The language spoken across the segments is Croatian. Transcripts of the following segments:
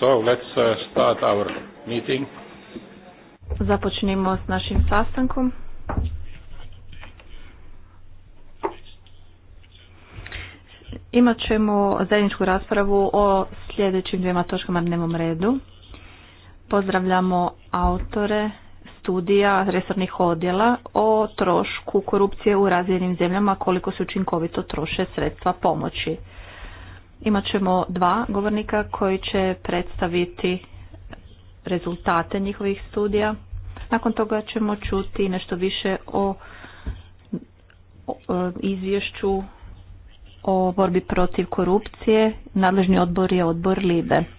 So let's uh, start our meeting. Započnimo s našim sastankom. Imat ćemo zajedničku raspravu o sljedećim dvijema točkama dnevnom redu. Pozdravljamo autore studija resornih odjela o trošku korupcije u razvijenim zemljama koliko se učinkovito troše sredstva pomoći. Imat ćemo dva govornika koji će predstaviti rezultate njihovih studija. Nakon toga ćemo čuti nešto više o izvješću o borbi protiv korupcije. Nadležni odbor je odbor LIBE.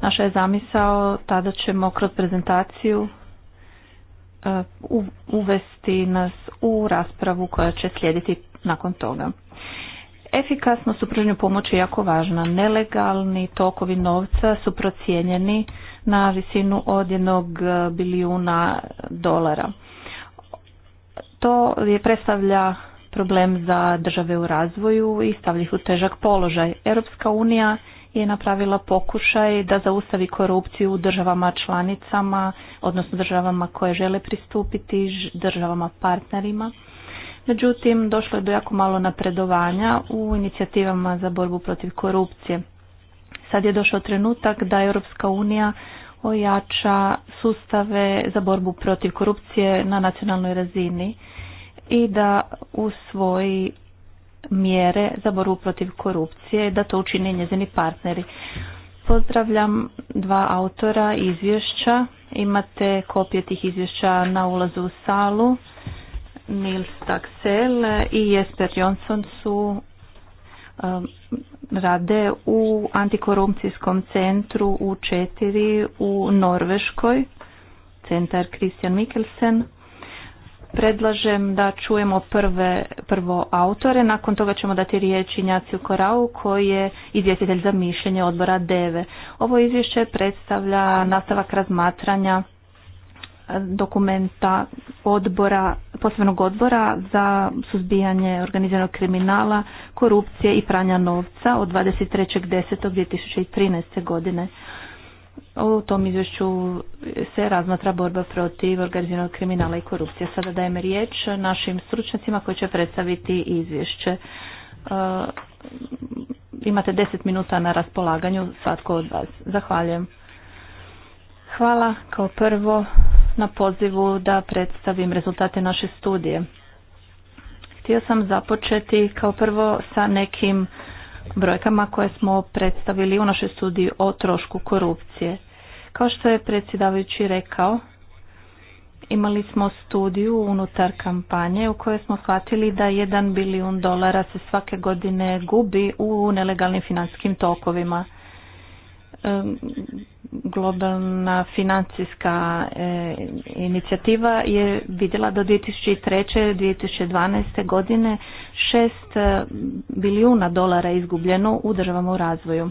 Naša je zamisao, tada ćemo kroz prezentaciju e, uvesti nas u raspravu koja će slijediti nakon toga. Efikasnost su pružnju pomoći je jako važna. Nelegalni tokovi novca su procijenjeni na visinu od jednog e, bilijuna dolara. To je predstavlja problem za države u razvoju i stavlja ih u težak položaj. Europska unija je napravila pokušaj da zaustavi korupciju u državama članicama, odnosno državama koje žele pristupiti, državama partnerima. Međutim, došlo je do jako malo napredovanja u inicijativama za borbu protiv korupcije. Sad je došao trenutak da Europska unija ojača sustave za borbu protiv korupcije na nacionalnoj razini i da usvoji mjere za borbu protiv korupcije da to učine njezini partneri. Pozdravljam dva autora izvješća. Imate kopije tih izvješća na ulazu u salu. Nils Taksel i Jesper Jonsson su um, rade u antikorupcijskom centru u četiri u Norveškoj, centar Christian Mikkelsen. Predlažem da čujemo prve, prvo autore, nakon toga ćemo dati riječ Injaciju Korau koji je izvjestitelj za mišljenje odbora DEVE. Ovo izvješće predstavlja nastavak razmatranja dokumenta odbora, posebnog odbora za suzbijanje organiziranog kriminala, korupcije i pranja novca od 23.10.2013. godine. U tom izvješću se razmatra borba protiv organiziranog kriminala i korupcije. Sada dajem riječ našim stručnicima koji će predstaviti izvješće. E, imate deset minuta na raspolaganju svatko od vas. Zahvaljujem. Hvala kao prvo na pozivu da predstavim rezultate naše studije. Htio sam započeti kao prvo sa nekim brojkama koje smo predstavili u našoj studiji o trošku korupcije. Kao što je predsjedavajući rekao, imali smo studiju unutar kampanje u kojoj smo shvatili da jedan bilijun dolara se svake godine gubi u nelegalnim financijskim tokovima globalna financijska e, inicijativa je vidjela do 2003. 2012. godine 6 e, bilijuna dolara izgubljeno u državama u razvoju. E,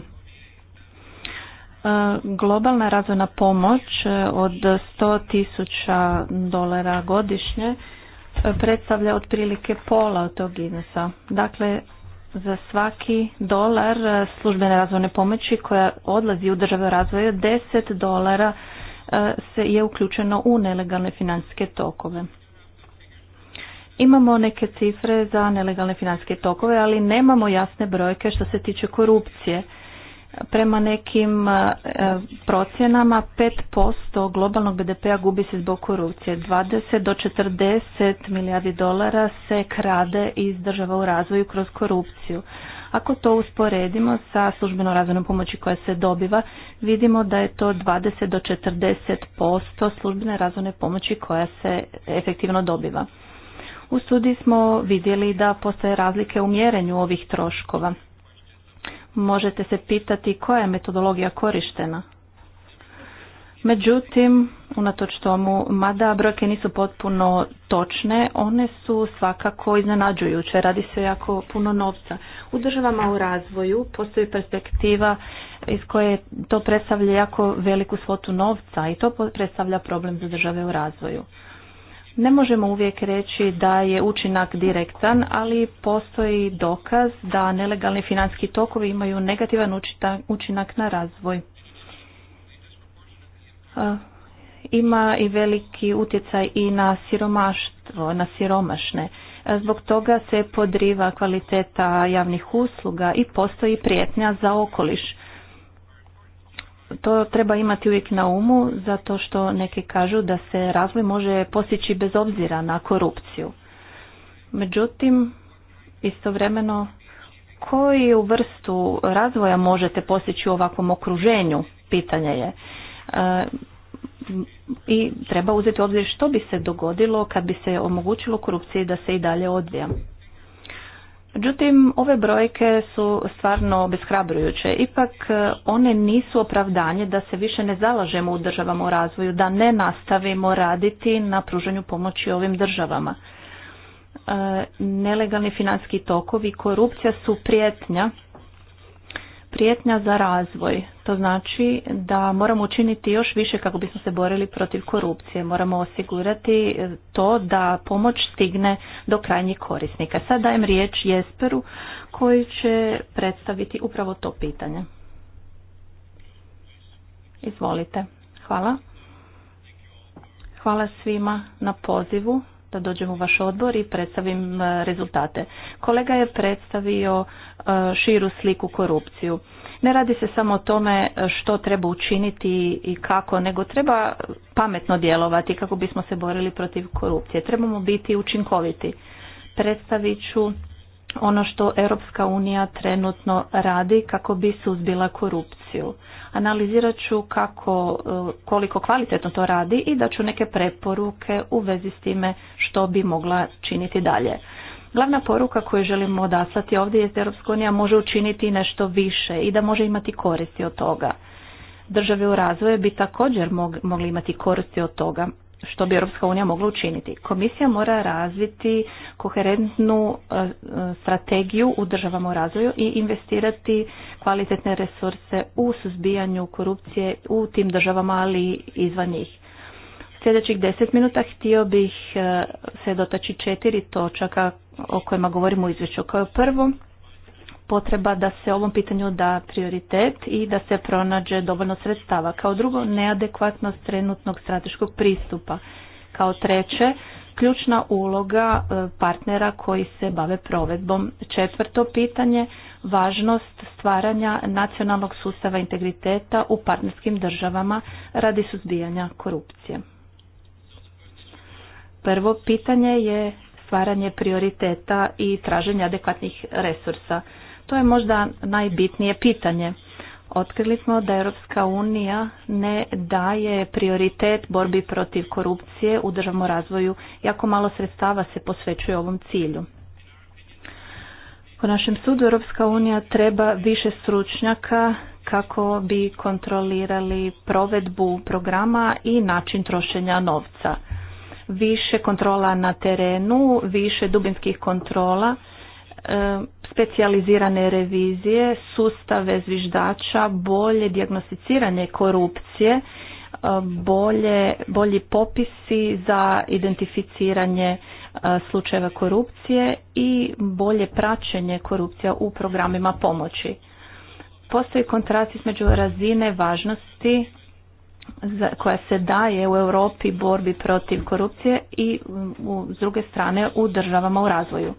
globalna razvojna pomoć od 100 tisuća dolara godišnje predstavlja otprilike pola od tog iznosa. Dakle, za svaki dolar e, službene razvojne pomoći koja odlazi u države razvoja 10 dolara e, se je uključeno u nelegalne financijske tokove. Imamo neke cifre za nelegalne financijske tokove, ali nemamo jasne brojke što se tiče korupcije. Prema nekim e, procjenama 5% globalnog BDP-a gubi se zbog korupcije. 20 do 40 milijardi dolara se krade iz država u razvoju kroz korupciju. Ako to usporedimo sa službeno razvojnom pomoći koja se dobiva, vidimo da je to 20 do 40% službene razvojne pomoći koja se efektivno dobiva. U studiji smo vidjeli da postoje razlike u mjerenju ovih troškova možete se pitati koja je metodologija korištena. Međutim, unatoč tomu, mada brojke nisu potpuno točne, one su svakako iznenađujuće. Radi se jako puno novca. U državama u razvoju postoji perspektiva iz koje to predstavlja jako veliku svotu novca i to predstavlja problem za države u razvoju. Ne možemo uvijek reći da je učinak direktan, ali postoji dokaz da nelegalni financijski tokovi imaju negativan učinak na razvoj. Ima i veliki utjecaj i na siromaštvo, na siromašne. Zbog toga se podriva kvaliteta javnih usluga i postoji prijetnja za okoliš to treba imati uvijek na umu zato što neki kažu da se razvoj može postići bez obzira na korupciju. Međutim, istovremeno koju vrstu razvoja možete postići u ovakvom okruženju, pitanje je. E, I treba uzeti u obzir što bi se dogodilo kad bi se omogućilo korupciji da se i dalje odvija. Međutim, ove brojke su stvarno beshrabrujuće. Ipak e, one nisu opravdanje da se više ne zalažemo u državama u razvoju, da ne nastavimo raditi na pružanju pomoći ovim državama. E, nelegalni finanski tokovi i korupcija su prijetnja prijetnja za razvoj. To znači da moramo učiniti još više kako bismo se borili protiv korupcije. Moramo osigurati e, to da pomoć stigne do krajnjih korisnika. Sad dajem riječ Jesperu koji će predstaviti upravo to pitanje. Izvolite. Hvala. Hvala svima na pozivu da dođem u vaš odbor i predstavim e, rezultate. Kolega je predstavio e, širu sliku korupciju. Ne radi se samo o tome e, što treba učiniti i kako, nego treba pametno djelovati kako bismo se borili protiv korupcije. Trebamo biti učinkoviti. Predstavit ću ono što Europska unija trenutno radi kako bi suzbila korupciju. Analizirat ću kako, e, koliko kvalitetno to radi i da ću neke preporuke u vezi s time što bi mogla činiti dalje. Glavna poruka koju želimo odaslati ovdje je da Europska unija može učiniti nešto više i da može imati koristi od toga. Države u razvoju bi također mogli imati koristi od toga što bi Europska unija mogla učiniti. Komisija mora razviti koherentnu e, e, strategiju u državama u razvoju i investirati kvalitetne resurse u suzbijanju korupcije u tim državama, ali izvan njih sljedećih deset minuta htio bih e, se dotaći četiri točaka o kojima govorimo u izvješću. Kao prvo, potreba da se ovom pitanju da prioritet i da se pronađe dovoljno sredstava. Kao drugo, neadekvatnost trenutnog strateškog pristupa. Kao treće, ključna uloga e, partnera koji se bave provedbom. Četvrto pitanje, važnost stvaranja nacionalnog sustava integriteta u partnerskim državama radi suzbijanja korupcije. Prvo pitanje je stvaranje prioriteta i traženje adekvatnih resursa. To je možda najbitnije pitanje. Otkrili smo da Europska unija ne daje prioritet borbi protiv korupcije u državnom razvoju. Jako malo sredstava se posvećuje ovom cilju. Po našem sudu Europska unija treba više stručnjaka kako bi kontrolirali provedbu programa i način trošenja novca više kontrola na terenu, više dubinskih kontrola, e, specijalizirane revizije, sustave zviždača, bolje dijagnosticiranje korupcije, e, bolje, bolji popisi za identificiranje e, slučajeva korupcije i bolje praćenje korupcija u programima pomoći. Postoji kontrast između razine važnosti koja se daje u Europi borbi protiv korupcije i s druge strane u državama u razvoju.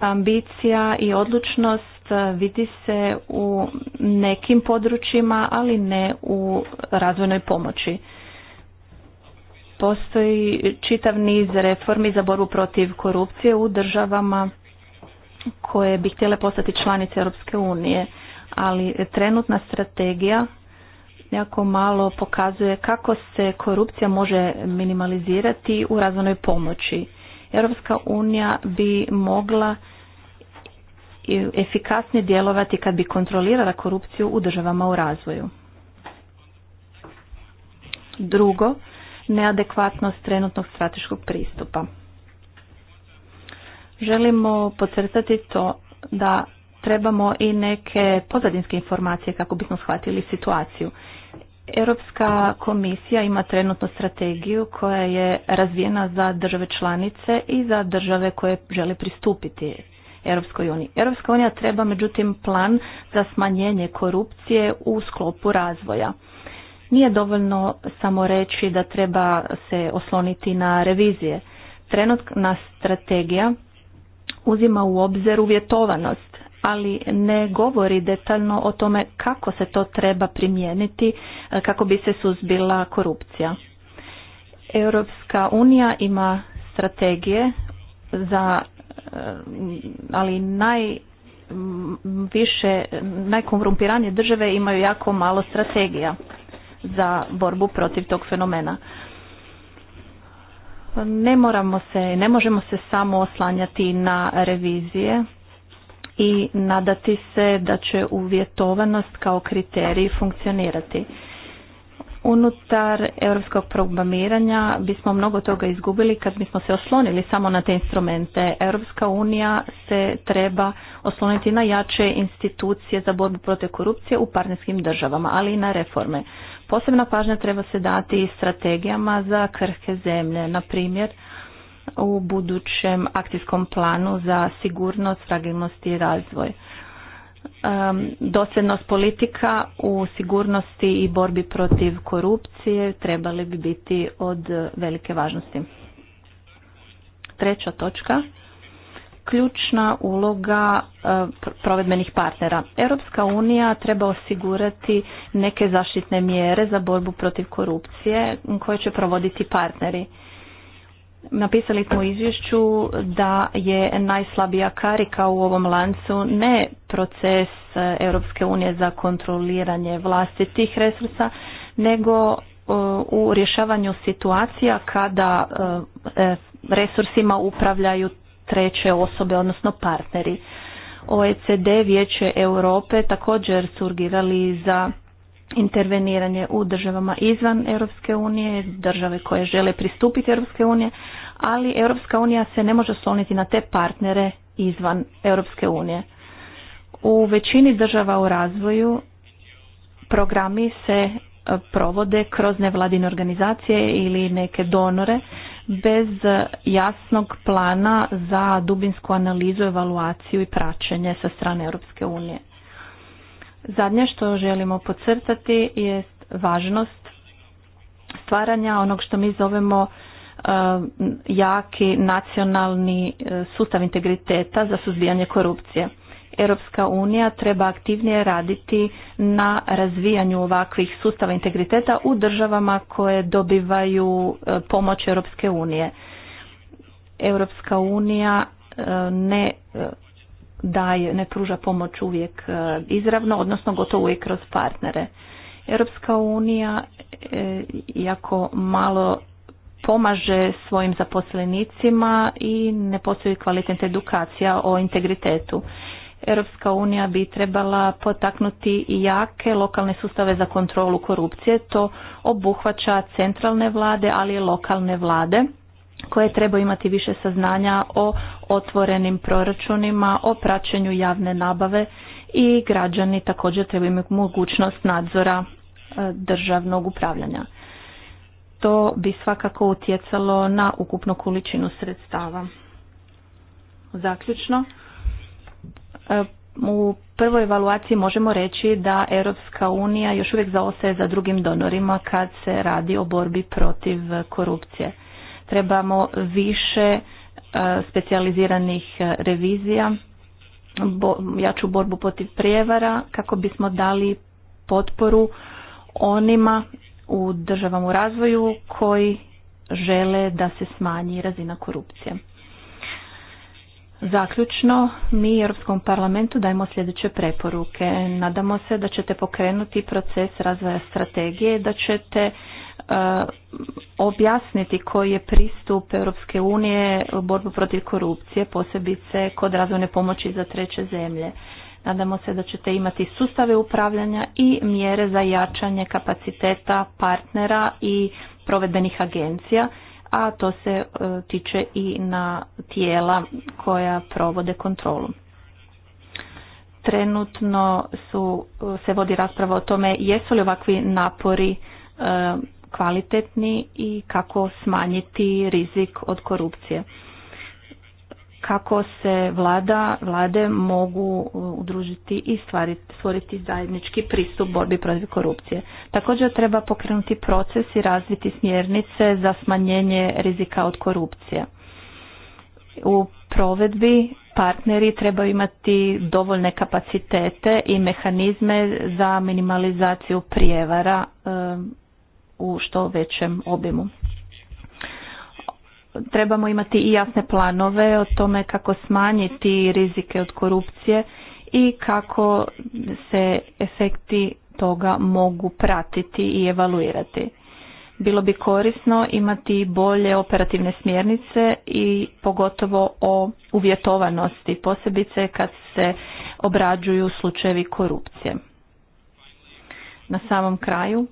Ambicija i odlučnost e, vidi se u nekim područjima, ali ne u razvojnoj pomoći. Postoji čitav niz reformi za borbu protiv korupcije u državama koje bi htjele postati članice Europske unije, ali trenutna strategija jako malo pokazuje kako se korupcija može minimalizirati u razvojnoj pomoći. Europska unija bi mogla efikasnije djelovati kad bi kontrolirala korupciju u državama u razvoju. Drugo, neadekvatnost trenutnog strateškog pristupa. Želimo podcrtati to da trebamo i neke pozadinske informacije kako bismo shvatili situaciju. Europska komisija ima trenutno strategiju koja je razvijena za države članice i za države koje žele pristupiti Europskoj uniji. Europska unija treba međutim plan za smanjenje korupcije u sklopu razvoja. Nije dovoljno samo reći da treba se osloniti na revizije. Trenutna strategija uzima u obzir uvjetovanost ali ne govori detaljno o tome kako se to treba primijeniti e, kako bi se suzbila korupcija. Europska unija ima strategije za e, ali naj više najkorumpiranije države imaju jako malo strategija za borbu protiv tog fenomena. Ne moramo se, ne možemo se samo oslanjati na revizije i nadati se da će uvjetovanost kao kriterij funkcionirati. Unutar europskog programiranja bismo mnogo toga izgubili kad bismo se oslonili samo na te instrumente. Europska unija se treba osloniti na jače institucije za borbu protiv korupcije u partnerskim državama, ali i na reforme. Posebna pažnja treba se dati strategijama za krhke zemlje, na primjer u budućem akcijskom planu za sigurnost, fragilnost i razvoj. Dosljednost politika u sigurnosti i borbi protiv korupcije trebali bi biti od velike važnosti. Treća točka ključna uloga e, provedbenih partnera. Europska unija treba osigurati neke zaštitne mjere za borbu protiv korupcije koje će provoditi partneri. Napisali smo u izvješću da je najslabija karika u ovom lancu ne proces e, Europske unije za kontroliranje vlastitih resursa, nego e, u rješavanju situacija kada e, resursima upravljaju treće osobe, odnosno partneri. OECD, Vijeće Europe također surgirali za interveniranje u državama izvan Europske unije, države koje žele pristupiti Europske unije, ali Europska unija se ne može osloniti na te partnere izvan Europske unije. U većini država u razvoju programi se e, provode kroz nevladine organizacije ili neke donore bez jasnog plana za dubinsku analizu, evaluaciju i praćenje sa strane Europske unije. Zadnje što želimo podcrtati jest važnost stvaranja onog što mi zovemo e, jaki nacionalni e, sustav integriteta za suzbijanje korupcije. Europska unija treba aktivnije raditi na razvijanju ovakvih sustava integriteta u državama koje dobivaju e, pomoć Europske unije. Europska unija ne daje, ne pruža pomoć uvijek e, izravno, odnosno gotovo uvijek kroz partnere. Europska unija e, jako malo pomaže svojim zaposlenicima i ne postoji kvalitetna edukacija o integritetu. Europska unija bi trebala potaknuti jake lokalne sustave za kontrolu korupcije. To obuhvaća centralne vlade, ali i lokalne vlade koje treba imati više saznanja o otvorenim proračunima, o praćenju javne nabave i građani također trebaju imati mogućnost nadzora e, državnog upravljanja. To bi svakako utjecalo na ukupnu količinu sredstava. Zaključno, e, u prvoj evaluaciji možemo reći da Europska unija još uvijek zaostaje za drugim donorima kad se radi o borbi protiv korupcije. Trebamo više e, specijaliziranih e, revizija, jaču borbu protiv prijevara kako bismo dali potporu onima u državama u razvoju koji žele da se smanji razina korupcije. Zaključno, mi Europskom parlamentu dajemo sljedeće preporuke. Nadamo se da ćete pokrenuti proces razvoja strategije, da ćete Eh, objasniti koji je pristup Europske unije u borbu protiv korupcije, posebice kod razvojne pomoći za treće zemlje. Nadamo se da ćete imati sustave upravljanja i mjere za jačanje kapaciteta partnera i provedbenih agencija, a to se eh, tiče i na tijela koja provode kontrolu trenutno su, eh, se vodi rasprava o tome jesu li ovakvi napori kvalitetni i kako smanjiti rizik od korupcije. Kako se vlada, vlade mogu uh, udružiti i stvoriti zajednički pristup borbi protiv korupcije. Također treba pokrenuti proces i razviti smjernice za smanjenje rizika od korupcije. U provedbi partneri trebaju imati dovoljne kapacitete i mehanizme za minimalizaciju prijevara um, u što većem obimu. Trebamo imati i jasne planove o tome kako smanjiti rizike od korupcije i kako se efekti toga mogu pratiti i evaluirati. Bilo bi korisno imati bolje operativne smjernice i pogotovo o uvjetovanosti, posebice kad se obrađuju slučajevi korupcije. Na samom kraju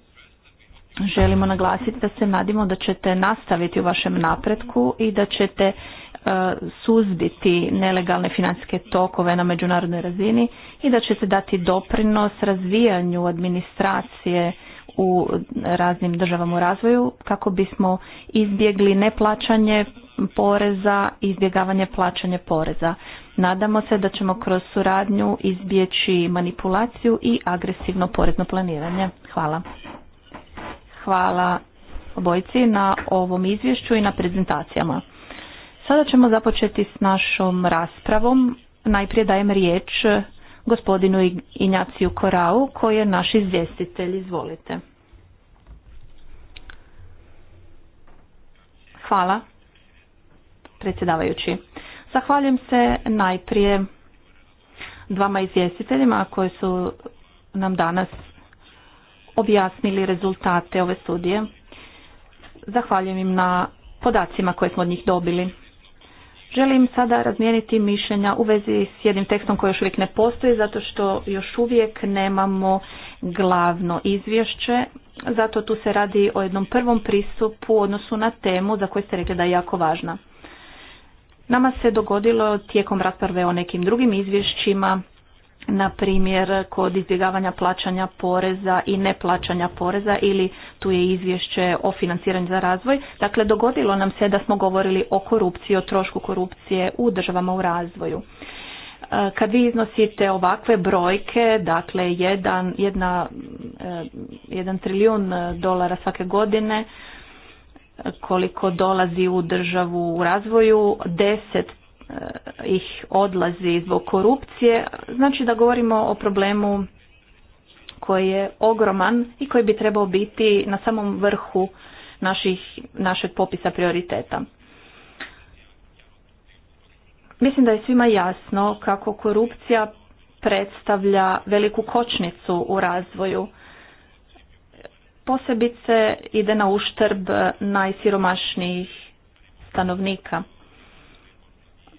želimo naglasiti da se nadimo da ćete nastaviti u vašem napretku i da ćete e, suzbiti nelegalne financijske tokove na međunarodnoj razini i da ćete dati doprinos razvijanju administracije u raznim državama u razvoju kako bismo izbjegli neplaćanje poreza i izbjegavanje plaćanja poreza. Nadamo se da ćemo kroz suradnju izbjeći manipulaciju i agresivno porezno planiranje. Hvala. Hvala obojci na ovom izvješću i na prezentacijama. Sada ćemo započeti s našom raspravom. Najprije dajem riječ gospodinu Injaciju Korau koji je naš izvjestitelj. Izvolite. Hvala predsjedavajući. Zahvaljujem se najprije dvama izvjestiteljima koji su nam danas objasnili rezultate ove studije. Zahvaljujem im na podacima koje smo od njih dobili. Želim sada razmijeniti mišljenja u vezi s jednim tekstom koji još uvijek ne postoji, zato što još uvijek nemamo glavno izvješće. Zato tu se radi o jednom prvom pristupu u odnosu na temu za koju ste rekli da je jako važna. Nama se dogodilo tijekom rasprave o nekim drugim izvješćima na primjer kod izbjegavanja plaćanja poreza i neplaćanja poreza ili tu je izvješće o financiranju za razvoj. Dakle, dogodilo nam se da smo govorili o korupciji, o trošku korupcije u državama u razvoju. E, kad vi iznosite ovakve brojke, dakle jedan, jedna, e, jedan trilijun dolara svake godine, koliko dolazi u državu u razvoju, deset Eh, ih odlazi zbog korupcije, znači da govorimo o problemu koji je ogroman i koji bi trebao biti na samom vrhu naših, našeg popisa prioriteta. Mislim da je svima jasno kako korupcija predstavlja veliku kočnicu u razvoju. Posebice ide na uštrb najsiromašnijih stanovnika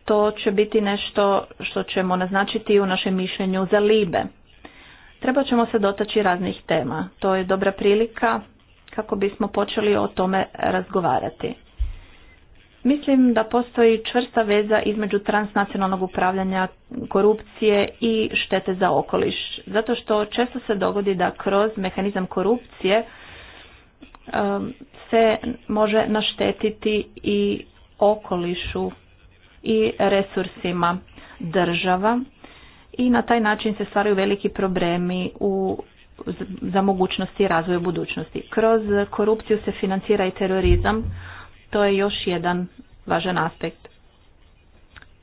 to će biti nešto što ćemo naznačiti u našem mišljenju za libe. Treba ćemo se dotaći raznih tema. To je dobra prilika kako bismo počeli o tome razgovarati. Mislim da postoji čvrsta veza između transnacionalnog upravljanja korupcije i štete za okoliš. Zato što često se dogodi da kroz mehanizam korupcije um, se može naštetiti i okolišu i resursima država i na taj način se stvaraju veliki problemi u za mogućnosti i budućnosti. Kroz korupciju se financira i terorizam. To je još jedan važan aspekt.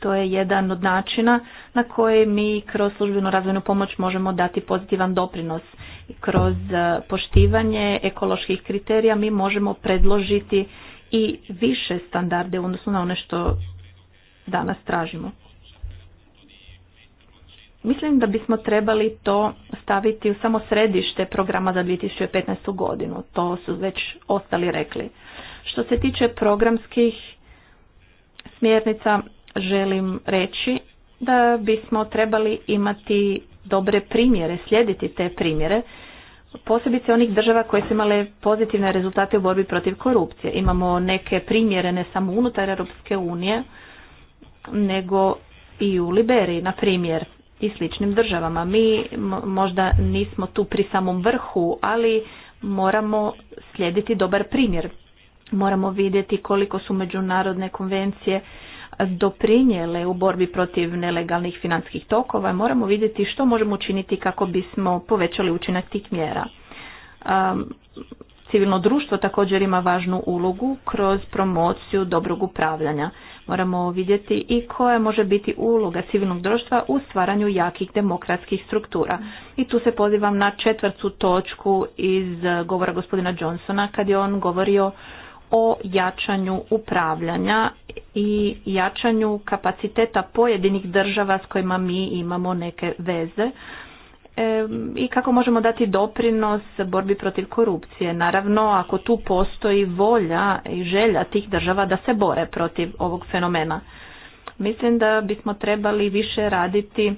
To je jedan od načina na koji mi kroz službenu razvojnu pomoć možemo dati pozitivan doprinos. Kroz e, poštivanje ekoloških kriterija mi možemo predložiti i više standarde odnosno na one što danas tražimo. Mislim da bismo trebali to staviti u samo središte programa za 2015. godinu. To su već ostali rekli. Što se tiče programskih smjernica, želim reći da bismo trebali imati dobre primjere, slijediti te primjere, posebice onih država koje su imale pozitivne rezultate u borbi protiv korupcije. Imamo neke primjere ne samo unutar Europske unije, nego i u Liberiji, na primjer, i sličnim državama. Mi možda nismo tu pri samom vrhu, ali moramo slijediti dobar primjer. Moramo vidjeti koliko su međunarodne konvencije doprinjele u borbi protiv nelegalnih financijskih tokova. Moramo vidjeti što možemo učiniti kako bismo povećali učinak tih mjera. Civilno društvo također ima važnu ulogu kroz promociju dobrog upravljanja. Moramo vidjeti i koja može biti uloga civilnog društva u stvaranju jakih demokratskih struktura. I tu se pozivam na četvrtu točku iz govora gospodina Johnsona kad je on govorio o jačanju upravljanja i jačanju kapaciteta pojedinih država s kojima mi imamo neke veze i kako možemo dati doprinos borbi protiv korupcije. Naravno, ako tu postoji volja i želja tih država da se bore protiv ovog fenomena. Mislim da bismo trebali više raditi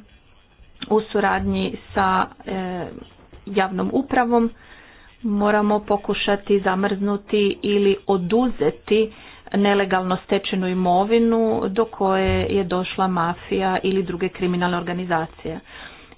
u suradnji sa e, javnom upravom. Moramo pokušati zamrznuti ili oduzeti nelegalno stečenu imovinu do koje je došla mafija ili druge kriminalne organizacije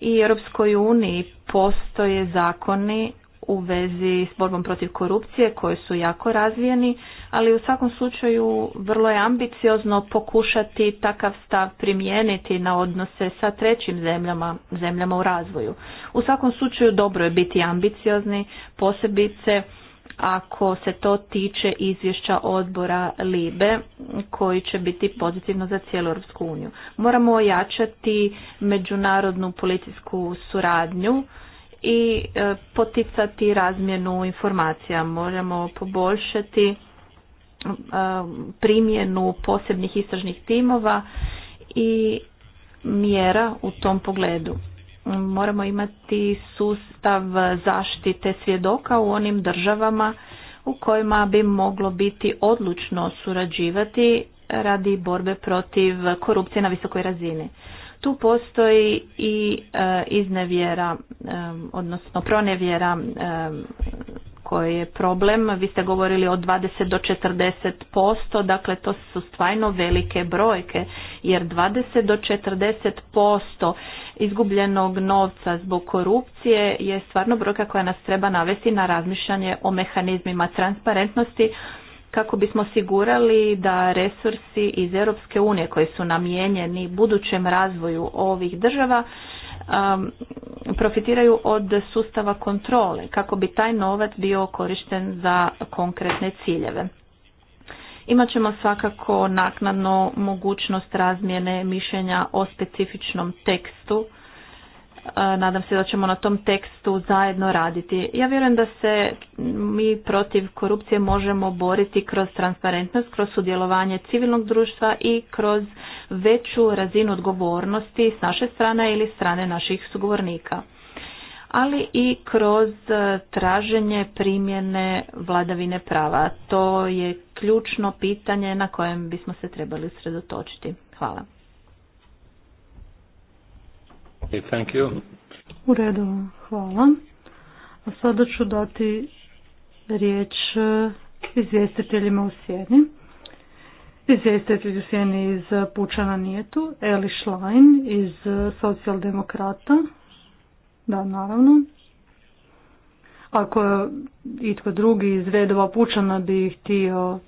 i Europskoj uniji postoje zakoni u vezi s borbom protiv korupcije koji su jako razvijeni, ali u svakom slučaju vrlo je ambiciozno pokušati takav stav primijeniti na odnose sa trećim zemljama, zemljama u razvoju. U svakom slučaju dobro je biti ambiciozni, posebice ako se to tiče izvješća odbora LIBE koji će biti pozitivno za cijelu Europsku uniju. Moramo ojačati međunarodnu policijsku suradnju i e, poticati razmjenu informacija. Moramo poboljšati e, primjenu posebnih istražnih timova i mjera u tom pogledu moramo imati sustav zaštite svjedoka u onim državama u kojima bi moglo biti odlučno surađivati radi borbe protiv korupcije na visokoj razini. Tu postoji i e, iznevjera, e, odnosno pronevjera e, koji je problem. Vi ste govorili od 20 do 40%, dakle to su stvarno velike brojke, jer 20 do 40% izgubljenog novca zbog korupcije je stvarno brojka koja nas treba navesti na razmišljanje o mehanizmima transparentnosti kako bismo sigurali da resursi iz Europske unije koji su namijenjeni budućem razvoju ovih država um, profitiraju od sustava kontrole kako bi taj novac bio korišten za konkretne ciljeve. Imat ćemo svakako naknadno mogućnost razmjene mišljenja o specifičnom tekstu nadam se da ćemo na tom tekstu zajedno raditi. Ja vjerujem da se mi protiv korupcije možemo boriti kroz transparentnost, kroz sudjelovanje civilnog društva i kroz veću razinu odgovornosti s naše strane ili strane naših sugovornika ali i kroz e, traženje primjene vladavine prava. To je ključno pitanje na kojem bismo se trebali sredotočiti. Hvala. Okay, thank you. U redu, hvala. A sada ću dati riječ e, izvjestiteljima u sjedni. Izvjestitelj u iz Pučana nije tu, Eli Schlein iz socijaldemokrata, da naravno. Ako itko drugi iz redova Pučana bi htio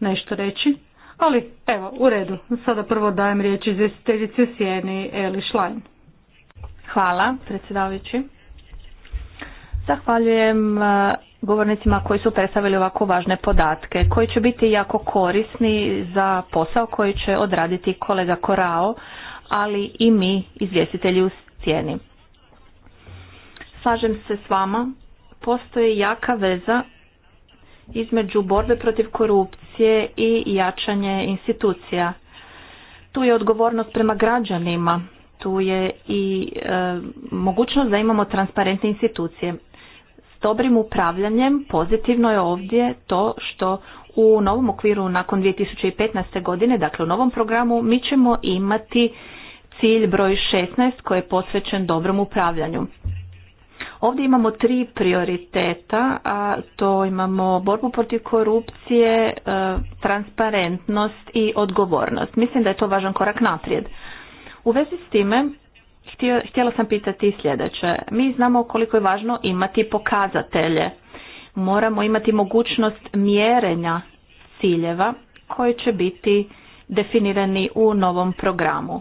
nešto reći, ali evo, u redu. Sada prvo dajem riječ izvjestiteljici u sjeni Eli Schlein. Hvala, predsjedavajući. Zahvaljujem e, govornicima koji su predstavili ovako važne podatke, koji će biti jako korisni za posao koji će odraditi kolega Korao, ali i mi izvjestitelji u cijeni. Slažem se s vama, postoji jaka veza između borbe protiv korupcije i jačanje institucija. Tu je odgovornost prema građanima tu je i e, mogućnost da imamo transparentne institucije. S dobrim upravljanjem pozitivno je ovdje to što u novom okviru nakon 2015. godine, dakle u novom programu, mi ćemo imati cilj broj 16 koji je posvećen dobrom upravljanju. Ovdje imamo tri prioriteta, a to imamo borbu protiv korupcije, e, transparentnost i odgovornost. Mislim da je to važan korak naprijed. U vezi s time htjela sam pitati sljedeće. Mi znamo koliko je važno imati pokazatelje. Moramo imati mogućnost mjerenja ciljeva koji će biti definirani u novom programu.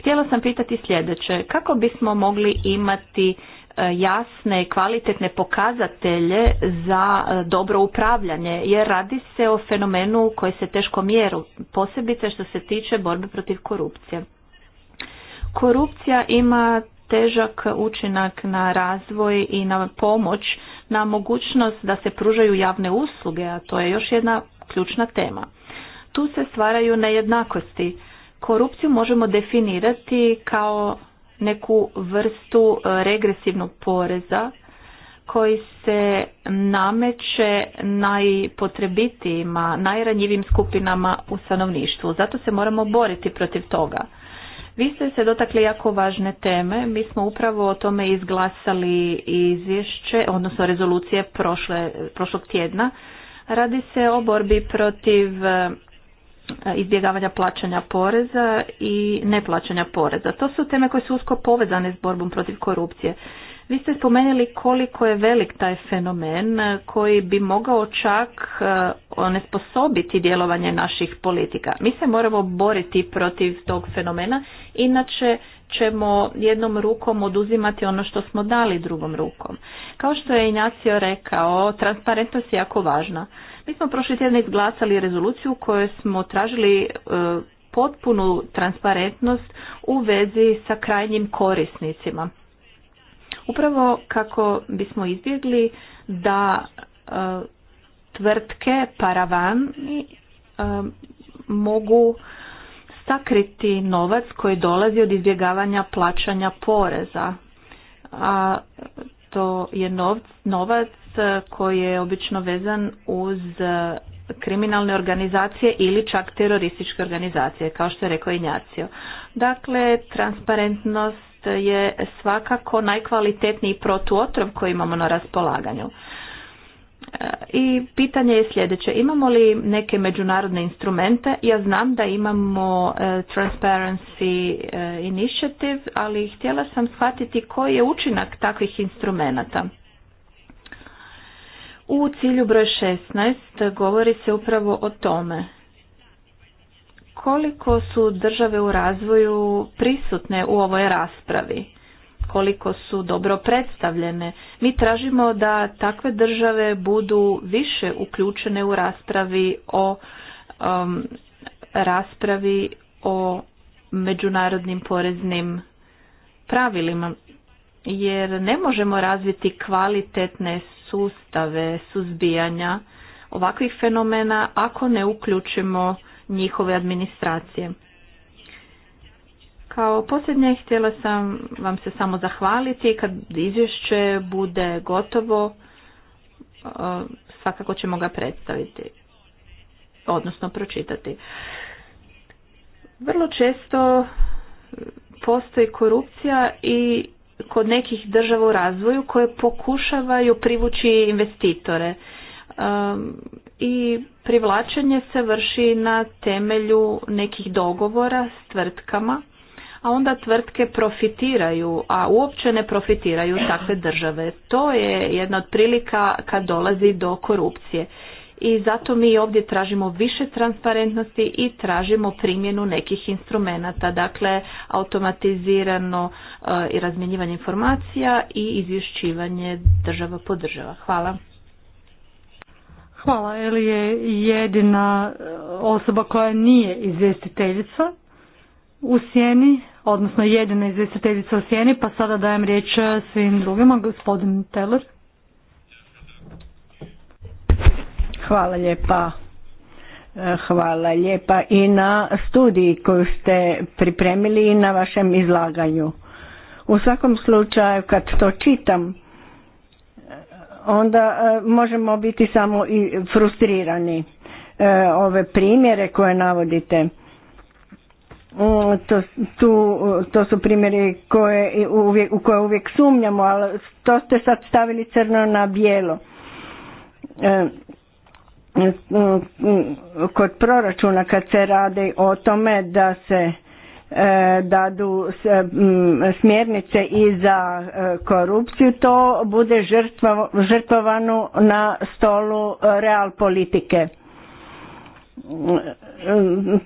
Htjela sam pitati sljedeće. Kako bismo mogli imati e, jasne i kvalitetne pokazatelje za e, dobro upravljanje, jer radi se o fenomenu koji se teško mjeru, posebice što se tiče borbe protiv korupcije. Korupcija ima težak učinak na razvoj i na pomoć, na mogućnost da se pružaju javne usluge, a to je još jedna ključna tema. Tu se stvaraju nejednakosti. Korupciju možemo definirati kao neku vrstu regresivnog poreza koji se nameće najpotrebitijima, najranjivim skupinama u stanovništvu. Zato se moramo boriti protiv toga. Vi ste se dotakli jako važne teme. Mi smo upravo o tome izglasali izvješće, odnosno rezolucije prošle, prošlog tjedna. Radi se o borbi protiv e, izbjegavanja plaćanja poreza i neplaćanja poreza. To su teme koje su usko povezane s borbom protiv korupcije. Vi ste spomenuli koliko je velik taj fenomen koji bi mogao čak e, onesposobiti djelovanje naših politika. Mi se moramo boriti protiv tog fenomena Inače ćemo jednom rukom oduzimati ono što smo dali drugom rukom. Kao što je Inacio rekao, transparentnost je jako važna. Mi smo prošli tjedan izglasali rezoluciju u kojoj smo tražili e, potpunu transparentnost u vezi sa krajnjim korisnicima. Upravo kako bismo izbjegli da e, tvrtke, paravani e, mogu sakriti novac koji dolazi od izbjegavanja plaćanja poreza. A to je novac e, koji je obično vezan uz e, kriminalne organizacije ili čak terorističke organizacije, kao što je rekao Injacio. Dakle, transparentnost je svakako najkvalitetniji protuotrov koji imamo na raspolaganju. I pitanje je sljedeće, imamo li neke međunarodne instrumente? Ja znam da imamo e, Transparency e, Initiative, ali htjela sam shvatiti koji je učinak takvih instrumenata. U cilju broj 16 govori se upravo o tome koliko su države u razvoju prisutne u ovoj raspravi koliko su dobro predstavljene. Mi tražimo da takve države budu više uključene u raspravi o um, raspravi o međunarodnim poreznim pravilima jer ne možemo razviti kvalitetne sustave suzbijanja ovakvih fenomena ako ne uključimo njihove administracije. Kao posljednje htjela sam vam se samo zahvaliti kad izvješće bude gotovo e, svakako ćemo ga predstaviti odnosno pročitati. Vrlo često postoji korupcija i kod nekih država u razvoju koje pokušavaju privući investitore. E, I privlačenje se vrši na temelju nekih dogovora s tvrtkama a onda tvrtke profitiraju, a uopće ne profitiraju takve države. To je jedna od prilika kad dolazi do korupcije. I zato mi ovdje tražimo više transparentnosti i tražimo primjenu nekih instrumenata, dakle automatizirano e, i razmjenjivanje informacija i izvješćivanje država podržava. Hvala. Hvala, Eli je jedina e, osoba koja nije izvjestiteljica u sjeni, odnosno jedina izvjestiteljica u sjeni, pa sada dajem riječ e, svim drugima, gospodin Teller. Hvala lijepa. E, hvala lijepa i na studiji koju ste pripremili i na vašem izlaganju. U svakom slučaju kad to čitam, e, onda možemo biti samo i frustrirani ove primjere koje navodite to, tu, to su primjeri koje uvijek, u koje uvijek sumnjamo, ali to ste sad stavili crno na bijelo. E, mm, kod proračuna kad se radi o tome da se e, dadu mm, smjernice i za e, korupciju, to bude žrtva, žrtvovano na stolu real politike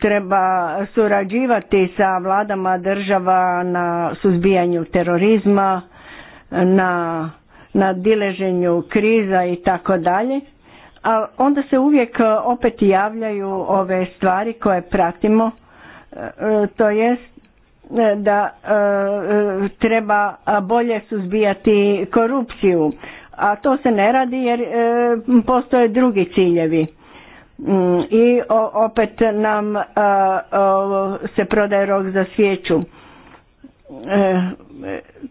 treba surađivati sa vladama država na suzbijanju terorizma, na, na dileženju kriza i tako dalje. A onda se uvijek opet javljaju ove stvari koje pratimo, e, to jest e, da e, treba bolje suzbijati korupciju, a to se ne radi jer postoje drugi ciljevi Mm, i opet nam e, se prodaje rok za svijeću. E,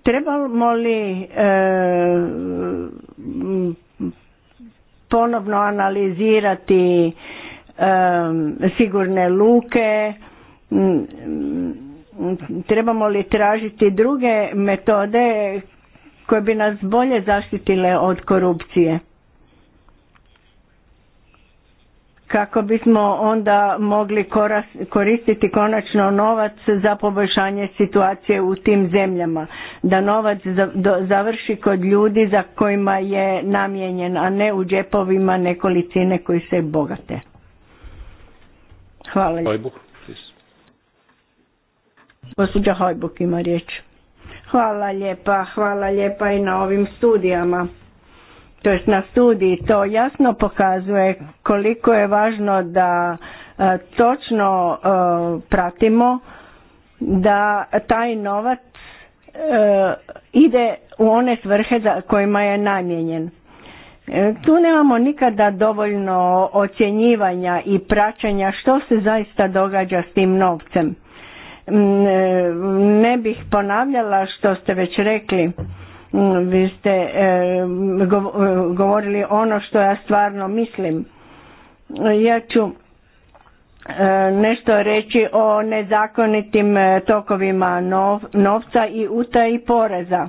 trebamo li e, ponovno analizirati sigurne luke, mm, trebamo li tražiti druge metode koje bi nas bolje zaštitile od korupcije? kako bismo onda mogli koristiti konačno novac za poboljšanje situacije u tim zemljama. Da novac završi kod ljudi za kojima je namijenjen, a ne u džepovima nekolicine koji se bogate. Hvala. Hojbuk, Hojbuk ima riječ. Hvala lijepa, hvala lijepa i na ovim studijama to jest na studiji to jasno pokazuje koliko je važno da e, točno e, pratimo da taj novac e, ide u one svrhe za kojima je namijenjen. Tu nemamo nikada dovoljno ocjenjivanja i praćenja što se zaista događa s tim novcem. Mm, ne bih ponavljala što ste već rekli Mm, vi ste e, e, govorili ono što ja stvarno mislim. Ja ću e, nešto reći o nezakonitim tokovima novca i i poreza.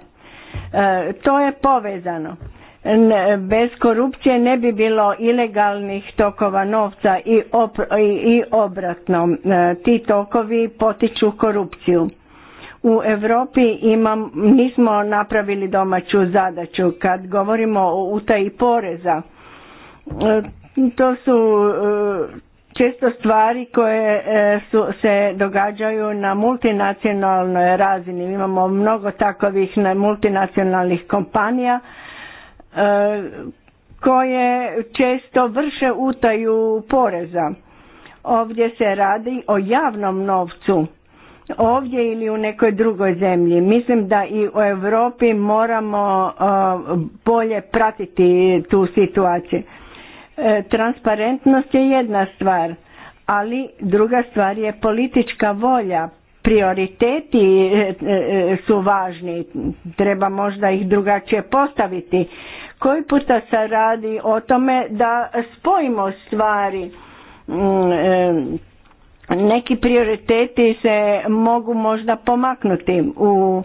To je povezano. Bez korupcije ne bi bilo ilegalnih tokova novca i obratno. Ti tokovi potiču korupciju u Europi imam, nismo napravili domaću zadaću kad govorimo o utaji poreza. E, to su e, često stvari koje e, su, se događaju na multinacionalnoj razini. Imamo mnogo takovih multinacionalnih kompanija koje često vrše utaju poreza. Ovdje se radi o javnom novcu ovdje ili u nekoj drugoj zemlji. Mislim da i u Europi moramo uh, bolje pratiti tu situaciju. E, transparentnost je jedna stvar, ali druga stvar je politička volja. Prioriteti e, e, su važni, treba možda ih drugačije postaviti. Koji puta se radi o tome da spojimo stvari mm, neki prioriteti se mogu možda pomaknuti, u,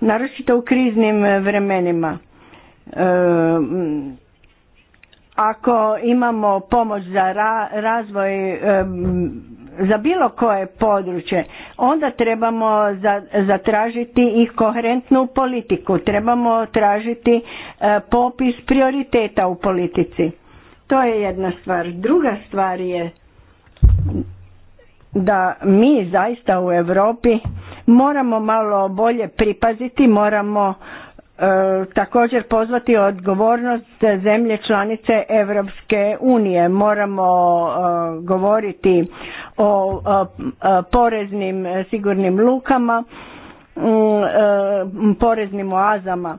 naročito u kriznim vremenima. E, ako imamo pomoć za razvoj e, za bilo koje područje, onda trebamo zatražiti i koherentnu politiku, trebamo tražiti e, popis prioriteta u politici. To je jedna stvar. Druga stvar je da mi zaista u Europi moramo malo bolje pripaziti, moramo e, također pozvati odgovornost zemlje članice Europske unije. Moramo e, govoriti o e, poreznim sigurnim lukama, mm, poreznim oazama.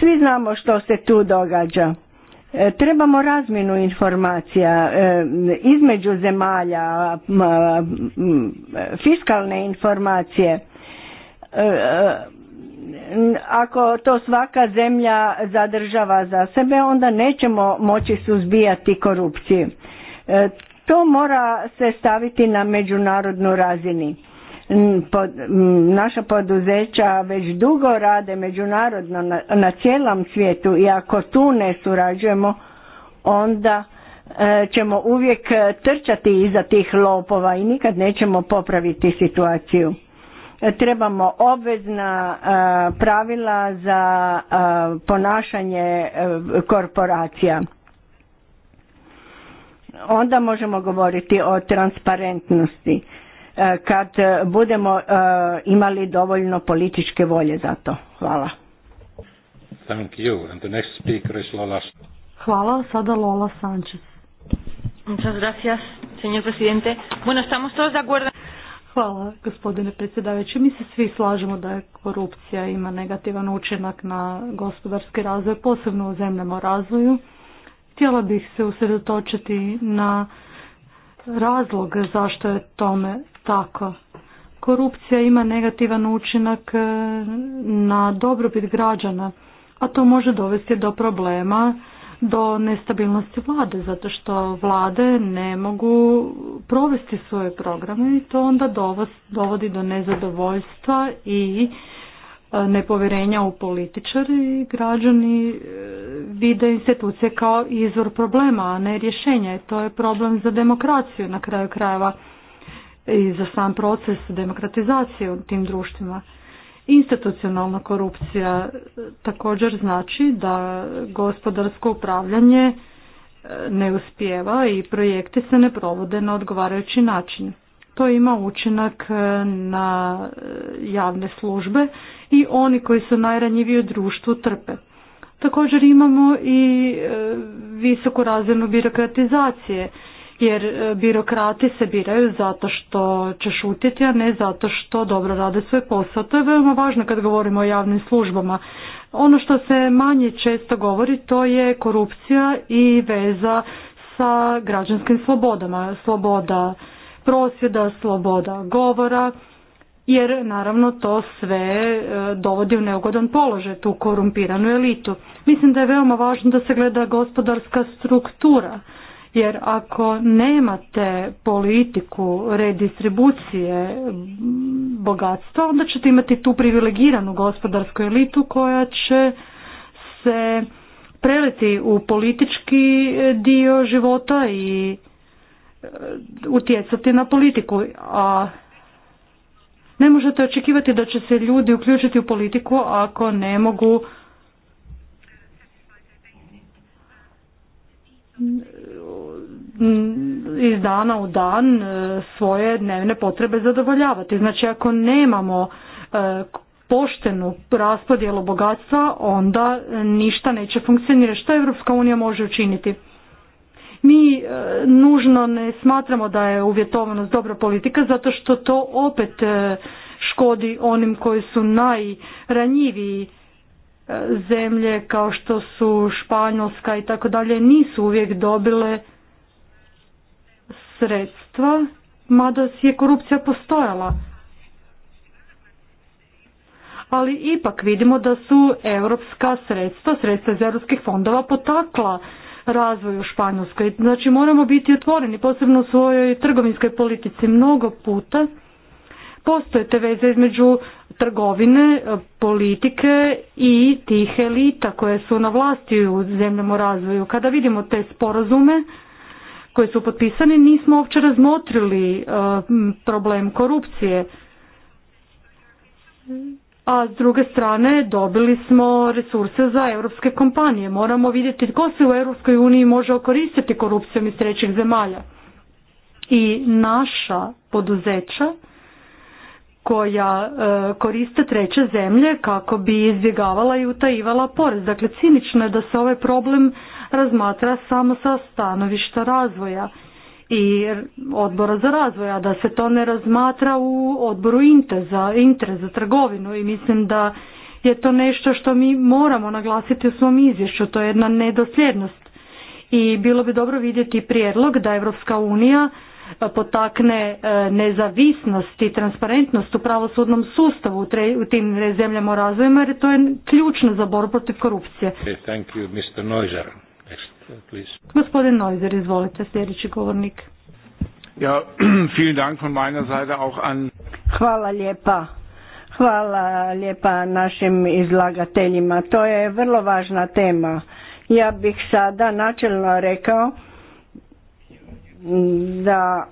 Svi znamo što se tu događa E, trebamo razmjenu informacija e, između zemalja, fiskalne informacije. E, ako to svaka zemlja zadržava za sebe, onda nećemo moći suzbijati korupciju. To mora se staviti na međunarodnu razini Mm, mm, naša poduzeća već dugo rade međunarodno na, cijelom svijetu i ako tu ne surađujemo onda e, ćemo uvijek e, trčati iza tih lopova i nikad nećemo popraviti situaciju. E, trebamo obvezna pravila za ponašanje korporacija. Onda možemo govoriti o transparentnosti kad e, budemo e, imali dovoljno političke volje za to. Hvala. Hvala. Sada Lola Sanchez. Hvala, gospodine predsjedavajući. Mi se svi slažemo da je korupcija ima negativan učinak na gospodarski razvoj, posebno u zemljama razvoju. Htjela bih se usredotočiti na razlog zašto je tome tako. Korupcija ima negativan učinak e, na dobrobit građana, a to može dovesti do problema, do nestabilnosti vlade, zato što vlade ne mogu provesti svoje programe i to onda dovodi do nezadovoljstva i e, nepovjerenja u političari i građani e, vide institucije kao izvor problema, a ne rješenja to je problem za demokraciju na kraju krajeva i za sam proces demokratizacije u tim društvima. Institucionalna korupcija također znači da gospodarsko upravljanje e, ne uspijeva i projekti se ne provode na odgovarajući način. To ima učinak e, na e, javne službe i oni koji su najranjiviji u društvu trpe. Također imamo i visoku razinu birokratizacije jer e, birokrati se biraju zato što će šutiti, a ne zato što dobro rade svoj posao. To je veoma važno kad govorimo o javnim službama. Ono što se manje često govori to je korupcija i veza sa građanskim slobodama, sloboda prosvjeda, sloboda govora, jer naravno to sve e, dovodi u neugodan položaj tu korumpiranu elitu. Mislim da je veoma važno da se gleda gospodarska struktura jer ako nemate politiku redistribucije bogatstva, onda ćete imati tu privilegiranu gospodarsku elitu koja će se preleti u politički dio života i e, utjecati na politiku, a ne možete očekivati da će se ljudi uključiti u politiku ako ne mogu Mm, iz dana u dan e, svoje dnevne potrebe zadovoljavati. Znači ako nemamo e, poštenu raspodjelu bogatstva, onda ništa neće funkcionirati. Što Europska unija može učiniti? Mi e, nužno ne smatramo da je uvjetovanost dobra politika zato što to opet škodi onim koji su najranjiviji zemlje kao što su Španjolska i tako dalje nisu uvijek dobile sredstva, mada je korupcija postojala. Ali ipak vidimo da su europska sredstva, sredstva iz europskih fondova potakla razvoju Španjolskoj. Znači moramo biti otvoreni, posebno u svojoj trgovinskoj politici. Mnogo puta postoje te veze između trgovine, politike i tih elita koje su na vlasti u zemljama razvoju. Kada vidimo te sporazume, koje su potpisani nismo uopće razmotrili e, problem korupcije. A s druge strane dobili smo resurse za europske kompanije. Moramo vidjeti tko se u EU može okoristiti korupcijom iz trećih zemalja. I naša poduzeća koja e, koriste treće zemlje kako bi izbjegavala i utajivala porez. Dakle, cinično je da se ovaj problem razmatra samo sa stanovišta razvoja i odbora za razvoja, da se to ne razmatra u odboru Inter za, Inter za trgovinu i mislim da je to nešto što mi moramo naglasiti u svom izvješću, to je jedna nedosljednost. I bilo bi dobro vidjeti prijedlog da Europska unija eh, potakne eh, nezavisnost i transparentnost u pravosudnom sustavu u tim zemljama u razvojima jer to je ključno za borbu protiv korupcije. Okay, Gospodin Neuser, izvolite, sljedeći govornik. Ja, vielen Dank von meiner Seite auch an... Hvala lijepa. Hvala lijepa našim izlagateljima. To je vrlo važna tema. Ja bih sada načelno rekao da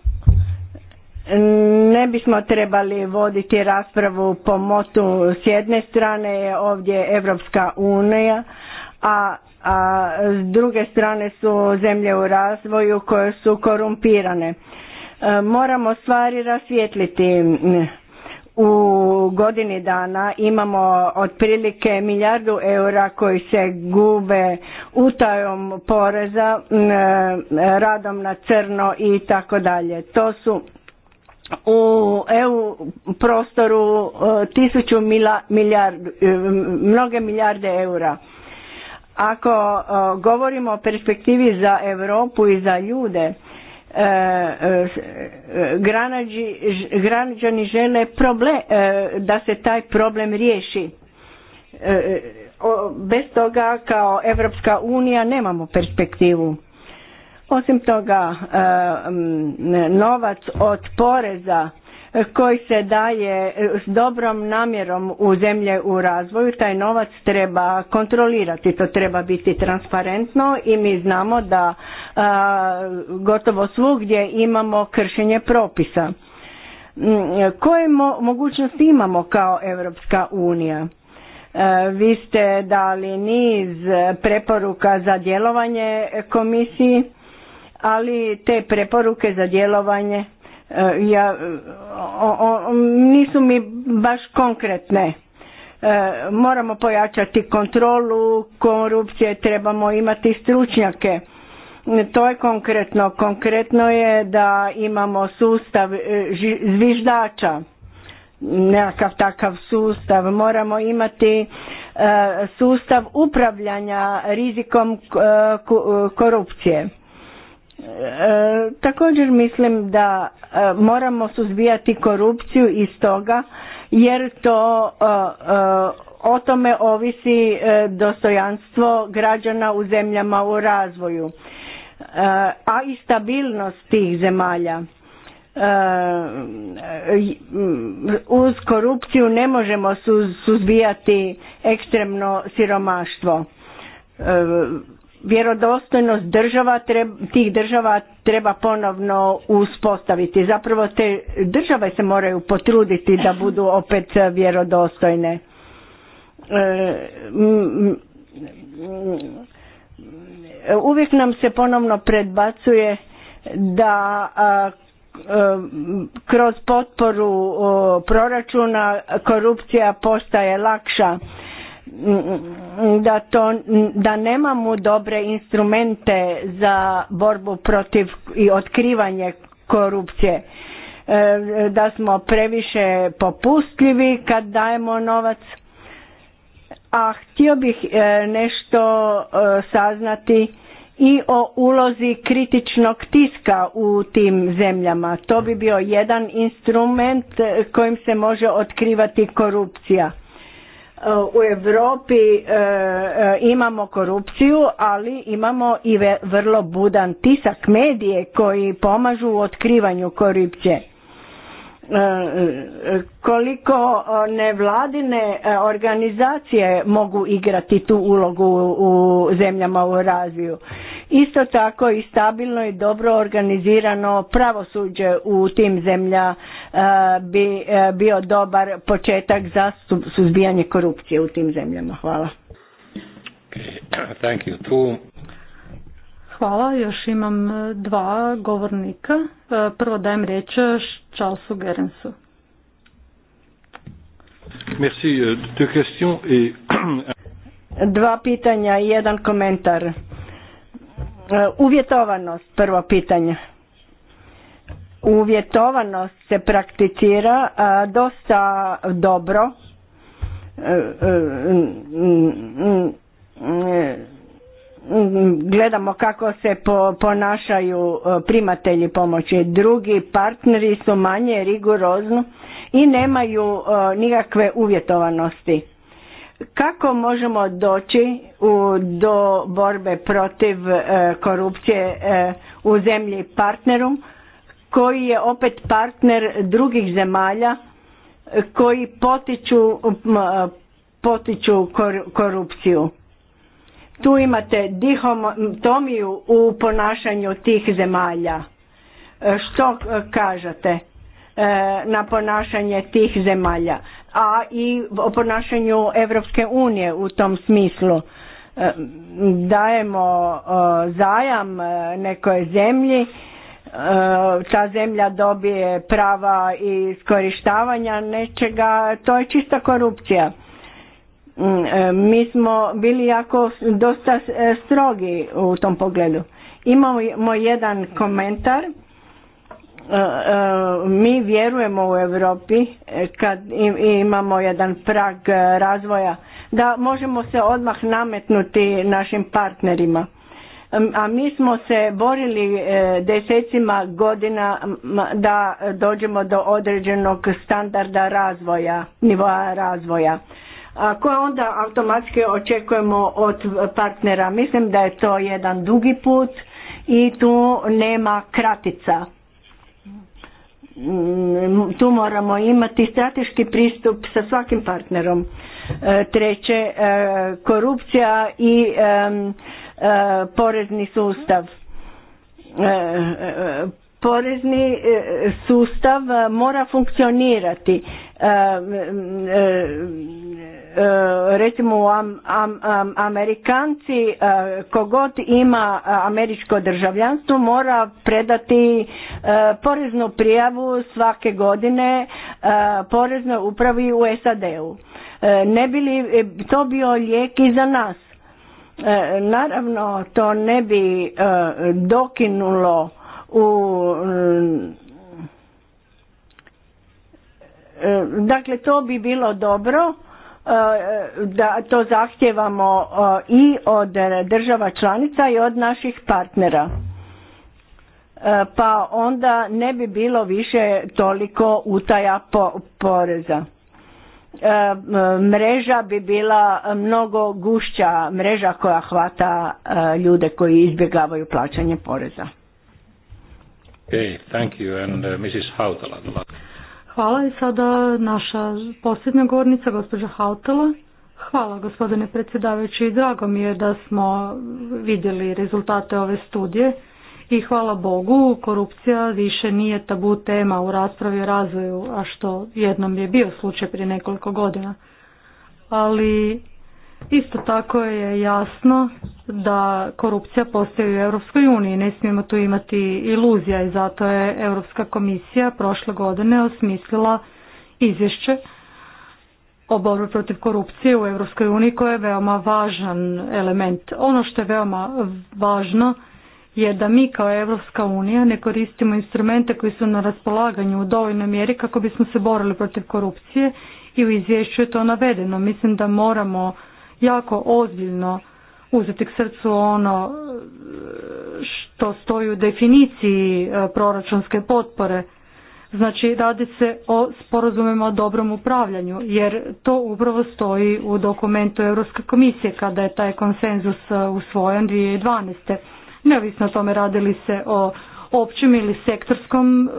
ne bismo trebali voditi raspravu po motu s jedne strane je ovdje Evropska unija, a a s druge strane su zemlje u razvoju koje su korumpirane. E, moramo stvari rasvijetliti. U godini dana imamo otprilike milijardu eura koji se gube utajom poreza, e, radom na crno i tako dalje. To su u EU prostoru e, tisuću mnoge milijarde eura ako e, govorimo o perspektivi za Europu i za ljude, e, e, građani žele problem, da se taj problem riješi. Bez toga kao Evropska unija nemamo perspektivu. Osim toga, novac od poreza koji se daje e, s dobrom namjerom u zemlje u razvoju, taj novac treba kontrolirati, to treba biti transparentno i mi znamo da gotovo svugdje imamo kršenje propisa. Mm, koje mogućnosti imamo kao Europska unija? E, vi ste dali niz preporuka za djelovanje komisiji, ali te preporuke za djelovanje E, ja, nisu mi baš konkretne. E, moramo pojačati kontrolu korupcije, trebamo imati stručnjake. To je konkretno. Konkretno je da imamo sustav e, zviždača, nekakav takav sustav. Moramo imati sustav upravljanja rizikom korupcije E, također mislim da e, moramo suzbijati korupciju iz toga jer to e, o tome ovisi dostojanstvo građana u zemljama u razvoju, a i stabilnost tih zemalja. Uz korupciju ne možemo suzbijati ekstremno siromaštvo vjerodostojnost država tih država treba ponovno uspostaviti. Zapravo te države se moraju potruditi da budu opet vjerodostojne. E, uvijek nam se ponovno predbacuje da e, kroz potporu proračuna korupcija postaje lakša da, to, da nemamo dobre instrumente za borbu protiv i otkrivanje korupcije e, da smo previše popustljivi kad dajemo novac a htio bih e, nešto e, saznati i o ulozi kritičnog tiska u tim zemljama to bi bio jedan instrument kojim se može otkrivati korupcija u Europi e, e, imamo korupciju, ali imamo i vrlo budan tisak medije koji pomažu u otkrivanju korupcije. E, koliko nevladine organizacije mogu igrati tu ulogu u zemljama u razviju. Isto tako i stabilno i dobro organizirano pravosuđe u tim zemlja e, bi e, bio dobar početak za suzbijanje korupcije u tim zemljama. Hvala. Thank you too. Hvala, još imam e, dva govornika. Prvo dajem riječ Charlesu Gerensu. Merci, deux questions et... Dva pitanja i jedan komentar. E, uvjetovanost, prvo pitanje. Uvjetovanost se prakticira e, dosta dobro. E, gledamo kako se ponašaju primatelji pomoći. Drugi partneri su manje rigorozni i nemaju nikakve uvjetovanosti kako možemo doći do borbe protiv e, korupcije e, u zemlji partnerom koji je opet partner drugih zemalja koji potiču, e, potiču korupciju. Tu imate dihotomiju u ponašanju tih zemalja. Što kažete na ponašanje tih zemalja? a i o ponašanju Europske unije u tom smislu. E, dajemo e, zajam e, nekoj zemlji, ta zemlja dobije prava i iskorištavanja nečega, to je čista korupcija. Mm, mi smo bili jako dosta strogi u tom pogledu. Imamo jedan komentar E, e, mi vjerujemo u Europi e, kad imamo jedan prag razvoja da možemo se odmah nametnuti našim partnerima. A mi smo se borili desecima godina da dođemo do određenog standarda razvoja, nivoa razvoja. A koje onda automatski očekujemo od partnera? Mislim da je to jedan dugi put i tu nema kratica Mm, tu moramo imati strateški pristup sa svakim partnerom. E, treće, e, korupcija i e, porezni sustav. Porezni sustav mora funkcionirati E, recimo am, am, Amerikanci e, kogod ima e, američko državljanstvo mora predati poreznu prijavu svake godine poreznoj upravi u SAD-u. Ne bi li to bio lijek i za nas? Naravno to ne bi dokinulo u dakle to bi bilo dobro E, da to zahtjevamo e, i od država članica i od naših partnera. E, pa onda ne bi bilo više toliko utaja poreza. Mreža bi bila mnogo gušća, mreža koja hvata ljude koji izbjegavaju plaćanje poreza. Okay, thank you. And, uh, Mrs. Hvala i sada naša posljednja govornica, gospođa Hautala. Hvala gospodine predsjedavajući i drago mi je da smo vidjeli rezultate ove studije i hvala Bogu korupcija više nije tabu tema u raspravi o razvoju, a što jednom je bio slučaj prije nekoliko godina. Ali Isto tako je jasno da korupcija postoji u Europskoj uniji. Ne smijemo tu imati iluzija i zato je Europska komisija prošle godine osmislila izvješće o borbi protiv korupcije u Europskoj uniji koje je veoma važan element. Ono što je veoma važno je da mi kao Europska unija ne koristimo instrumente koji su na raspolaganju u dovoljnoj mjeri kako bismo se borili protiv korupcije i u izvješću je to navedeno. Mislim da moramo jako ozbiljno uzeti k srcu ono e, što stoji u definiciji e, proračunske potpore. Znači radi se o sporazumima o dobrom upravljanju jer to upravo stoji u dokumentu Europske komisije kada je taj konsenzus e, usvojen 2012. Neovisno o tome radili se o općem ili sektorskom,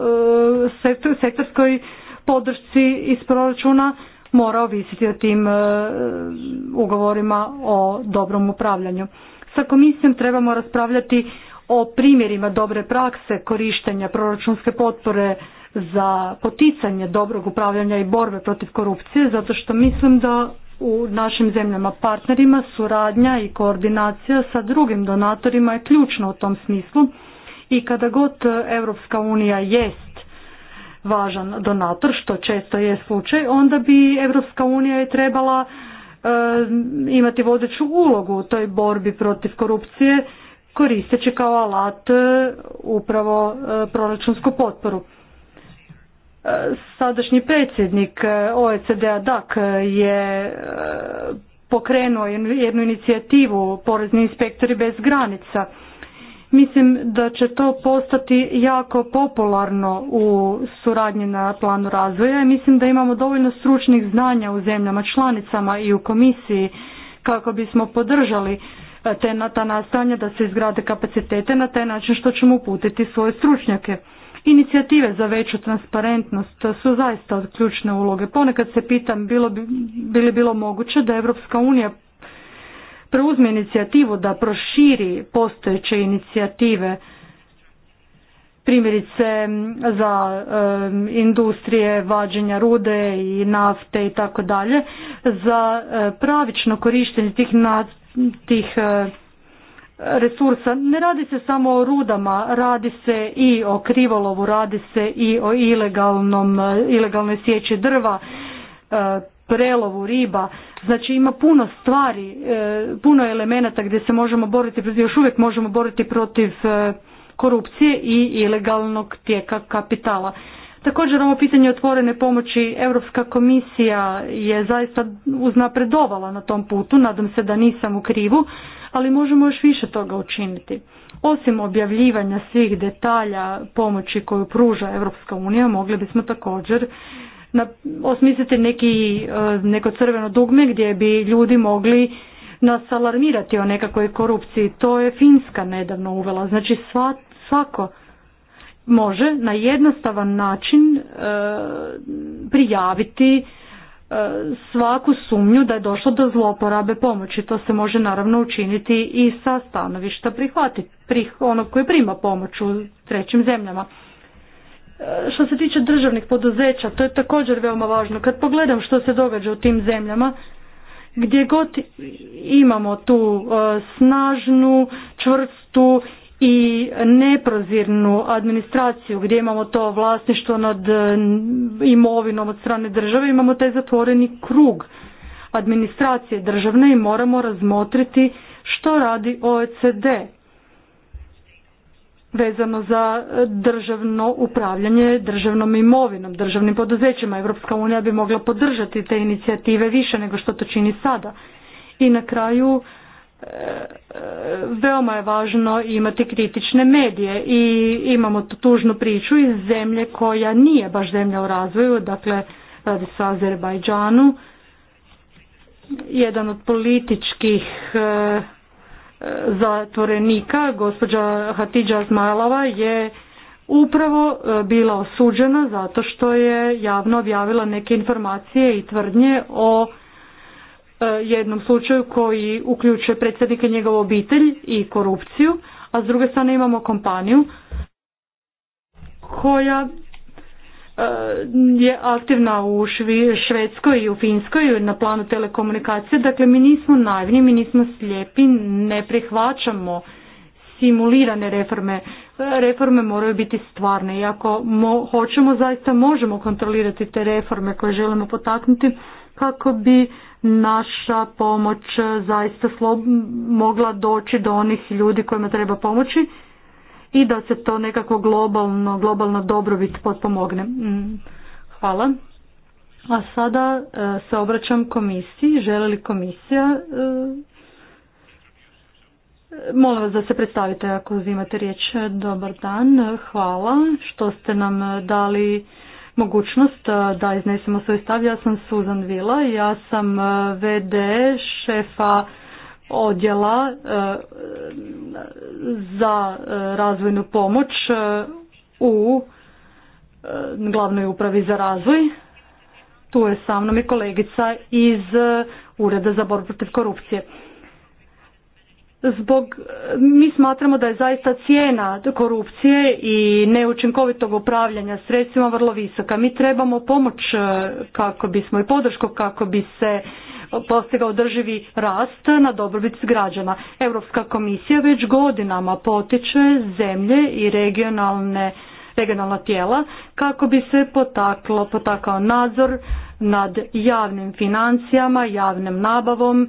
sektorskoj podršci iz proračuna mora ovisiti o tim e, ugovorima o dobrom upravljanju. Sa komisijom trebamo raspravljati o primjerima dobre prakse korištenja proračunske potpore za poticanje dobrog upravljanja i borbe protiv korupcije, zato što mislim da u našim zemljama partnerima suradnja i koordinacija sa drugim donatorima je ključna u tom smislu i kada god Europska unija jest važan donator, što često je slučaj, onda bi Europska unija trebala e, imati vodeću ulogu u toj borbi protiv korupcije koristeći kao alat e, upravo e, proračunsku potporu. Sadašnji predsjednik OECD-a DAC je pokrenuo jednu inicijativu Porezni inspektori bez granica Mislim da će to postati jako popularno u suradnji na planu razvoja i mislim da imamo dovoljno stručnih znanja u zemljama članicama i u komisiji kako bismo podržali e, te, na ta da se izgrade kapacitete na taj način što ćemo uputiti svoje stručnjake. Inicijative za veću transparentnost su zaista od ključne uloge. Ponekad se pitam bilo bi, li bilo moguće da Europska unija preuzme inicijativu da proširi postojeće inicijative primjerice za industrije vađenja rude i nafte i tako dalje za e, pravično korištenje tih tih e, resursa ne radi se samo o rudama radi se i o krivolovu radi se i o ilegalnom e, ilegalnoj sjeći drva prelovu riba, znači ima puno stvari, e, puno elemenata gdje se možemo boriti, još uvijek možemo boriti protiv e, korupcije i ilegalnog tijeka kapitala. Također ovo pitanje otvorene pomoći Europska komisija je zaista uznapredovala na tom putu, nadam se da nisam u krivu, ali možemo još više toga učiniti. Osim objavljivanja svih detalja pomoći koju pruža Europska unija, mogli bismo također osmisliti neki, e, neko crveno dugme gdje bi ljudi mogli nas alarmirati o nekakvoj korupciji. To je Finska nedavno uvela. Znači svako može na jednostavan način e, prijaviti e, svaku sumnju da je došlo do zloporabe pomoći. To se može naravno učiniti i sa stanovišta prihvatiti, prih, onog koji prima pomoć u trećim zemljama. E, što se tiče državnih poduzeća, to je također veoma važno. Kad pogledam što se događa u tim zemljama, gdje god imamo tu e, snažnu, čvrstu i neprozirnu administraciju gdje imamo to vlasništvo nad e, imovinom od strane države, imamo taj zatvoreni krug administracije državne i moramo razmotriti što radi OECD vezano za državno upravljanje državnom imovinom, državnim poduzećima. Evropska unija bi mogla podržati te inicijative više nego što to čini sada. I na kraju e, e, veoma je važno imati kritične medije i imamo tu tužnu priču iz zemlje koja nije baš zemlja u razvoju, dakle radi se Azerbajdžanu. Jedan od političkih e, zatvorenika, gospođa Hatidža Zmajlova je upravo e, bila osuđena zato što je javno objavila neke informacije i tvrdnje o e, jednom slučaju koji uključuje predsjednike njegovu obitelj i korupciju, a s druge strane imamo kompaniju koja E, je aktivna u Švedskoj i u Finskoj na planu telekomunikacije. Dakle, mi nismo naivni, mi nismo slijepi, ne prihvaćamo simulirane reforme. E, reforme moraju biti stvarne i ako hoćemo, zaista možemo kontrolirati te reforme koje želimo potaknuti kako bi naša pomoć zaista mogla doći do onih ljudi kojima treba pomoći i da se to nekako globalno, globalno dobrobit potpomogne. Mm, hvala. A sada e, se obraćam komisiji. Želi li komisija? E, molim vas da se predstavite ako uzimate riječ. Dobar dan, hvala što ste nam dali mogućnost e, da iznesemo svoj stav. Ja sam Suzan Vila, ja sam VD šefa odjela e, za e, razvojnu pomoć e, u glavnoj upravi za razvoj. Tu je sa mnom i kolegica iz Ureda za borbu protiv korupcije. Zbog, mi smatramo da je zaista cijena korupcije i neučinkovitog upravljanja sredstvima vrlo visoka. Mi trebamo pomoć kako bismo i podršku kako bi se postigao drživi rast na dobrobit građana. Europska komisija već godinama potiče zemlje i regionalne regionalna tijela kako bi se potaklo, potakao nadzor nad javnim financijama, javnim nabavom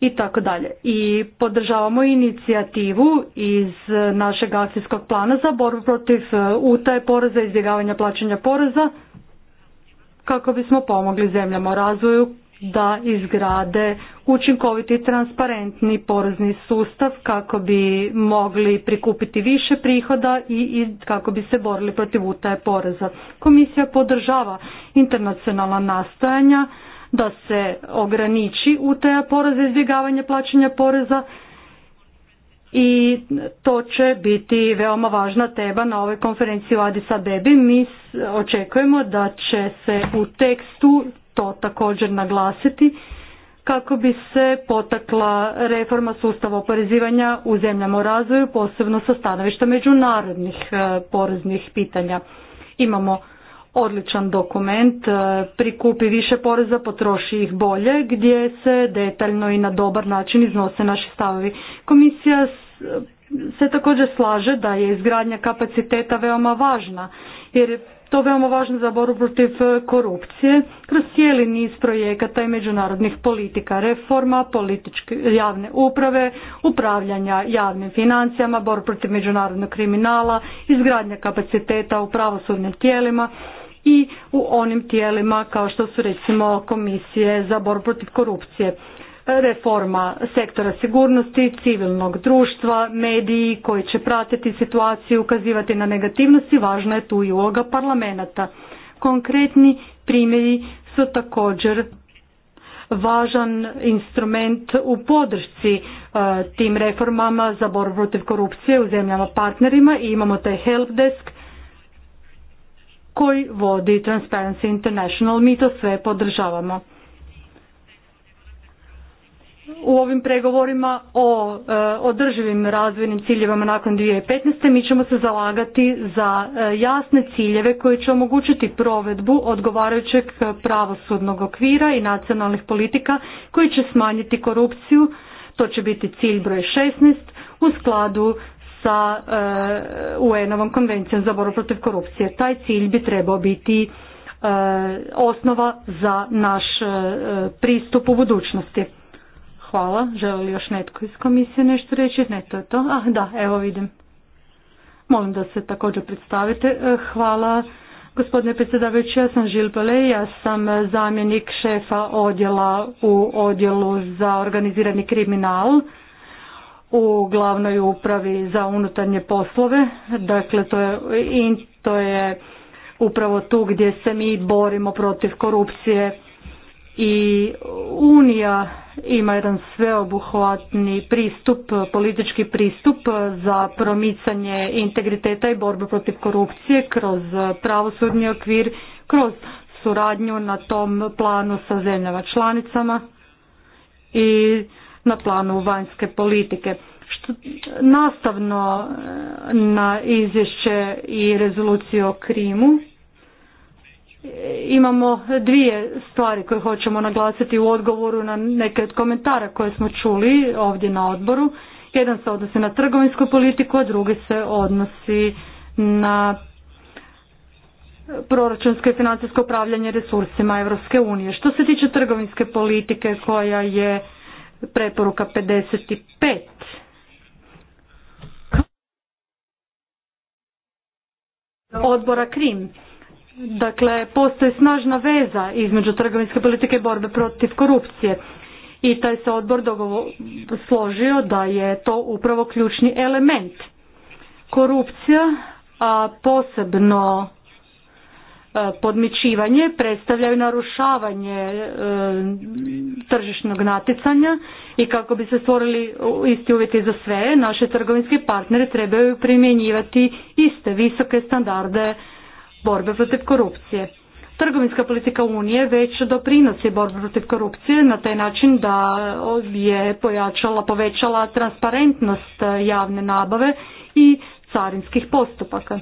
i tako dalje. I podržavamo inicijativu iz našeg akcijskog plana za borbu protiv uh, utaje poreza, izbjegavanja plaćanja poreza kako bismo pomogli zemljama u razvoju da izgrade učinkoviti transparentni porezni sustav kako bi mogli prikupiti više prihoda i kako bi se borili protiv utaje poreza. Komisija podržava internacionalna nastojanja da se ograniči utaja poreza, izbjegavanje plaćanja poreza i to će biti veoma važna tema na ovoj konferenciji u Adisa Bebi. Mi očekujemo da će se u tekstu to također naglasiti kako bi se potakla reforma sustava oporezivanja u zemljama u razvoju, posebno sa stanovišta međunarodnih e, poreznih pitanja. Imamo odličan dokument, e, prikupi više poreza, potroši ih bolje, gdje se detaljno i na dobar način iznose naši stavovi. Komisija e, se također slaže da je izgradnja kapaciteta veoma važna, jer to veoma važno za boru protiv e, korupcije kroz cijeli niz projekata i međunarodnih politika, reforma, političke javne uprave, upravljanja javnim financijama, boru protiv međunarodnog kriminala, izgradnja kapaciteta u pravosudnim tijelima i u onim tijelima kao što su recimo komisije za boru protiv korupcije reforma sektora sigurnosti, civilnog društva, mediji koji će pratiti situaciju, ukazivati na negativnosti, važna je tu i uloga parlamenta. Konkretni primjeri su također važan instrument u podršci e, tim reformama za borbu protiv korupcije u zemljama partnerima i imamo taj desk koji vodi Transparency International. Mi to sve podržavamo u ovim pregovorima o e, održivim razvojnim ciljevima nakon 2015. mi ćemo se zalagati za e, jasne ciljeve koji će omogućiti provedbu odgovarajućeg pravosudnog okvira i nacionalnih politika koji će smanjiti korupciju. To će biti cilj broj 16 u skladu sa e, UN-ovom konvencijom za borbu protiv korupcije. Taj cilj bi trebao biti osnova za naš pristup u budućnosti. Hvala. Želi li još netko iz komisije nešto reći? Ne, to je to. Ah, da, evo vidim. Molim da se također predstavite. E, hvala. Gospodine predsjedavajući, ja sam Žil Bele, ja sam zamjenik šefa odjela u odjelu za organizirani kriminal u glavnoj upravi za unutarnje poslove. Dakle, to je, to je upravo tu gdje se mi borimo protiv korupcije i Unija ima jedan sveobuhvatni pristup, politički pristup za promicanje integriteta i borbe protiv korupcije kroz pravosudni okvir, kroz suradnju na tom planu sa zemljama članicama i na planu vanjske politike. Što, nastavno na izvješće i rezoluciju o Krimu, imamo dvije stvari koje hoćemo naglasiti u odgovoru na neke od komentara koje smo čuli ovdje na odboru. Jedan se odnosi na trgovinsku politiku, a drugi se odnosi na proračunsko i financijsko upravljanje resursima Europske unije. Što se tiče trgovinske politike koja je preporuka 55 odbora Krim Dakle, postoji snažna veza između trgovinske politike i borbe protiv korupcije. I taj se odbor dogovo, složio da je to upravo ključni element. Korupcija, a posebno e, podmičivanje predstavljaju narušavanje e, tržišnog natjecanja i kako bi se stvorili isti uvjeti za sve, naše trgovinske partneri trebaju primjenjivati iste visoke standarde borbe protiv korupcije. Trgovinska politika Unije već doprinosi borbi protiv korupcije na taj način da je pojačala, povećala transparentnost e, javne nabave i carinskih postupaka.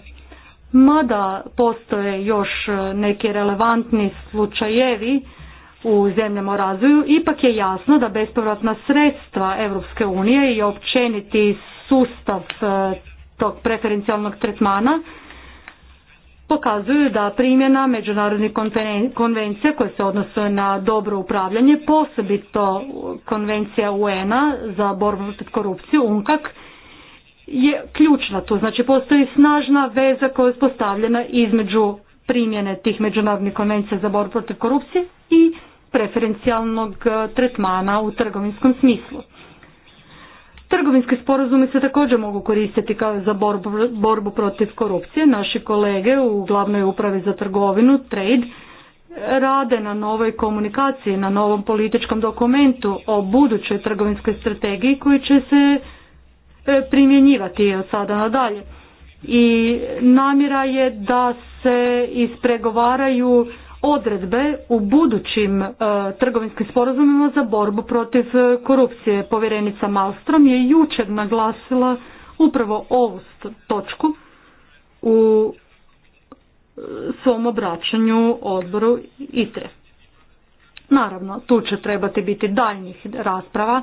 Mada postoje još e, neki relevantni slučajevi u zemljama o razvoju, ipak je jasno da bespovratna sredstva Europske unije i općeniti sustav e, tog preferencijalnog tretmana pokazuju da primjena međunarodnih konvencija koje se odnose na dobro upravljanje, posebito konvencija UN-a za borbu protiv korupciju, UNKAK, je ključna tu. Znači postoji snažna veza koja je uspostavljena između primjene tih međunarodnih konvencija za borbu protiv korupcije i preferencijalnog eh, tretmana u trgovinskom smislu. Trgovinski sporazumi se također mogu koristiti kao za borbu, protiv korupcije. Naši kolege u glavnoj upravi za trgovinu, trade, rade na novoj komunikaciji, na novom političkom dokumentu o budućoj trgovinskoj strategiji koji će se e, primjenjivati od sada dalje. I namjera je da se ispregovaraju odredbe u budućim e, trgovinskim sporazumima za borbu protiv e, korupcije. Povjerenica Malstrom je jučer naglasila upravo ovu točku u e, svom obraćanju odboru ITRE. Naravno, tu će trebati biti daljnjih rasprava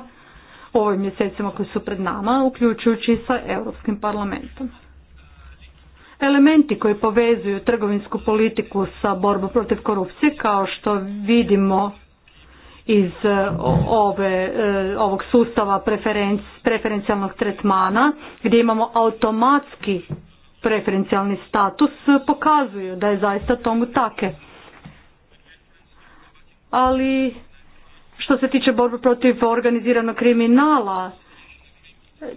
ovim mjesecima koji su pred nama, uključujući sa Europskim parlamentom. Elementi koji povezuju trgovinsku politiku sa borbom protiv korupcije kao što vidimo iz e, ove, e, ovog sustava preferenc, preferencijalnog tretmana gdje imamo automatski preferencijalni status pokazuju da je zaista tomu take. Ali što se tiče borbe protiv organiziranog kriminala,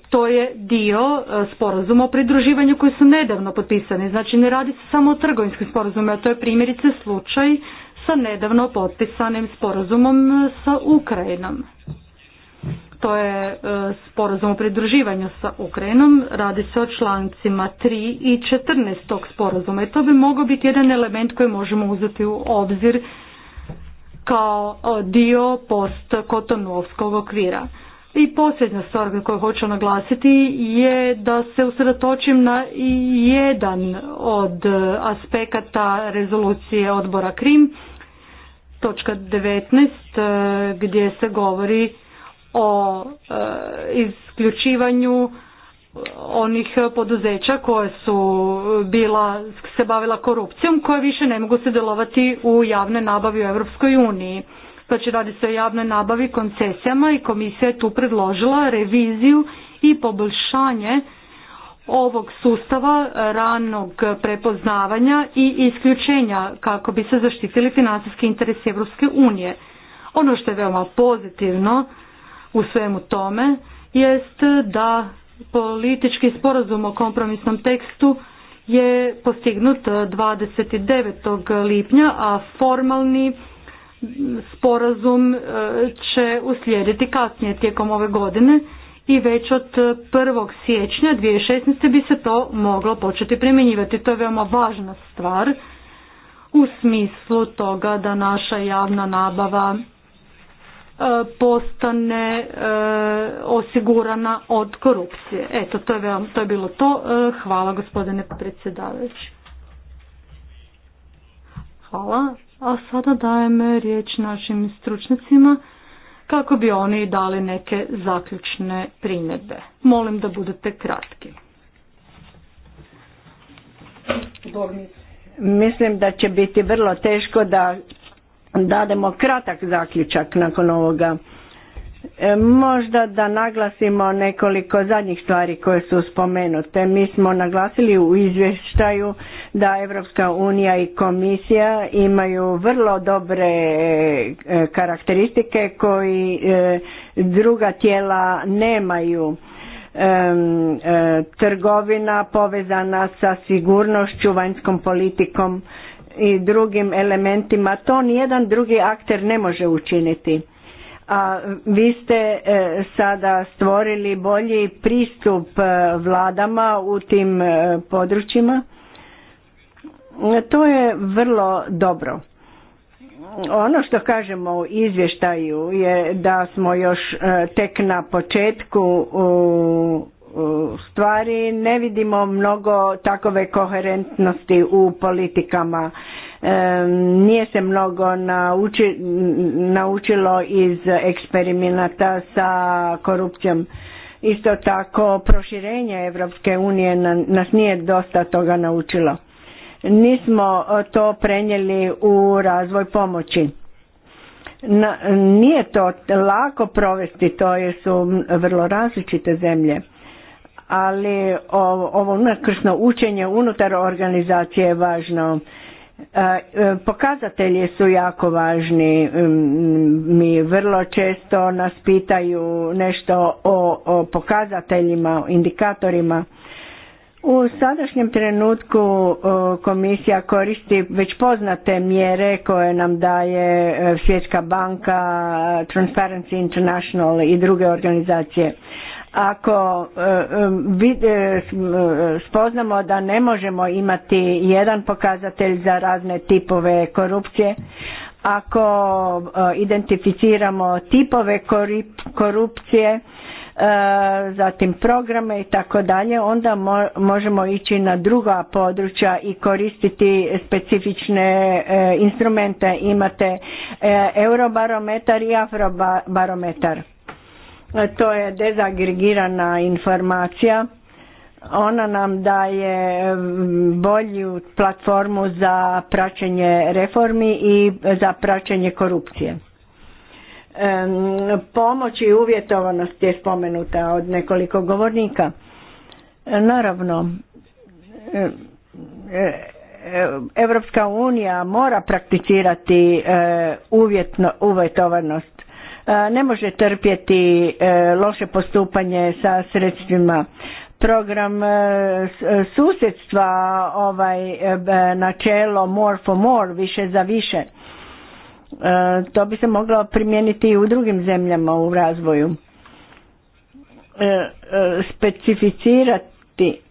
to je dio e, sporazuma o pridruživanju koji su nedavno potpisani. Znači ne radi se samo o trgovinskim sporazumima, to je primjerice slučaj sa nedavno potpisanim sporazumom e, sa Ukrajinom. To je e, sporazum o pridruživanju sa Ukrajinom, radi se o člancima 3 i 14 tog sporazuma i to bi mogao biti jedan element koji možemo uzeti u obzir kao dio post kotonovskog okvira. I posljednja stvar koju hoću naglasiti je da se usredotočim na jedan od e, aspekata rezolucije odbora Krim, točka 19 e, gdje se govori o e, isključivanju onih poduzeća koje su bila, se bavila korupcijom koje više ne mogu sudjelovati u javne nabavi u Europskoj uniji. Znači pa radi se o javnoj nabavi koncesijama i komisija je tu predložila reviziju i poboljšanje ovog sustava ranog prepoznavanja i isključenja kako bi se zaštitili financijski interesi Europske unije. Ono što je veoma pozitivno u svemu tome jest da politički sporazum o kompromisnom tekstu je postignut 29. lipnja, a formalni sporazum e, će uslijediti kasnije tijekom ove godine i već od 1. siječnja 2016. bi se to moglo početi primjenjivati. To je veoma važna stvar u smislu toga da naša javna nabava e, postane e, osigurana od korupcije. Eto, to je, to je bilo to. Hvala gospodine predsjedavajući. Hvala. A sada dajem riječ našim stručnicima kako bi oni dali neke zaključne primjedbe. Molim da budete kratki. Mislim da će biti vrlo teško da dademo kratak zaključak nakon ovoga. E, možda da naglasimo nekoliko zadnjih stvari koje su spomenute. Mi smo naglasili u izvještaju da Europska unija i komisija imaju vrlo dobre e, karakteristike koji e, druga tijela nemaju. Trgovina povezana sa sigurnošću, vanjskom politikom i drugim elementima, to nijedan drugi akter ne može učiniti a vi ste e, sada stvorili bolji pristup e, vladama u tim e, područjima. To je vrlo dobro. Ono što kažemo u izvještaju je da smo još tek na početku u stvari ne vidimo mnogo takove koherentnosti u politikama nije se mnogo naučilo iz eksperimenata sa korupcijom. Isto tako proširenje Evropske unije nas nije dosta toga naučilo. Nismo to prenijeli u razvoj pomoći. nije to lako provesti, to je su vrlo različite zemlje, ali ovo nakršno učenje unutar organizacije je važno. E, e, pokazatelji su jako važni. Mm, mi vrlo često nas pitaju nešto o, o pokazateljima, o indikatorima. U sadašnjem trenutku e, komisija koristi već poznate mjere koje nam daje Svjetska banka, Transparency International i druge organizacije. Ako e, e, spoznamo da ne možemo imati jedan pokazatelj za razne tipove korupcije, ako e, identificiramo tipove korupcije, zatim programe i tako dalje, onda možemo ići na druga područja i koristiti specifične instrumente. Imate eurobarometar i afrobarometar. E, to je dezagregirana informacija. Ona nam daje mm, bolju platformu za praćenje reformi i za praćenje korupcije. E, mm, pomoć i uvjetovanost je spomenuta od nekoliko govornika. E, naravno, Evropska unija mora prakticirati uvjetovanost E, ne može trpjeti e, loše postupanje sa sredstvima program e, susjedstva ovaj načelo more for more više za više to bi se moglo primijeniti i u drugim zemljama u razvoju specificirati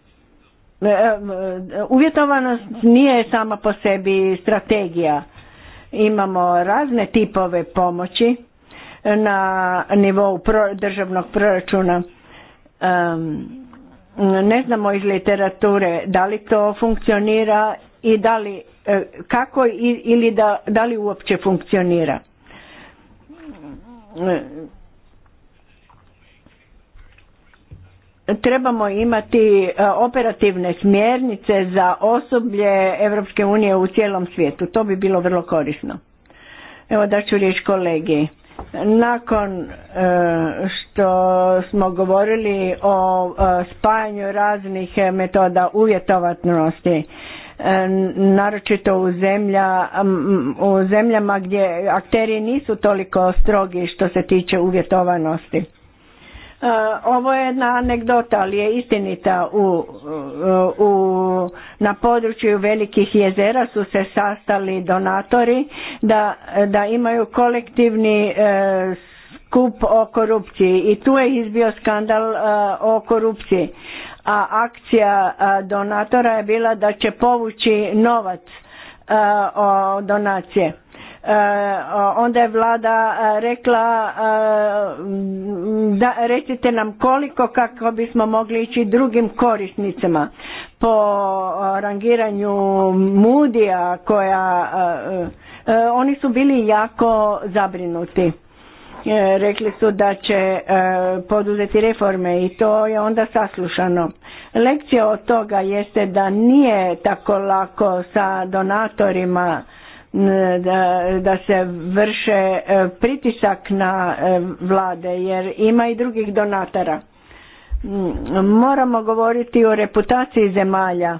uvjetovanost nije sama po sebi strategija imamo razne tipove pomoći na nivou državnog proračuna. Ne znamo iz literature da li to funkcionira i da li e, kako ili da, da li uopće funkcionira. Trebamo imati e, operativne smjernice za osoblje Europske unije u cijelom svijetu. To bi bilo vrlo korisno. Evo da ću riječ kolegi. Nakon e, što smo govorili o e, spajanju raznih metoda uvjetovatnosti, e, naročito u, zemlja, u zemljama gdje akteri nisu toliko strogi što se tiče uvjetovanosti. Uh, ovo je jedna anegdota, ali je istinita. U, u, na području velikih jezera su se sastali donatori da, da imaju kolektivni uh, skup o korupciji i tu je izbio skandal uh, o korupciji. A akcija donatora je bila da će povući novac o donacije onda je vlada e, rekla e, da recite nam koliko kako bismo mogli ići drugim korisnicima po e, rangiranju Mudija koja oni su bili jako zabrinuti rekli su da će poduzeti reforme i to je onda saslušano. Lekcija od toga jeste da nije tako lako sa donatorima da, da se vrše e, pritisak na e, vlade jer ima i drugih donatara. Mm, moramo govoriti o reputaciji zemalja,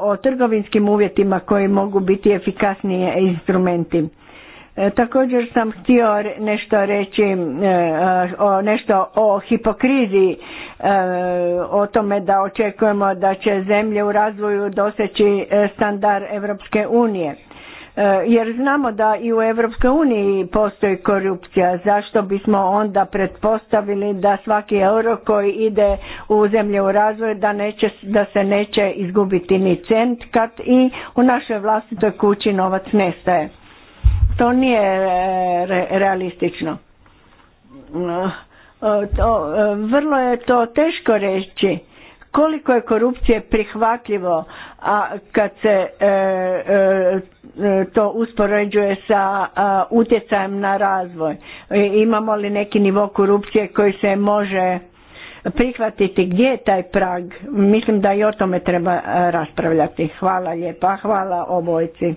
o trgovinskim uvjetima koji mogu biti efikasnije instrumenti. E, također sam htio nešto reći o nešto o hipokrizi, o tome da očekujemo da će zemlje u razvoju doseći standard Europske unije E, jer znamo da i u Europskoj uniji postoji korupcija. Zašto bismo onda pretpostavili da svaki euro koji ide u zemlje u razvoju da, neće, da se neće izgubiti ni cent kad i u našoj vlastitoj kući novac nestaje. To nije e, realistično. E, to, vrlo je to teško reći koliko je korupcije prihvatljivo a kad se e, e, e, to uspoređuje sa utjecajem na razvoj imamo li neki nivo korupcije koji se može prihvatiti gdje je taj prag mislim da i o tome treba raspravljati hvala lijepa hvala obojci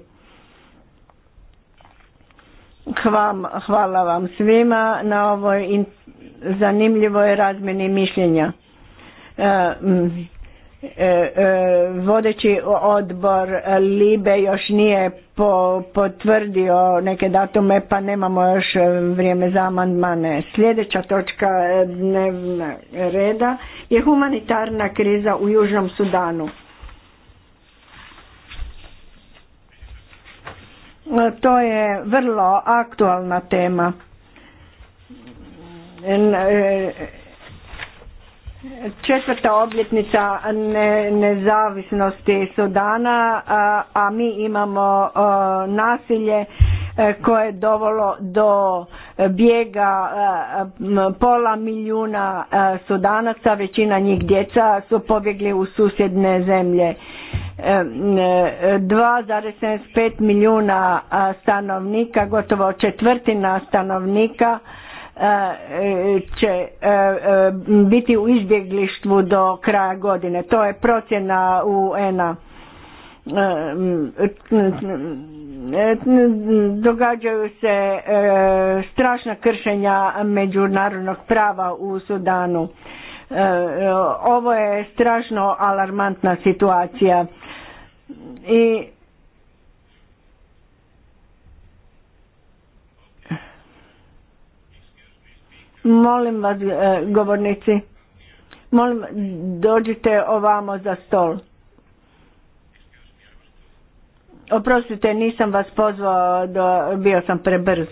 hvala vam svima na ovoj zanimljivoj razmjeni mišljenja E, mm, e, e, vodeći odbor Libe još nije po, potvrdio neke datume pa nemamo još vrijeme za amandmane. Sljedeća točka dnevna reda je humanitarna kriza u Južnom Sudanu. To je vrlo aktualna tema četvrta obljetnica nezavisnosti Sudana, a mi imamo nasilje e, koje je dovelo do bijega pola milijuna Sudanaca, većina njih djeca su pobjegli u susjedne zemlje. 2,75 e, e, milijuna stanovnika, gotovo četvrtina stanovnika E, će e, e, biti u izbjeglištvu do kraja godine. To je procjena u ENA. Događaju se strašna kršenja međunarodnog prava u Sudanu. Ovo je strašno alarmantna situacija i Molim vas, e, govornici, molim, dođite ovamo za stol. Oprostite, nisam vas pozvao, bio sam prebrz.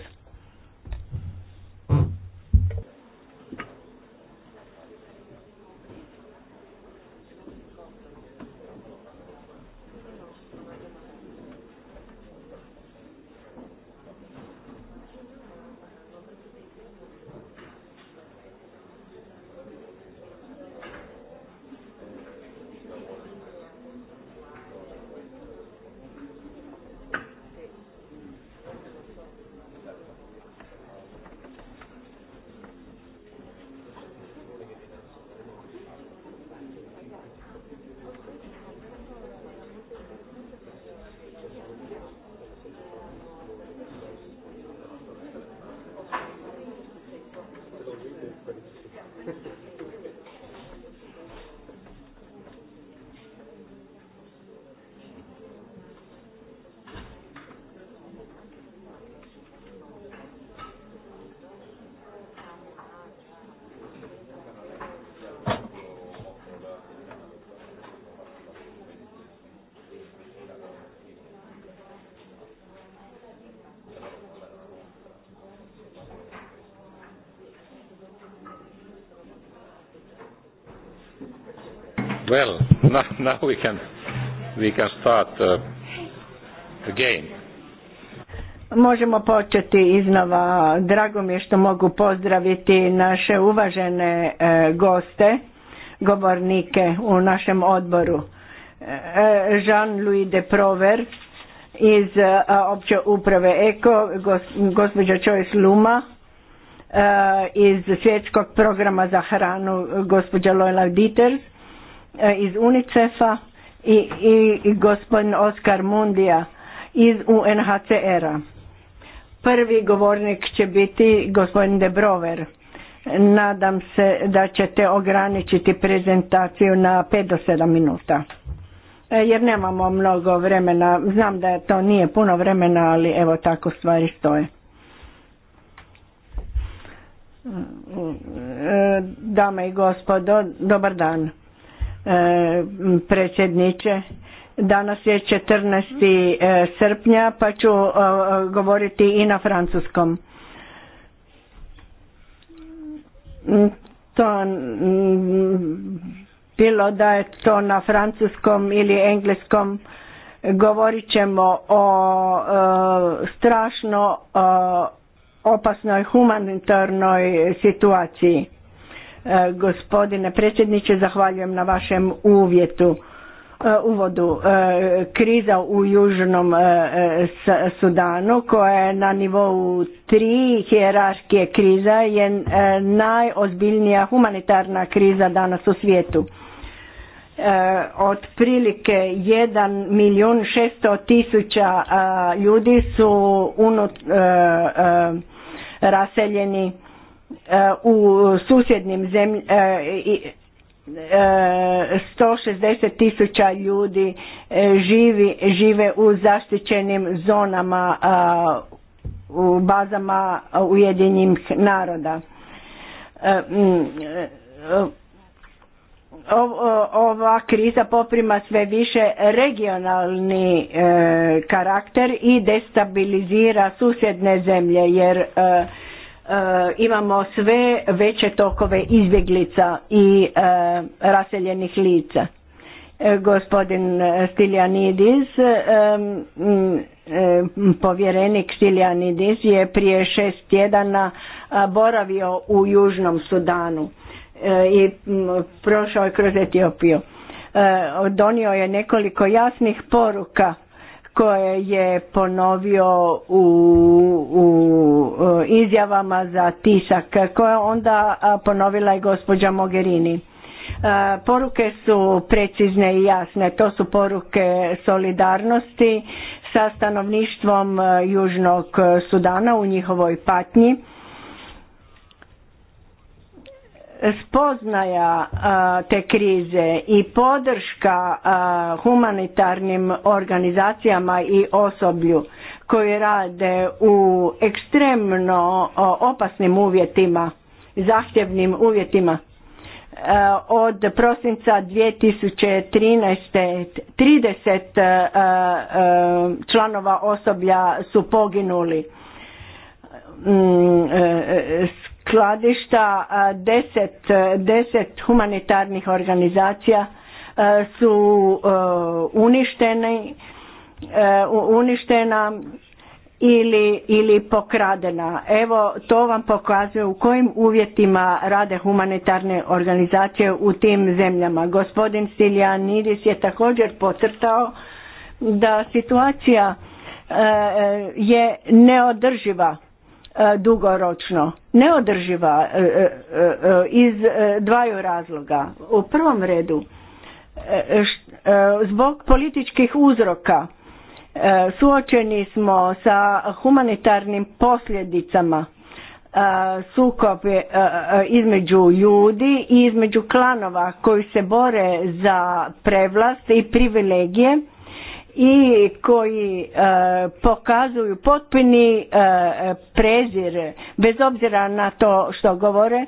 Well, now, now we can, we can start uh, again. Možemo početi iznova. Drago mi je što mogu pozdraviti naše uvažene e, goste, govornike u našem odboru. E, Jean-Louis de Prover iz e, opće uprave ECO, gospođa Choice Luma, e, iz svjetskog programa za hranu gospođa Loyla Dieters E, iz UNICEF-a i, i, gospodin Oskar Mundija iz UNHCR-a. Prvi govornik će biti gospodin De Brover. Nadam se da ćete ograničiti prezentaciju na 5 do 7 minuta. E, jer nemamo mnogo vremena, znam da to nije puno vremena, ali evo tako stvari stoje. E, dame i gospodo, dobar dan. E, predsjedniče. Danas je 14. E, srpnja pa ću e, govoriti i na francuskom. To bilo da je to na francuskom ili engleskom govorit ćemo o strašno opasnoj humanitarnoj situaciji E, gospodine predsjedniče, zahvaljujem na vašem uvjetu e, uvodu e, kriza u Južnom Sudanu koja je na nivou tri hjerarhije kriza je najozbiljnija humanitarna kriza danas u svijetu. Otprilike 1 milijun 600 tisuća ljudi su unut, raseljeni Eh, u susjednim zemljama 160 eh, eh, tisuća ljudi živi, žive u zaštićenim zonama u bazama Ujedinjenih naroda. Mm, ova kriza poprima sve više regionalni karakter i destabilizira susjedne zemlje jer Eh, imamo sve veće tokove izbjeglica i eh, raseljenih lica. Eh, gospodin Stiljanidis, mm, povjerenik Stiljanidis je prije šest tjedana boravio u Južnom Sudanu i mm, prošao je kroz Etiopiju. Donio je nekoliko jasnih poruka koje je ponovio u, u izjavama za tisak koje onda ponovila i gospođa Mogherini. Poruke su precizne i jasne, to su poruke solidarnosti sa stanovništvom Južnog Sudana u njihovoj patnji spoznaja te krize i podrška humanitarnim organizacijama i osoblju koji rade u ekstremno opasnim uvjetima, zahtjevnim uvjetima. Od prosinca 2013. 30 članova osoblja su poginuli mm, e, e, skladišta deset, deset humanitarnih organizacija su uništeni, uništena ili, ili pokradena. Evo to vam pokazuje u kojim uvjetima rade humanitarne organizacije u tim zemljama. Gospodin Stiljanidis je također potrtao da situacija je neodrživa E, dugoročno neodrživa e, e, iz dvaju razloga. U prvom redu zbog političkih uzroka suočeni smo sa humanitarnim posljedicama sukobe između ljudi i između klanova koji se bore za prevlast i privilegije i koji e, pokazuju potpuni e, prezir bez obzira na to što govore e,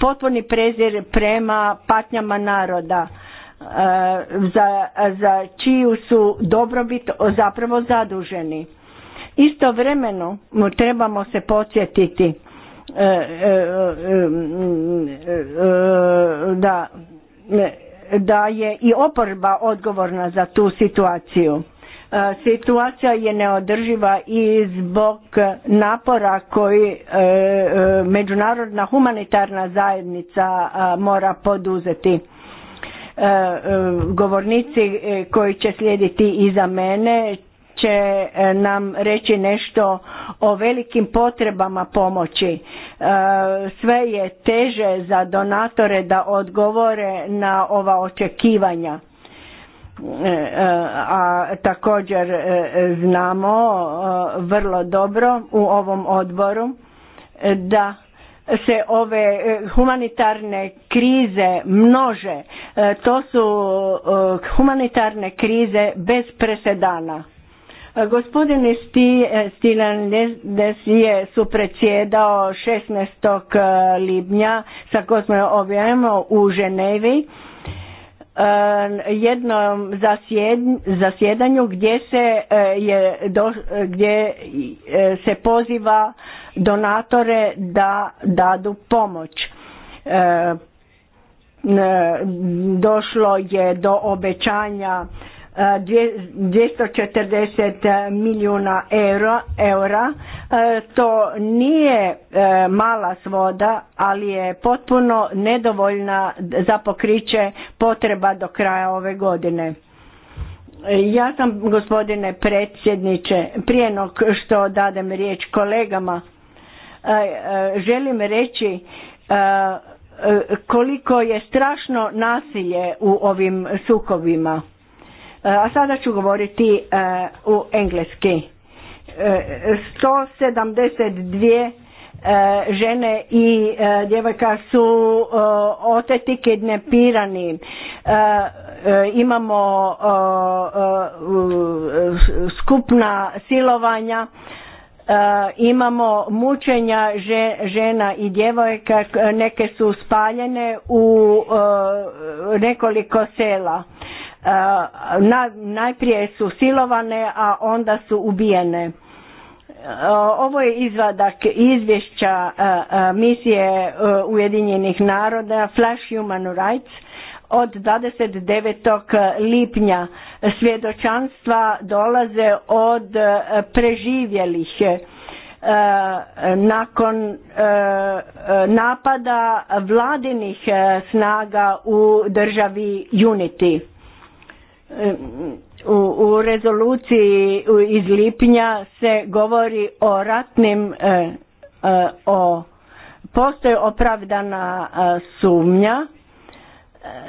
potpuni prezir prema patnjama naroda za, za čiju su dobrobit zapravo zaduženi istovremeno trebamo se podsjetiti da da je i oporba odgovorna za tu situaciju. E, situacija je neodrživa i zbog napora koji e, e, međunarodna humanitarna zajednica mora poduzeti. Govornici koji će slijediti iza mene će e, nam reći nešto o velikim potrebama pomoći. E, sve je teže za donatore da odgovore na ova očekivanja. E, a također znamo vrlo dobro u ovom odboru da se ove humanitarne krize množe. To su humanitarne krize bez presedana. E, gospodin e, Stilan Des je supredsjedao 16. E, libnja sa smo objavljamo u Ženevi jednom zasjedanju gdje se je gdje se poziva donatore da dadu pomoć došlo je do obećanja 240 milijuna eura. E, to nije e, mala svoda, ali je potpuno nedovoljna za pokriće potreba do kraja ove godine. Ja sam, gospodine predsjedniče, prije što dadem riječ kolegama, e, želim reći koliko je strašno nasilje u ovim sukovima E, a sada ću govoriti e, u engleski. 172 e, žene i djevojka su oteti kidnapirani. Imamo skupna silovanja, imamo mučenja žena i djevojka, neke su spaljene u nekoliko sela Eh, najprije su silovane, a onda su ubijene. Eh, ovo je izvadak izvješća eh, misije Ujedinjenih naroda Flash Human Rights od 29. lipnja. Svjedočanstva dolaze od preživjelih nakon napada vladinih snaga u državi Unity u, u rezoluciji iz lipnja se govori o ratnim e, e, o postoji opravdana e, sumnja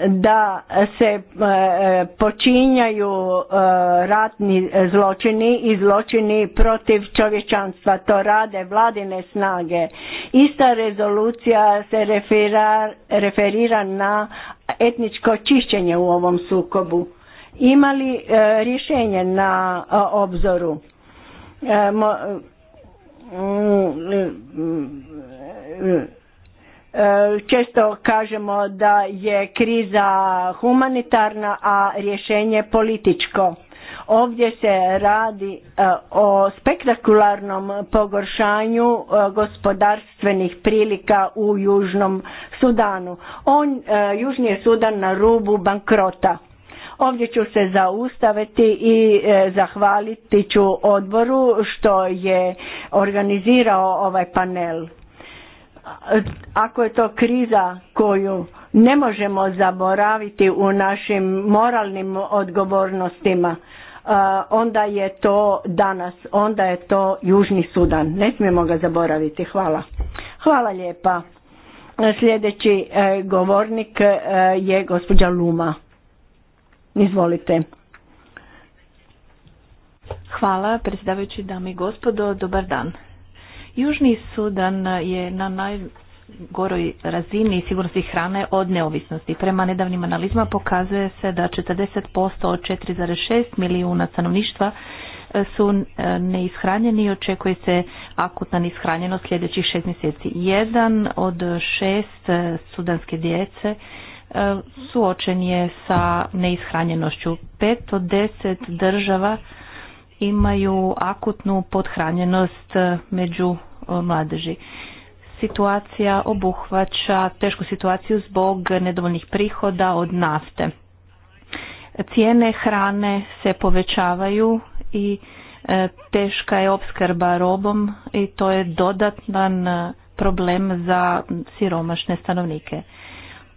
da se počinjaju ratni zločini i zločini protiv čovječanstva. To rade vladine snage. Ista rezolucija se referira, referira na etničko čišćenje u ovom sukobu imali e, rješenje na e, obzoru. E, mm, mm, često kažemo da je kriza humanitarna, a rješenje političko. Ovdje se radi o spektakularnom pogoršanju gospodarstvenih prilika u Južnom Sudanu. On, Južni je Sudan na rubu bankrota Ovdje ću se zaustaviti i e, zahvaliti ću odboru što je organizirao ovaj panel. Ako je to kriza koju ne možemo zaboraviti u našim moralnim odgovornostima, e, onda je to danas, onda je to Južni Sudan. Ne smijemo ga zaboraviti. Hvala. Hvala lijepa. Sljedeći e, govornik je gospođa Luma. Izvolite. Hvala, predsjedavajući dame i gospodo, dobar dan. Južni Sudan je na najgoroj razini sigurnosti hrane od neovisnosti. Prema nedavnim analizama pokazuje se da 40% od 4,6 milijuna stanovništva e, su e, neishranjeni i očekuje se akutna neishranjenost sljedećih šest mjeseci. Jedan od šest e, sudanske djece E, suočen je sa neishranjenošću. Pet od deset država imaju akutnu podhranjenost e, među e, mladeži. Situacija obuhvaća tešku situaciju zbog nedovoljnih prihoda od nafte. Cijene hrane se povećavaju i teška je opskrba robom i to je dodatan problem za siromašne stanovnike.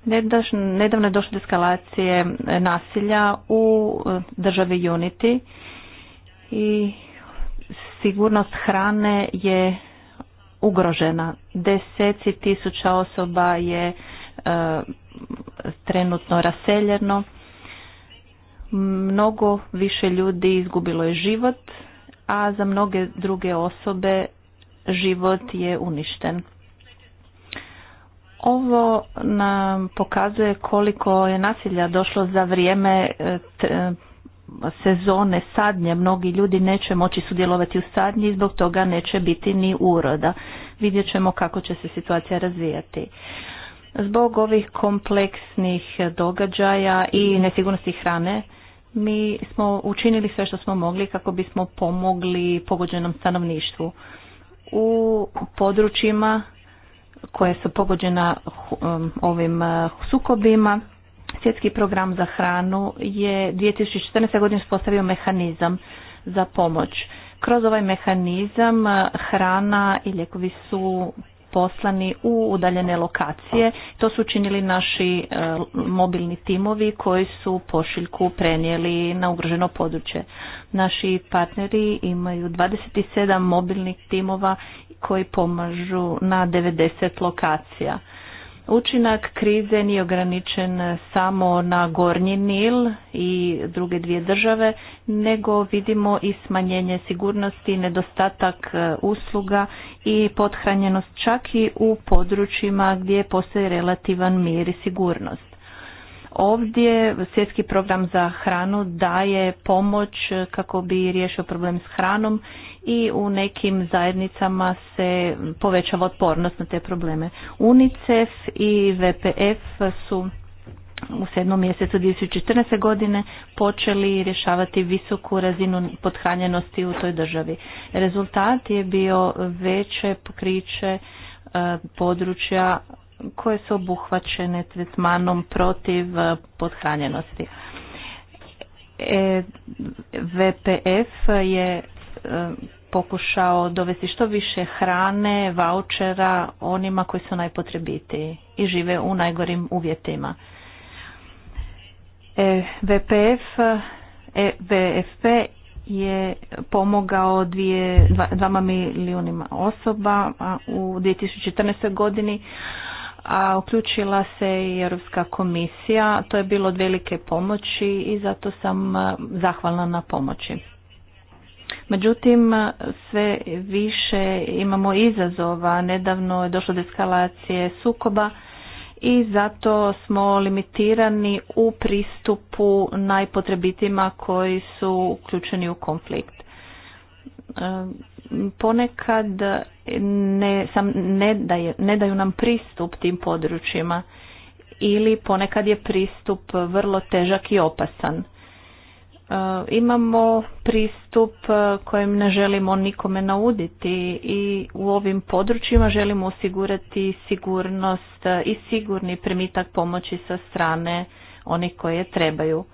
Nedavno je došlo do eskalacije e, nasilja u e, državi Unity i sigurnost hrane je ugrožena. Deseci tisuća osoba je e, trenutno raseljeno. Mnogo više ljudi izgubilo je život, a za mnoge druge osobe život je uništen. Ovo nam pokazuje koliko je nasilja došlo za vrijeme e, e, sezone sadnje. Mnogi ljudi neće moći sudjelovati u sadnji i zbog toga neće biti ni uroda. Vidjet ćemo kako će se situacija razvijati. Zbog ovih kompleksnih događaja i nesigurnosti hrane, mi smo učinili sve što smo mogli kako bismo pomogli pogođenom stanovništvu. U područjima koje su pogođena um, ovim uh, sukobima. Svjetski program za hranu je 2014. godine uspostavio mehanizam za pomoć. Kroz ovaj mehanizam uh, hrana i ljekovi su poslani u udaljene lokacije. To su učinili naši e, mobilni timovi koji su pošiljku prenijeli na ugroženo područje. Naši partneri imaju 27 mobilnih timova koji pomažu na 90 lokacija. Učinak krize nije ograničen samo na Gornji Nil i druge dvije države, nego vidimo i smanjenje sigurnosti, nedostatak e, usluga i pothranjenost čak i u područjima gdje postoji relativan mir i sigurnost. Ovdje svjetski program za hranu daje pomoć kako bi riješio problem s hranom i u nekim zajednicama se povećava otpornost na te probleme. UNICEF i VPF su u sedmom mjesecu 2014. godine počeli rješavati visoku razinu podhranjenosti u toj državi. Rezultat je bio veće pokriće e, područja koje su obuhvaćene tretmanom protiv e, podhranjenosti. E, VPF je pokušao dovesti što više hrane, vouchera onima koji su najpotrebitiji i žive u najgorim uvjetima. E, VPF, e, VFP je pomogao dvije, dva, dvama milijunima osoba u 2014. godini a uključila se i Europska komisija. To je bilo od velike pomoći i zato sam e, zahvalna na pomoći. Međutim, sve više imamo izazova. Nedavno je došlo do eskalacije sukoba i zato smo limitirani u pristupu najpotrebitima koji su uključeni u konflikt. E, ponekad ne, sam, ne, daje, ne daju nam pristup tim područjima ili ponekad je pristup vrlo težak i opasan. E, imamo pristup e, kojem ne želimo nikome nauditi i u ovim područjima želimo osigurati sigurnost e, i sigurni primitak pomoći sa strane onih koje trebaju.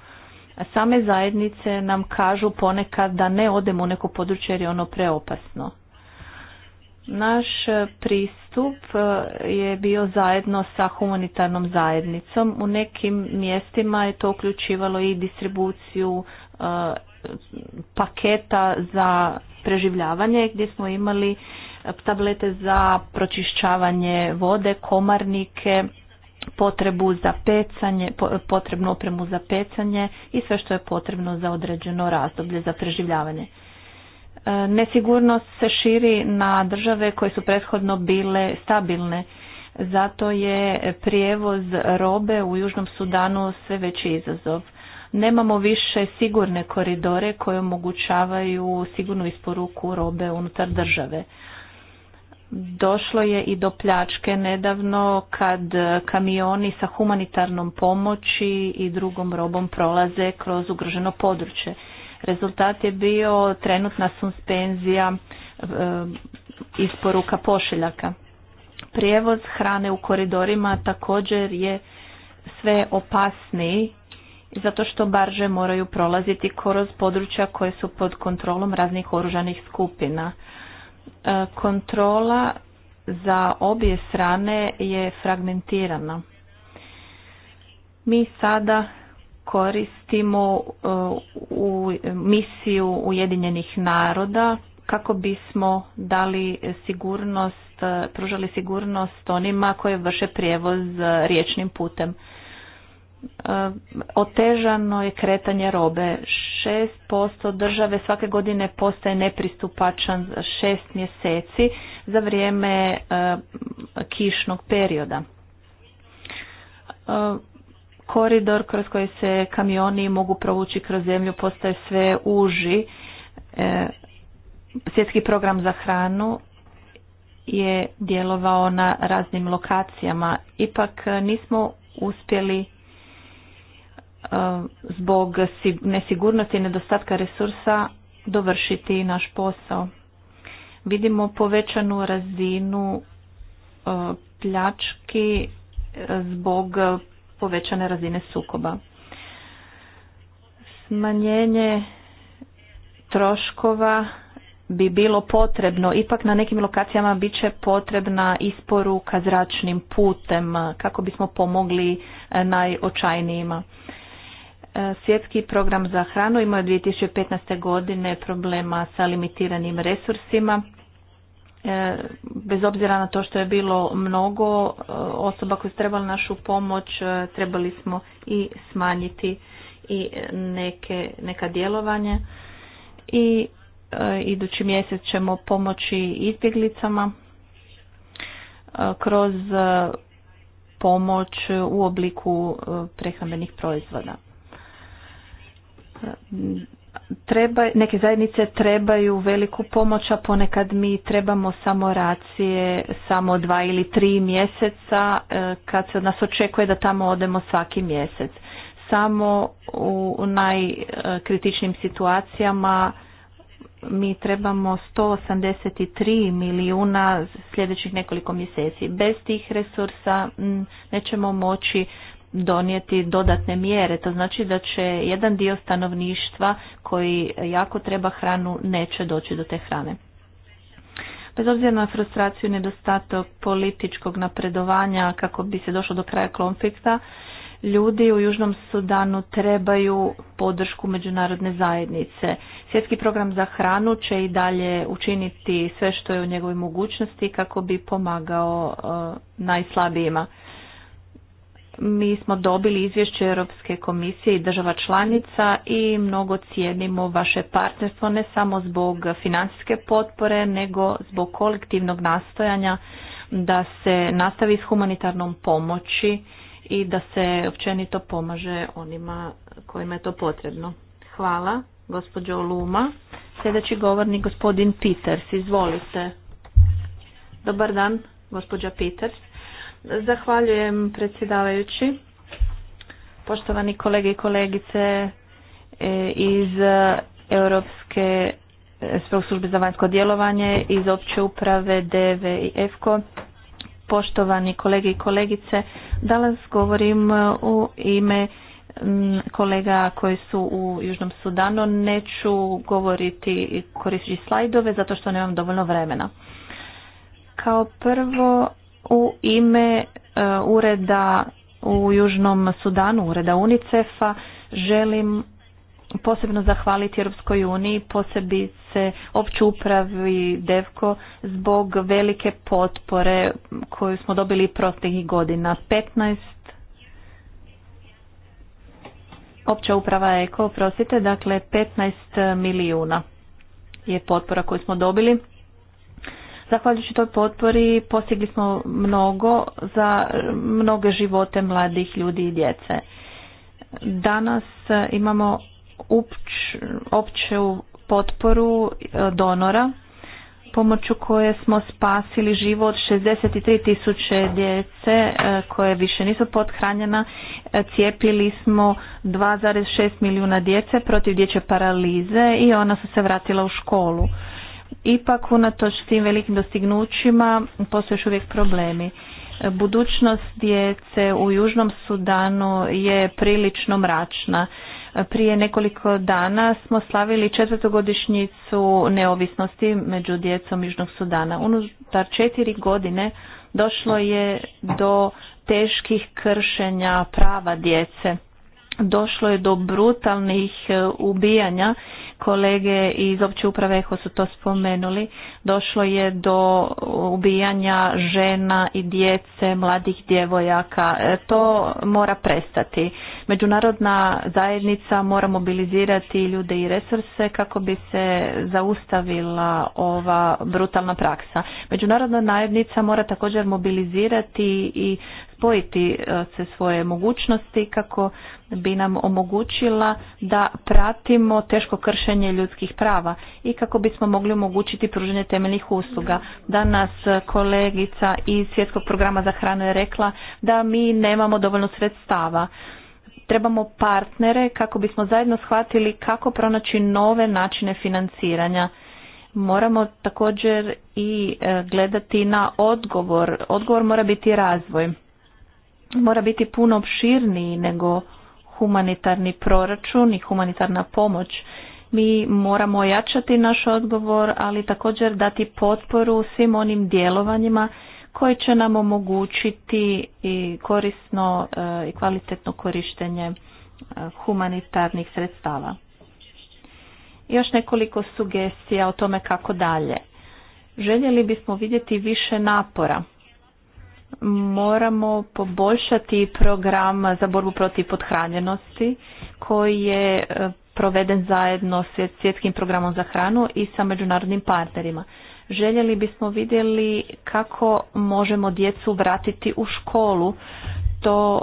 Same zajednice nam kažu ponekad da ne odemo u neko područje jer je ono preopasno. Naš pristup je bio zajedno sa humanitarnom zajednicom. U nekim mjestima je to uključivalo i distribuciju paketa za preživljavanje gdje smo imali tablete za pročišćavanje vode, komarnike, potrebu za pecanje, potrebnu opremu za pecanje i sve što je potrebno za određeno razdoblje za preživljavanje. E, nesigurnost se širi na države koje su prethodno bile stabilne. Zato je prijevoz robe u Južnom Sudanu sve veći izazov nemamo više sigurne koridore koje omogućavaju sigurnu isporuku robe unutar države. Došlo je i do pljačke nedavno kad kamioni sa humanitarnom pomoći i drugom robom prolaze kroz ugroženo područje. Rezultat je bio trenutna suspenzija e, isporuka pošiljaka. Prijevoz hrane u koridorima također je sve opasniji zato što barže moraju prolaziti kroz područja koje su pod kontrolom raznih oružanih skupina. E, kontrola za obje strane je fragmentirana. Mi sada koristimo e, u misiju Ujedinjenih naroda kako bismo dali sigurnost, e, pružali sigurnost onima koje vrše prijevoz riječnim putem. Eh, otežano je kretanje robe. 6% države svake godine postaje nepristupačan 6 mjeseci za vrijeme eh, kišnog perioda. Eh, koridor kroz koji se kamioni mogu provući kroz zemlju postaje sve uži. Svjetski program za hranu je djelovao na raznim lokacijama. Ipak nismo uspjeli Eh, zbog nesigurnosti i nedostatka resursa dovršiti naš posao. Vidimo povećanu razinu eh, pljački eh, zbog povećane razine sukoba. Smanjenje troškova bi bilo potrebno, ipak na nekim lokacijama bit će potrebna isporuka zračnim putem kako bismo pomogli najočajnijima. E, svjetski program za hranu imao je 2015. godine problema sa limitiranim resursima. E, bez obzira na to što je bilo mnogo e, osoba koje su trebali našu pomoć, trebali smo i smanjiti i neke, neka djelovanja. I idući mjesec ćemo pomoći izbjeglicama kroz pomoć u obliku prehrambenih proizvoda treba, neke zajednice trebaju veliku pomoć, a ponekad mi trebamo samo racije, samo dva ili tri mjeseca e, kad se od nas očekuje da tamo odemo svaki mjesec. Samo u najkritičnim situacijama mi trebamo 183 milijuna sljedećih nekoliko mjeseci. Bez tih resursa mm, nećemo moći donijeti dodatne mjere. To znači da će jedan dio stanovništva koji jako treba hranu neće doći do te hrane. Bez obzira na frustraciju i nedostatak političkog napredovanja kako bi se došlo do kraja konflikta, ljudi u Južnom Sudanu trebaju podršku međunarodne zajednice. Svjetski program za hranu će i dalje učiniti sve što je u njegovoj mogućnosti kako bi pomagao e, najslabijima. Mi smo dobili izvješće Europske komisije i država članica i mnogo cijenimo vaše partnerstvo ne samo zbog financijske potpore nego zbog kolektivnog nastojanja da se nastavi s humanitarnom pomoći i da se općenito pomaže onima kojima je to potrebno. Hvala, gospođo Luma. Sljedeći govornik, gospodin Peters. Izvolite. Dobar dan, gospođa Peters. Zahvaljujem predsjedavajući, poštovani kolege i kolegice e, iz e, Europske e, službe za vanjsko djelovanje iz opće uprave DV i EFKO. Poštovani kolege i kolegice, danas govorim u ime kolega koji su u Južnom Sudanu. Neću govoriti koristiti slajdove zato što nemam dovoljno vremena. Kao prvo u ime e, ureda u Južnom Sudanu, ureda UNICEF-a, želim posebno zahvaliti Europskoj uniji, posebice opću upravi DEVKO zbog velike potpore koju smo dobili proteklih godina. 15 Opća uprava EKO, prosite, dakle 15 milijuna je potpora koju smo dobili Zahvaljujući toj potpori postigli smo mnogo za mnoge živote mladih ljudi i djece. Danas imamo opću potporu e, donora pomoću koje smo spasili život 63 tisuće djece e, koje više nisu pothranjena. E, cijepili smo 2,6 milijuna djece protiv dječje paralize i ona su se vratila u školu. Ipak, unatoč tim velikim dostignućima, postoje još uvijek problemi. Budućnost djece u Južnom Sudanu je prilično mračna. Prije nekoliko dana smo slavili četvrtogodišnjicu neovisnosti među djecom Južnog Sudana. Unutar četiri godine došlo je do teških kršenja prava djece. Došlo je do brutalnih ubijanja kolege iz opće uprave su to spomenuli, došlo je do ubijanja žena i djece, mladih djevojaka. E, to mora prestati. Međunarodna zajednica mora mobilizirati ljude i resurse kako bi se zaustavila ova brutalna praksa. Međunarodna zajednica mora također mobilizirati i spojiti e, se svoje mogućnosti kako bi nam omogućila da pratimo teško kršenje ljudskih prava i kako bismo mogli omogućiti pružanje temeljnih usluga. Danas kolegica iz Svjetskog programa za hranu je rekla da mi nemamo dovoljno sredstava trebamo partnere kako bismo zajedno shvatili kako pronaći nove načine financiranja. Moramo također i e, gledati na odgovor. Odgovor mora biti razvoj mora biti puno opširniji nego humanitarni proračun i humanitarna pomoć. Mi moramo ojačati naš odgovor, ali također dati potporu svim onim djelovanjima koje će nam omogućiti i korisno e, i kvalitetno korištenje e, humanitarnih sredstava. Još nekoliko sugestija o tome kako dalje. Željeli bismo vidjeti više napora moramo poboljšati program za borbu protiv podhranjenosti koji je e, proveden zajedno s svjetskim programom za hranu i sa međunarodnim partnerima. Željeli bismo vidjeli kako možemo djecu vratiti u školu. To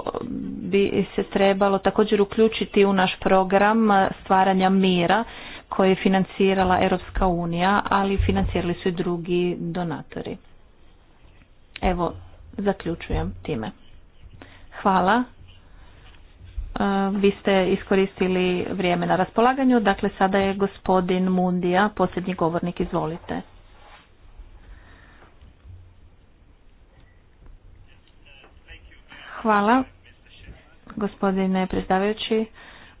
bi se trebalo također uključiti u naš program stvaranja mira koji je financirala Europska unija, ali financirali su i drugi donatori. Evo, Zaključujem time. Hvala. E, vi ste iskoristili vrijeme na raspolaganju, dakle sada je gospodin Mundija, posljednji govornik, izvolite. Hvala, gospodine predstavajući,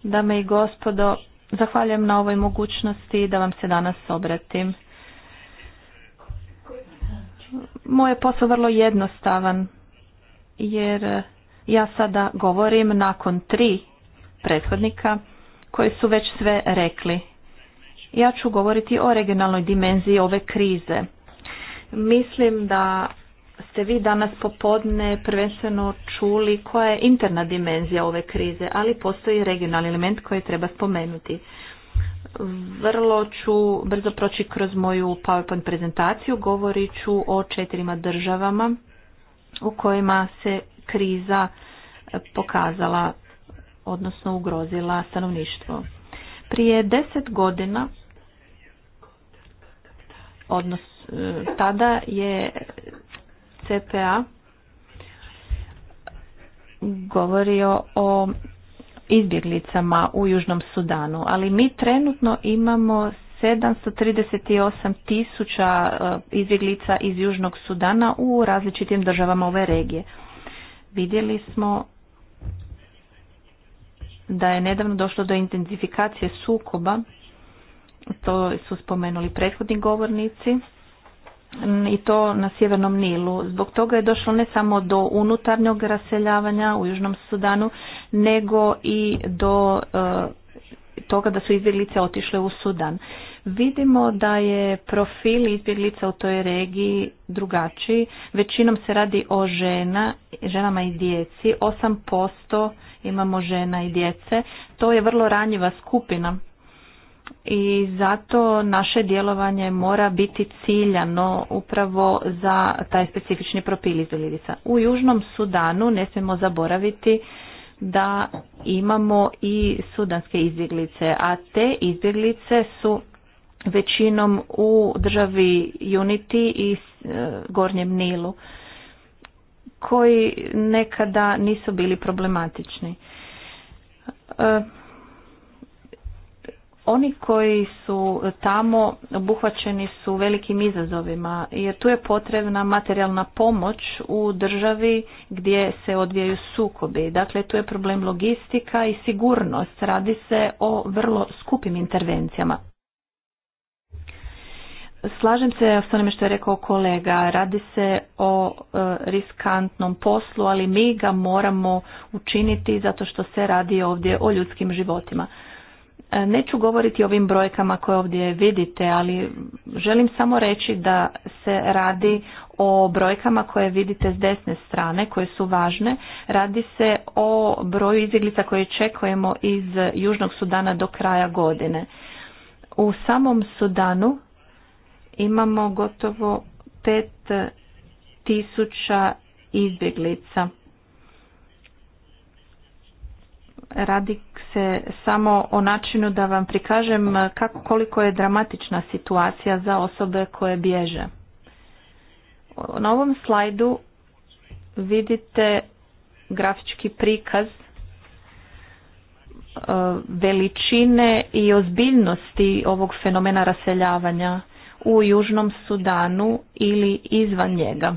dame i gospodo, zahvaljujem na ovoj mogućnosti da vam se danas obratim moj je posao vrlo jednostavan jer ja sada govorim nakon tri prethodnika koji su već sve rekli. Ja ću govoriti o regionalnoj dimenziji ove krize. Mislim da ste vi danas popodne prvenstveno čuli koja je interna dimenzija ove krize, ali postoji regionalni element koji treba spomenuti. Vrlo ću brzo proći kroz moju PowerPoint prezentaciju. Govorit ću o četirima državama u kojima se kriza pokazala, odnosno ugrozila stanovništvo. Prije deset godina, odnos, tada je CPA govorio o izbjeglicama u Južnom Sudanu, ali mi trenutno imamo 738 tisuća e, izbjeglica iz Južnog Sudana u različitim državama ove regije. Vidjeli smo da je nedavno došlo do intenzifikacije sukoba, to su spomenuli prethodni govornici, Mm, i to na Sjevernom Nilu. Zbog toga je došlo ne samo do unutarnjog raseljavanja u Južnom Sudanu, nego i do eh, toga da su izbjeglice otišle u Sudan. Vidimo da je profil izbjeglica u toj regiji drugačiji. Većinom se radi o žena, ženama i djeci. 8% imamo žena i djece. To je vrlo ranjiva skupina i zato naše djelovanje mora biti ciljano upravo za taj specifični propil izbjeglica. U Južnom Sudanu ne smijemo zaboraviti da imamo i sudanske izbjeglice, a te izbjeglice su većinom u državi Unity i e, Gornjem Nilu koji nekada nisu bili problematični. E, oni koji su tamo obuhvaćeni su velikim izazovima jer tu je potrebna materijalna pomoć u državi gdje se odvijaju sukobi. Dakle, tu je problem logistika i sigurnost. Radi se o vrlo skupim intervencijama. Slažem se s onime što je rekao kolega, radi se o e, riskantnom poslu, ali mi ga moramo učiniti zato što se radi ovdje o ljudskim životima. E, neću govoriti o ovim brojkama koje ovdje vidite, ali želim samo reći da se radi o brojkama koje vidite s desne strane, koje su važne. Radi se o broju izbjeglica koje čekujemo iz Južnog Sudana do kraja godine. U samom Sudanu imamo gotovo 5000 izbjeglica. radi se samo o načinu da vam prikažem kako, koliko je dramatična situacija za osobe koje bježe. Na ovom slajdu vidite grafički prikaz e, veličine i ozbiljnosti ovog fenomena raseljavanja u Južnom Sudanu ili izvan njega.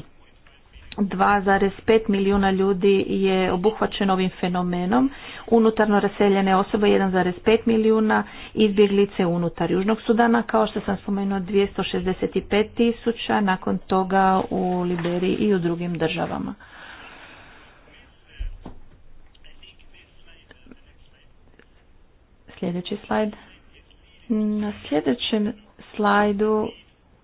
2,5 milijuna ljudi je obuhvaćeno ovim fenomenom. Unutarno raseljene osobe 1,5 milijuna, izbjeglice unutar Južnog Sudana, kao što sam spomenuo 265 tisuća, nakon toga u Liberiji i u drugim državama. Sljedeći slajd. Na sljedećem slajdu,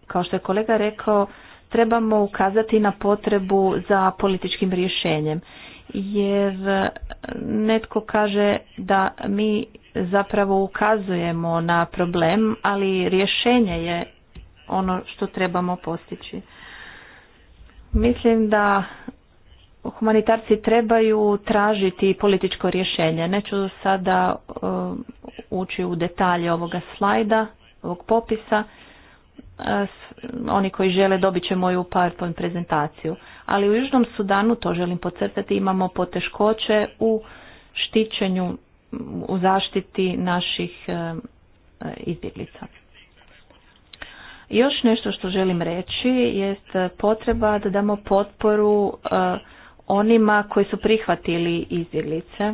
kao što je kolega rekao, trebamo ukazati na potrebu za političkim rješenjem. Jer e, netko kaže da mi zapravo ukazujemo na problem, ali rješenje je ono što trebamo postići. Mislim da humanitarci trebaju tražiti političko rješenje. Neću sada e, ući u detalje ovoga slajda, ovog popisa oni koji žele dobit će moju PowerPoint prezentaciju. Ali u Južnom Sudanu, to želim podcrtati, imamo poteškoće u štićenju, u zaštiti naših e, e, izbjeglica. Još nešto što želim reći jest potreba da damo potporu e, onima koji su prihvatili izbjeglice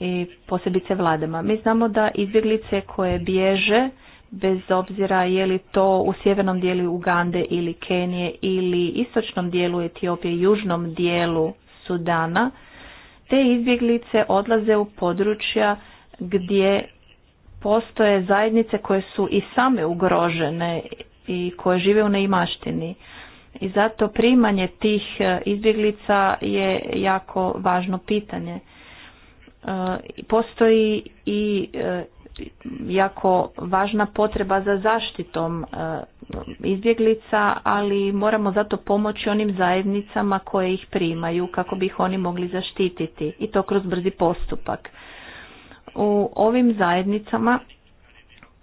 i posebice vladama. Mi znamo da izbjeglice koje bježe bez obzira je li to u sjevernom dijelu Ugande ili Kenije ili istočnom dijelu Etiopije, južnom dijelu Sudana, te izbjeglice odlaze u područja gdje postoje zajednice koje su i same ugrožene i koje žive u neimaštini. I zato primanje tih e, izbjeglica je jako važno pitanje. E, postoji i e, jako važna potreba za zaštitom e, izbjeglica, ali moramo zato pomoći onim zajednicama koje ih primaju kako bi ih oni mogli zaštititi i to kroz brzi postupak. U ovim zajednicama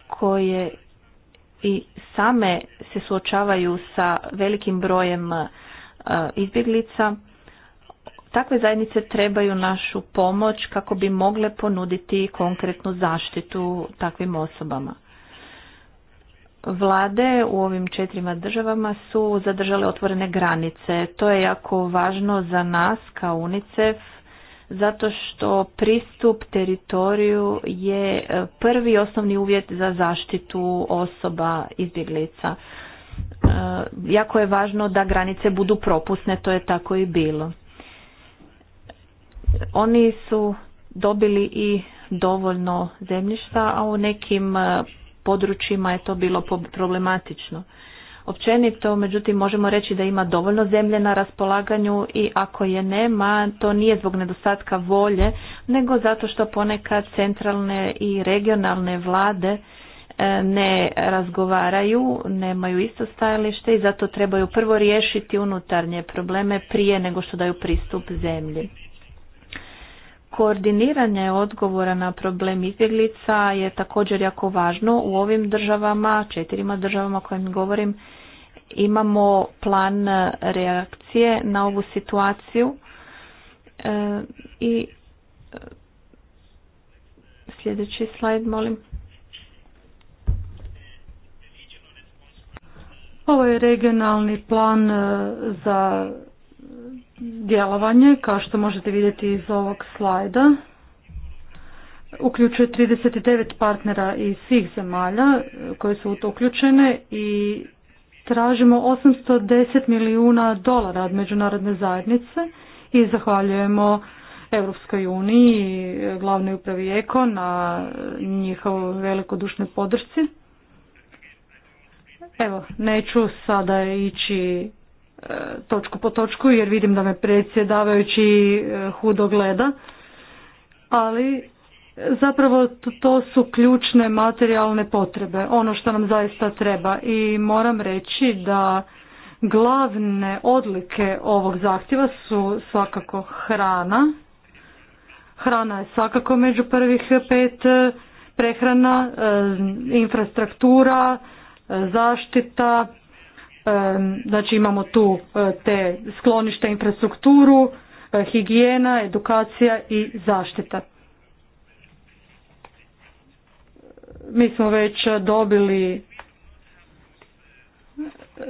koje i same se suočavaju sa velikim brojem e, izbjeglica Takve zajednice trebaju našu pomoć kako bi mogle ponuditi konkretnu zaštitu takvim osobama. Vlade u ovim četirima državama su zadržale otvorene granice. To je jako važno za nas kao UNICEF zato što pristup teritoriju je e, prvi osnovni uvjet za zaštitu osoba izbjeglica. E, jako je važno da granice budu propusne, to je tako i bilo. Oni su dobili i dovoljno zemljišta, a u nekim e, područjima je to bilo problematično. Općenito, međutim, možemo reći da ima dovoljno zemlje na raspolaganju i ako je nema, to nije zbog nedostatka volje, nego zato što ponekad centralne i regionalne vlade e, ne razgovaraju, nemaju isto stajalište i zato trebaju prvo riješiti unutarnje probleme prije nego što daju pristup zemlji. Koordiniranje odgovora na problem izbjeglica je također jako važno. U ovim državama, četirima državama o kojim govorim, imamo plan reakcije na ovu situaciju e, i e, sljedeći slajd molim. Ovo je regionalni plan e, za djelovanje, kao što možete vidjeti iz ovog slajda, uključuje 39 partnera iz svih zemalja koje su u to uključene i tražimo 810 milijuna dolara od međunarodne zajednice i zahvaljujemo Europskoj uniji i glavnoj upravi EKO na njihovoj velikodušnoj podršci. Evo, neću sada ići točku po točku jer vidim da me predsjedavajući e, hudo gleda, ali e, zapravo to su ključne materijalne potrebe, ono što nam zaista treba i moram reći da glavne odlike ovog zahtjeva su svakako hrana. Hrana je svakako među prvih pet e, prehrana, infrastruktura, zaštita, znači imamo tu e, te sklonište infrastrukturu, e, higijena, edukacija i zaštita. Mi smo već dobili e,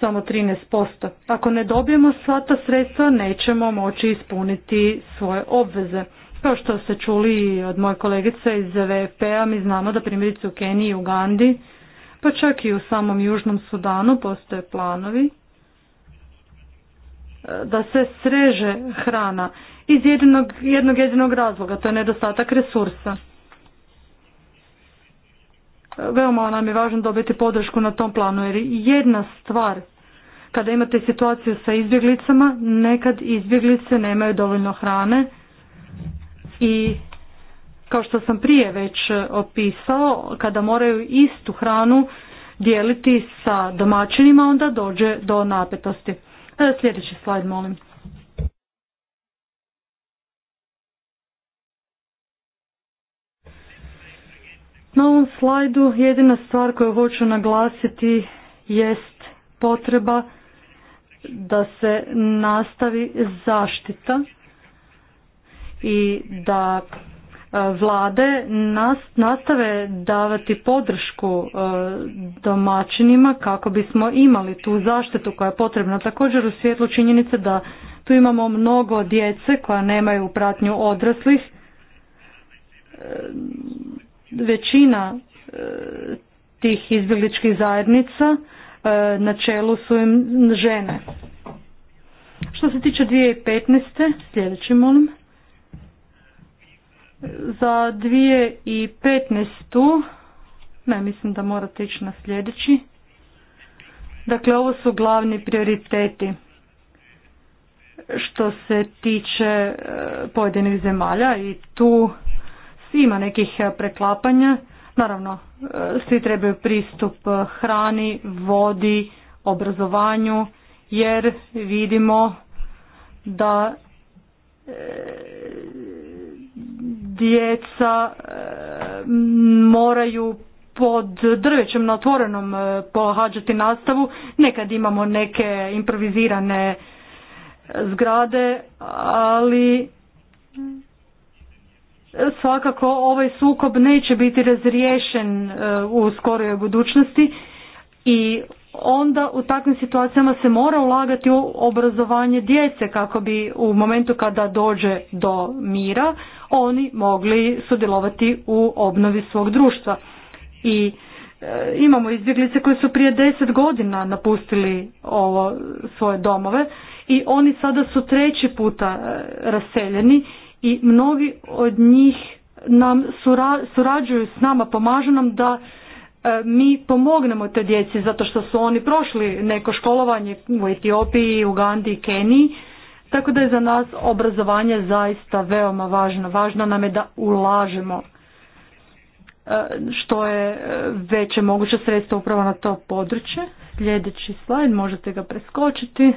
samo 13%. Ako ne dobijemo sva ta sredstva, nećemo moći ispuniti svoje obveze. Kao što ste čuli od moje kolegice iz VFP-a, mi znamo da primjerice u Keniji i Ugandi pa čak i u samom Južnom Sudanu postoje planovi e, da se sreže hrana iz jednog jedinog razloga, to je nedostatak resursa. E, veoma nam je važno dobiti podršku na tom planu, jer jedna stvar, kada imate situaciju sa izbjeglicama, nekad izbjeglice nemaju dovoljno hrane i kao što sam prije već e, opisao, kada moraju istu hranu dijeliti sa domaćinima, onda dođe do napetosti. E, sljedeći slajd, molim. Na ovom slajdu jedina stvar koju hoću naglasiti jest potreba da se nastavi zaštita i da E, vlade nastave davati podršku e, domaćinima kako bismo imali tu zaštitu koja je potrebna. Također u svjetlu činjenice da tu imamo mnogo djece koja nemaju pratnju odraslih. E, većina tih izbjegličkih zajednica na čelu su im žene. Što se tiče 2015. sljedeći molim. Za 2015. Ne, mislim da morate ići na sljedeći. Dakle, ovo su glavni prioriteti što se tiče e, pojedinih zemalja i tu ima nekih e, preklapanja. Naravno, e, svi trebaju pristup hrani, vodi, obrazovanju, jer vidimo da djeca e, moraju pod drvećem na otvorenom e, pohađati nastavu. Nekad imamo neke improvizirane e, zgrade, ali svakako ovaj sukob neće biti razriješen u skoroj budućnosti i onda u takvim situacijama se mora ulagati u obrazovanje djece kako bi u momentu kada dođe do mira oni mogli sudjelovati u obnovi svog društva. I e, imamo izbjeglice koji su prije deset godina napustili ovo svoje domove i oni sada su treći puta e, raseljeni i mnogi od njih nam sura, surađuju s nama, pomažu nam da e, mi pomognemo te djeci zato što su oni prošli neko školovanje u Etiopiji, Ugandi i Keniji tako da je za nas obrazovanje zaista veoma važno. Važno nam je da ulažemo e, što je e, veće moguće sredstva upravo na to područje. Sljedeći slajd, možete ga preskočiti.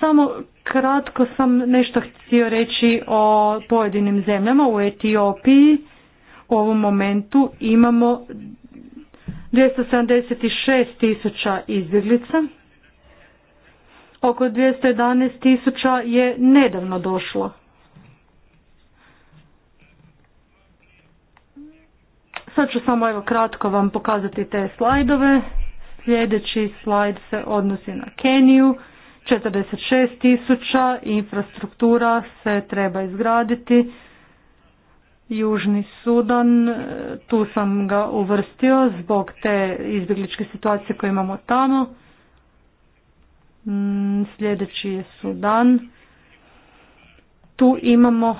Samo kratko sam nešto htio reći o pojedinim zemljama. U Etiopiji u ovom momentu imamo 276 tisuća izbjeglica Oko 211 tisuća je nedavno došlo. Sad ću samo evo kratko vam pokazati te slajdove. Sljedeći slajd se odnosi na Keniju. 46 tisuća infrastruktura se treba izgraditi. Južni Sudan, e, tu sam ga uvrstio zbog te izbjegličke situacije koje imamo tamo. Mm, sljedeći je Sudan. Tu imamo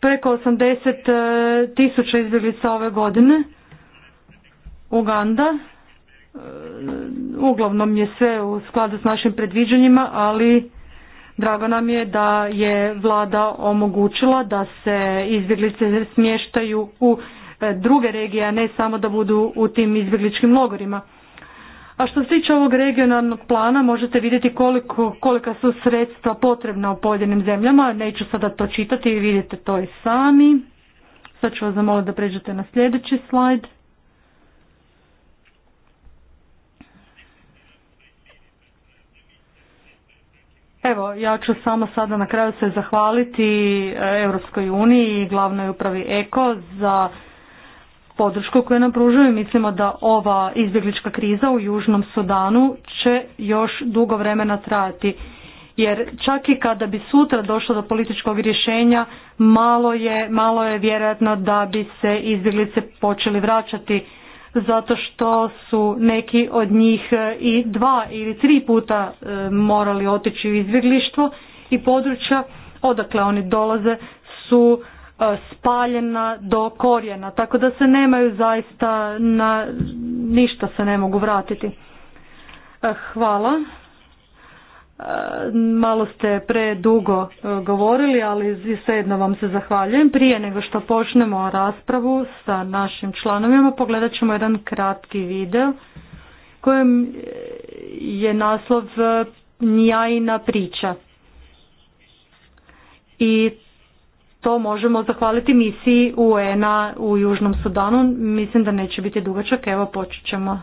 preko 80 e, tisuća izbjeglica ove godine. Uganda. E, uglavnom je sve u skladu s našim predviđanjima, ali drago nam je da je vlada omogućila da se izbjeglice smještaju u e, druge regije, a ne samo da budu u tim izbjegličkim logorima. A što se tiče ovog regionalnog plana možete vidjeti koliko, kolika su sredstva potrebna u pojedinim zemljama. Neću sada to čitati i vidite to i sami. Sad ću vas zamoliti da pređete na sljedeći slajd. Evo, ja ću samo sada na kraju se zahvaliti Europskoj uniji i glavnoj upravi EKO za podršku koju nam pružaju. Mislimo da ova izbjeglička kriza u Južnom Sudanu će još dugo vremena trajati. Jer čak i kada bi sutra došlo do političkog rješenja, malo je, malo je vjerojatno da bi se izbjeglice počeli vraćati zato što su neki od njih e, i dva ili tri puta e, morali otići u izbjeglištvo i područja odakle oni dolaze su E, spaljena do korijena, tako da se nemaju zaista na ništa se ne mogu vratiti. E, hvala. E, malo ste predugo govorili, ali svejedno vam se zahvaljujem. Prije nego što počnemo raspravu sa našim članovima, pogledat ćemo jedan kratki video kojem je naslov Njajna priča. I to možemo zahvaliti misiji UN-a u Južnom Sudanu. Mislim da neće biti dugačak. Evo počet ćemo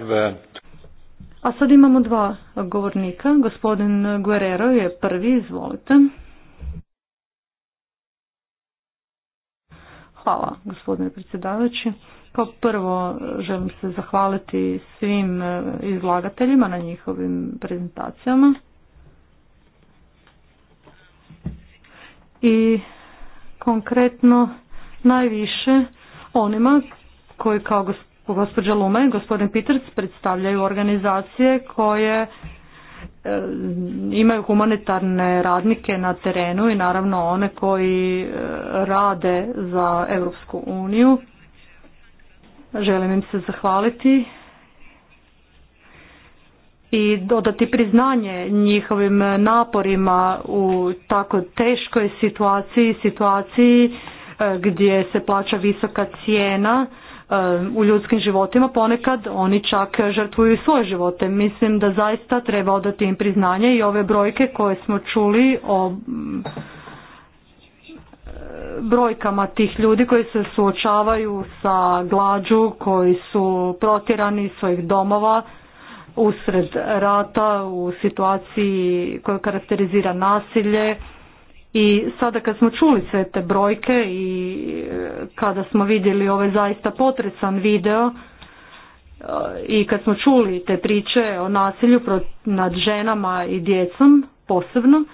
Uh, A sad imamo dva govornika. Gospodin Guerrero je prvi, izvolite. Hvala, gospodine predsjedavajući. Kao prvo želim se zahvaliti svim uh, izlagateljima na njihovim prezentacijama. I konkretno najviše onima koji kao gospodin gospođa Luma gospodin Peters predstavljaju organizacije koje e, imaju humanitarne radnike na terenu i naravno one koji e, rade za Europsku uniju. Želim im se zahvaliti i dodati priznanje njihovim naporima u tako teškoj situaciji, situaciji e, gdje se plaća visoka cijena u ljudskim životima, ponekad oni čak žrtvuju svoje živote. Mislim da zaista treba odati im priznanje i ove brojke koje smo čuli o brojkama tih ljudi koji se suočavaju sa glađu, koji su protjerani iz svojih domova usred rata u situaciji koju karakterizira nasilje i sada kad smo čuli sve te brojke i e, kada smo vidjeli ovaj zaista potresan video e, i kad smo čuli te priče o nasilju nad ženama i djecom posebno, e,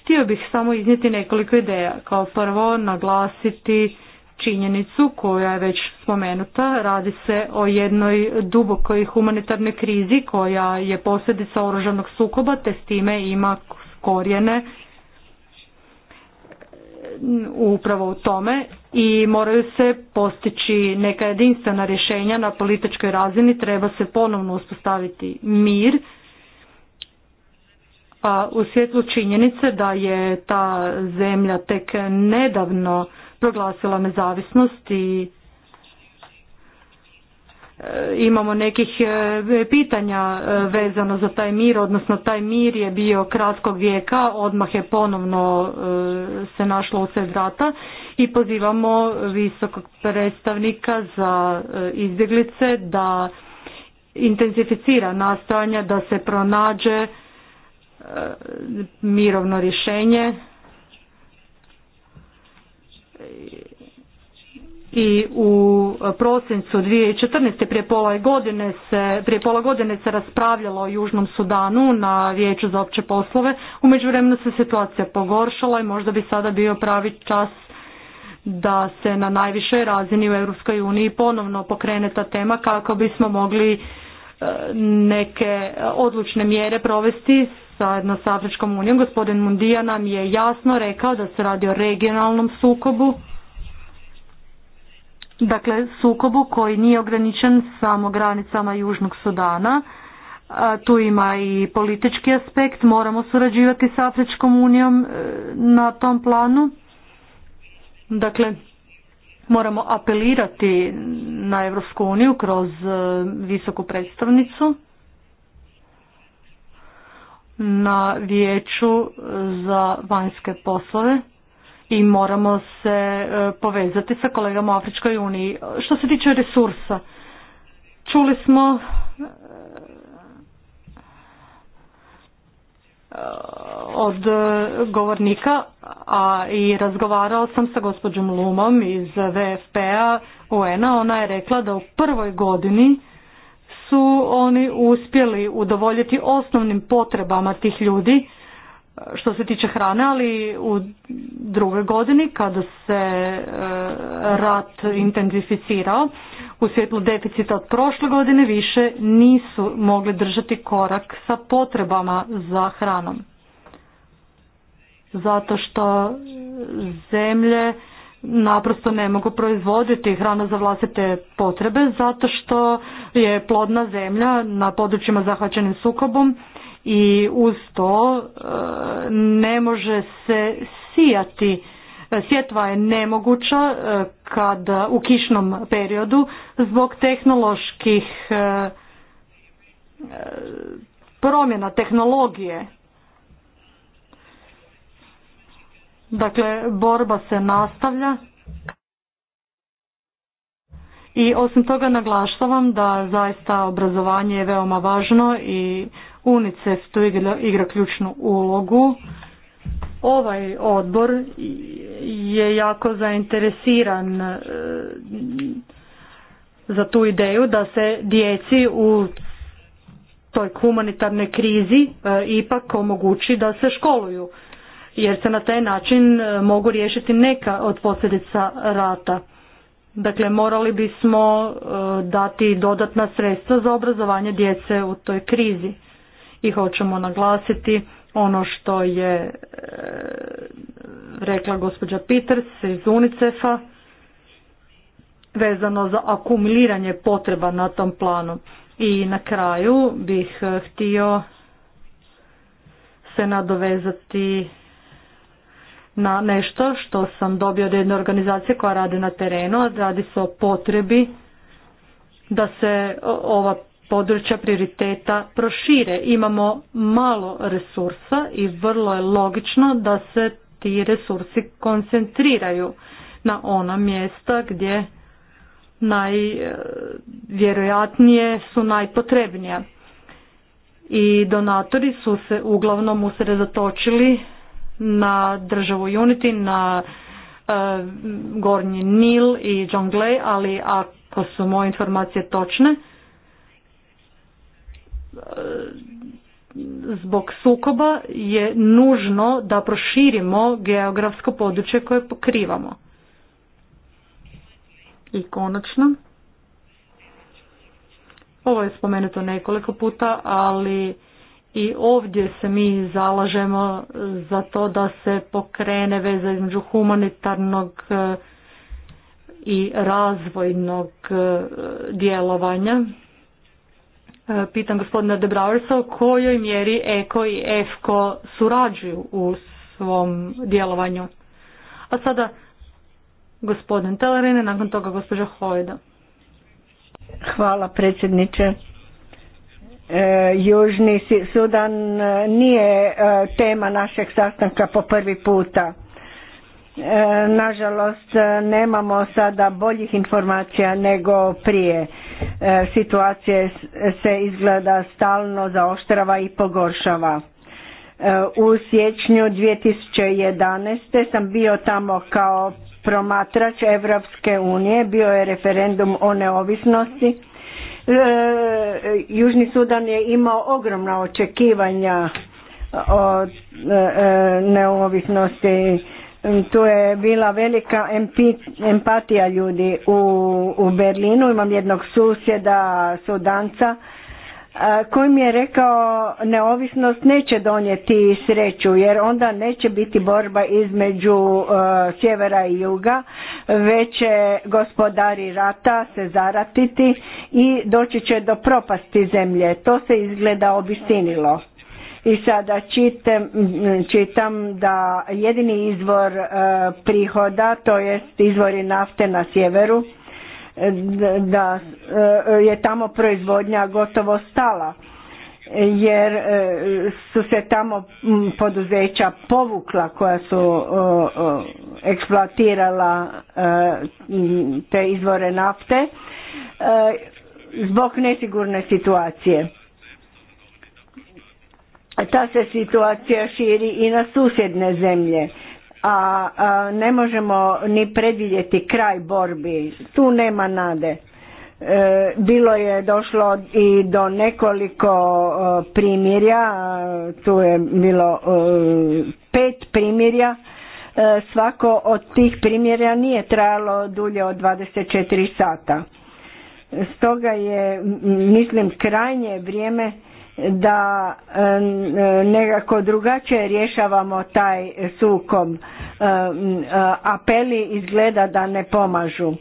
htio bih samo iznijeti nekoliko ideja. Kao prvo naglasiti činjenicu koja je već spomenuta, radi se o jednoj dubokoj humanitarnoj krizi koja je posljedica oružanog sukoba te s time ima korijene upravo u tome i moraju se postići neka jedinstvena rješenja na političkoj razini, treba se ponovno uspostaviti mir, a u svjetlu činjenice da je ta zemlja tek nedavno proglasila nezavisnost i E, imamo nekih e, pitanja e, vezano za taj mir, odnosno taj mir je bio kratkog vijeka, odmah je ponovno se našlo u sred rata i pozivamo visokog predstavnika za izbjeglice da intenzificira nastojanja da se pronađe mirovno rješenje i u prosincu 2014. prije pola godine se, prije pola godine se raspravljalo o Južnom Sudanu na Vijeću za opće poslove. U međuvremenu se situacija pogoršala i možda bi sada bio pravi čas da se na najvišoj razini u Europskoj uniji ponovno pokrene ta tema kako bismo mogli e, neke odlučne mjere provesti zajedno sa Afričkom unijom. Gospodin Mundija nam je jasno rekao da se radi o regionalnom sukobu dakle sukobu koji nije ograničen samo granicama Južnog Sudana. E, tu ima i politički aspekt, moramo surađivati s Afričkom unijom e, na tom planu. Dakle, moramo apelirati na Europsku uniju kroz e, visoku predstavnicu na vijeću za vanjske poslove i moramo se e, povezati sa kolegama u Afričkoj uniji. Što se tiče resursa, čuli smo e, od govornika, a i razgovarao sam sa gospođom Lumom iz VFP-a UN-a. Ona je rekla da u prvoj godini su oni uspjeli udovoljiti osnovnim potrebama tih ljudi što se tiče hrane, ali u drugoj godini kada se e, rat intenzificirao u svjetlu deficita od prošle godine više nisu mogli držati korak sa potrebama za hranom. Zato što zemlje naprosto ne mogu proizvoditi hranu za vlastite potrebe zato što je plodna zemlja na područjima zahvaćenim sukobom i uz to e, ne može se sijati. Sjetva je nemoguća e, kad u kišnom periodu zbog tehnoloških e, promjena tehnologije. Dakle, borba se nastavlja. I osim toga naglašavam da zaista obrazovanje je veoma važno i UNICEF tu igra, igra ključnu ulogu. Ovaj odbor je jako zainteresiran e, za tu ideju da se djeci u toj humanitarnoj krizi e, ipak omogući da se školuju jer se na taj način e, mogu riješiti neka od posljedica rata. Dakle, morali bismo dati dodatna sredstva za obrazovanje djece u toj krizi i hoćemo naglasiti ono što je e, rekla gospođa Peters iz UNICEF-a vezano za akumuliranje potreba na tom planu. I na kraju bih e, htio se nadovezati na nešto što sam dobio od jedne organizacije koja radi na terenu, radi se o potrebi da se ova područja prioriteta prošire. Imamo malo resursa i vrlo je logično da se ti resursi koncentriraju na ona mjesta gdje najvjerojatnije su najpotrebnija. I donatori su se uglavnom usredotočili na državu Unity, na e, Gornji Nil i Jonglei, ali ako su moje informacije točne, zbog sukoba je nužno da proširimo geografsko područje koje pokrivamo. I konačno, ovo je spomenuto nekoliko puta, ali i ovdje se mi zalažemo za to da se pokrene veza između humanitarnog eh, i razvojnog eh, djelovanja E, pitam gospodina Debrauersa o kojoj mjeri EKO i EFKO surađuju u svom djelovanju. A sada gospodin Telerine, nakon toga gospođa Hojda. Hvala predsjedniče. E, Južni Sudan e, nije tema našeg sastanka po prvi puta. nažalost, nemamo sada boljih informacija nego prije E, situacija se izgleda stalno zaoštrava i pogoršava. E, u siječnju 2011. sam bio tamo kao promatrač Evropske unije, bio je referendum o neovisnosti. E, Južni Sudan je imao ogromna očekivanja od neovisnosti Mm, tu je bila velika empatija ljudi u, u Berlinu. Imam jednog susjeda, sudanca, mi je rekao neovisnost neće donijeti sreću jer onda neće biti borba između e, sjevera i juga već će gospodari rata se zaratiti i doći će do propasti zemlje to se izgleda obistinilo i sada čitam, čitam da jedini izvor e, prihoda, to jest izvori nafte na sjeveru, e, da e, je tamo proizvodnja gotovo stala jer su se tamo poduzeća povukla koja su eksploatirala te izvore nafte zbog nesigurne situacije. Ta se situacija širi i na susjedne zemlje, a, ne možemo ni predvidjeti kraj borbi, tu nema nade. E, bilo je došlo i do nekoliko e, e tu je bilo e, pet primirja, svako od tih primjera nije trajalo dulje od 24 sata. Stoga je, mislim, krajnje vrijeme da e, e, nekako drugačije rješavamo taj sukob. E, apeli izgleda da ne pomažu.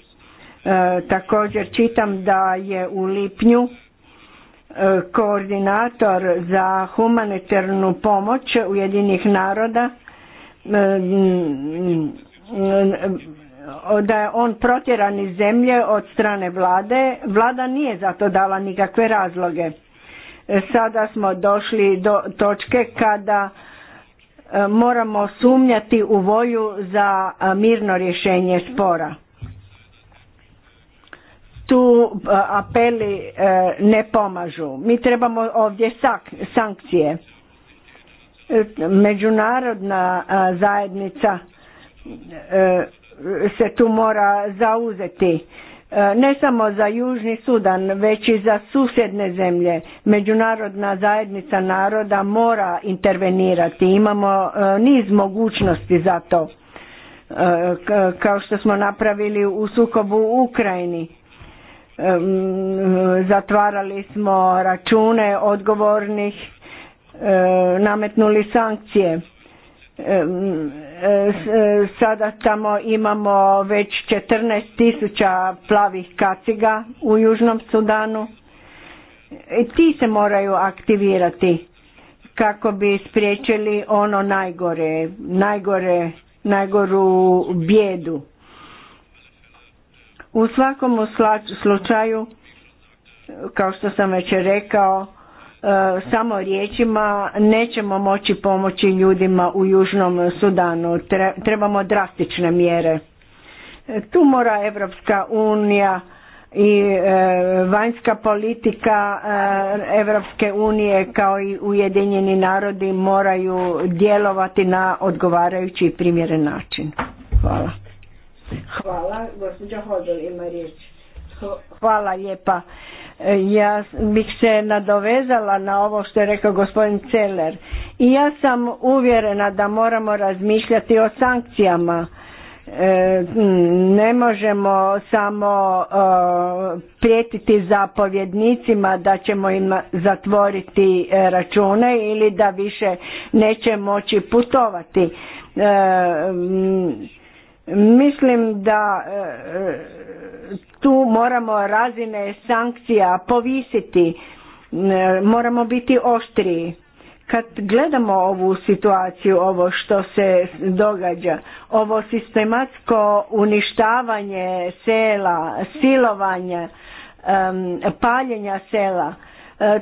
Također čitam da je u lipnju koordinator za humanitarnu pomoć Ujedinih naroda da je on protjeran iz zemlje od strane vlade. Vlada nije za to dala nikakve razloge Sada smo došli do točke kada e, moramo sumnjati u volju za e, mirno rješenje spora. Tu e, apeli ne pomažu. Mi trebamo ovdje sankcije. Međunarodna zajednica se tu mora zauzeti E, ne samo za Južni Sudan, već i za susjedne zemlje. Međunarodna zajednica naroda mora intervenirati. Imamo e, niz mogućnosti za to, e, kao što smo napravili u sukobu u Ukrajini. Zatvarali smo račune odgovornih, nametnuli sankcije E, e, sada tamo imamo već 14.000 tisuća plavih kaciga u Južnom Sudanu. Ti se moraju aktivirati kako bi spriječili ono najgore, najgore, najgoru bijedu. U svakom slučaju, kao što sam već rekao, E, samo riječima nećemo moći pomoći ljudima u Južnom Sudanu. Trebamo drastične mjere. E, tu mora Evropska unija i e, vanjska politika Evropske unije kao i Ujedinjeni narodi moraju djelovati na odgovarajući i primjeren način. Hvala. Hvala. ima riječ. Hvala lijepa. Ja bih se nadovezala na ovo što je rekao gospodin Celer. I ja sam uvjerena da moramo razmišljati o sankcijama. E, ne možemo samo e, prijetiti zapovjednicima da ćemo im zatvoriti e, račune ili da više neće moći putovati. Mislim da tu moramo razine sankcija povisiti, e, moramo biti oštriji. Kad gledamo ovu situaciju, ovo što se događa, ovo sistematsko uništavanje sela, silovanje, paljenja sela, e,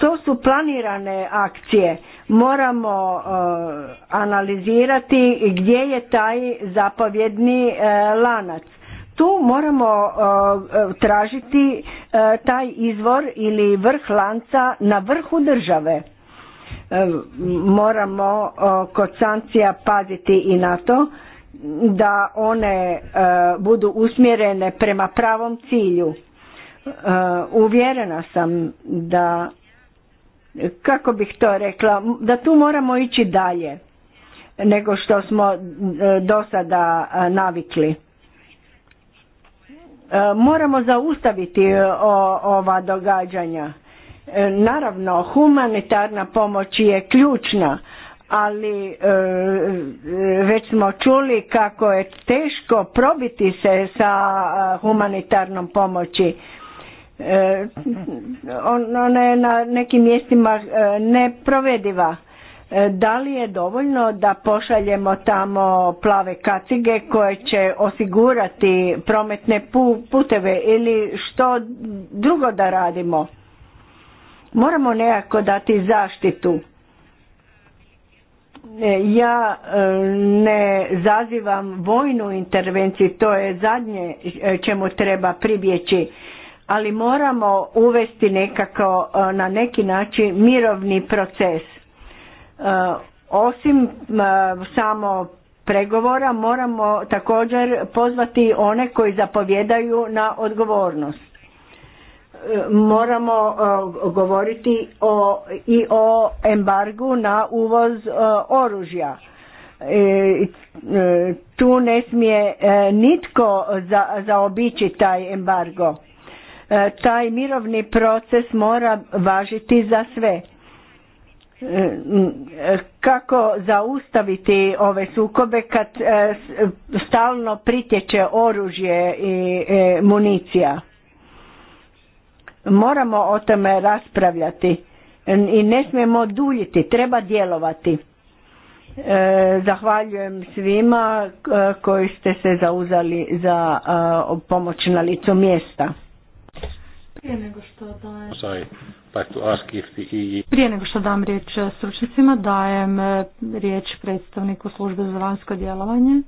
to su planirane akcije. Moramo e, analizirati gdje je taj zapovjedni lanac tu moramo uh, uh, tražiti uh, taj izvor ili vrh lanca na vrhu države moramo kod sankcija paziti i na to da one budu usmjerene prema pravom cilju uvjerena sam da kako bih to rekla da tu moramo ići dalje nego što smo do sada navikli E, moramo zaustaviti e, ova događanja. E, naravno, humanitarna pomoć je ključna, ali već smo čuli kako je teško probiti se sa humanitarnom pomoći. Ona je na nekim mjestima neprovediva E, da li je dovoljno da pošaljemo tamo plave katige koje će osigurati prometne puteve ili što drugo da radimo? Moramo nekako dati zaštitu. E, ja e, ne zazivam vojnu intervenciju, to je zadnje čemu treba pribjeći, ali moramo uvesti nekako na neki način mirovni proces Eh, osim eh, samo pregovora moramo također pozvati one koji zapovjedaju na odgovornost eh, moramo govoriti o, i o embargu na uvoz oružja. Tu ne smije nitko za, zaobići taj embargo. Taj mirovni proces mora važiti za sve. E, kako zaustaviti ove sukobe kad e, stalno pritječe oružje i e, municija. Moramo o tome raspravljati i ne smijemo duljiti, treba djelovati. Zahvaljujem svima koji ste se zauzali za pomoć na licu mjesta. Prije nego što prije nego što dam riječ e, stručnicima, dajem e, riječ predstavniku službe za vanjsko djelovanje.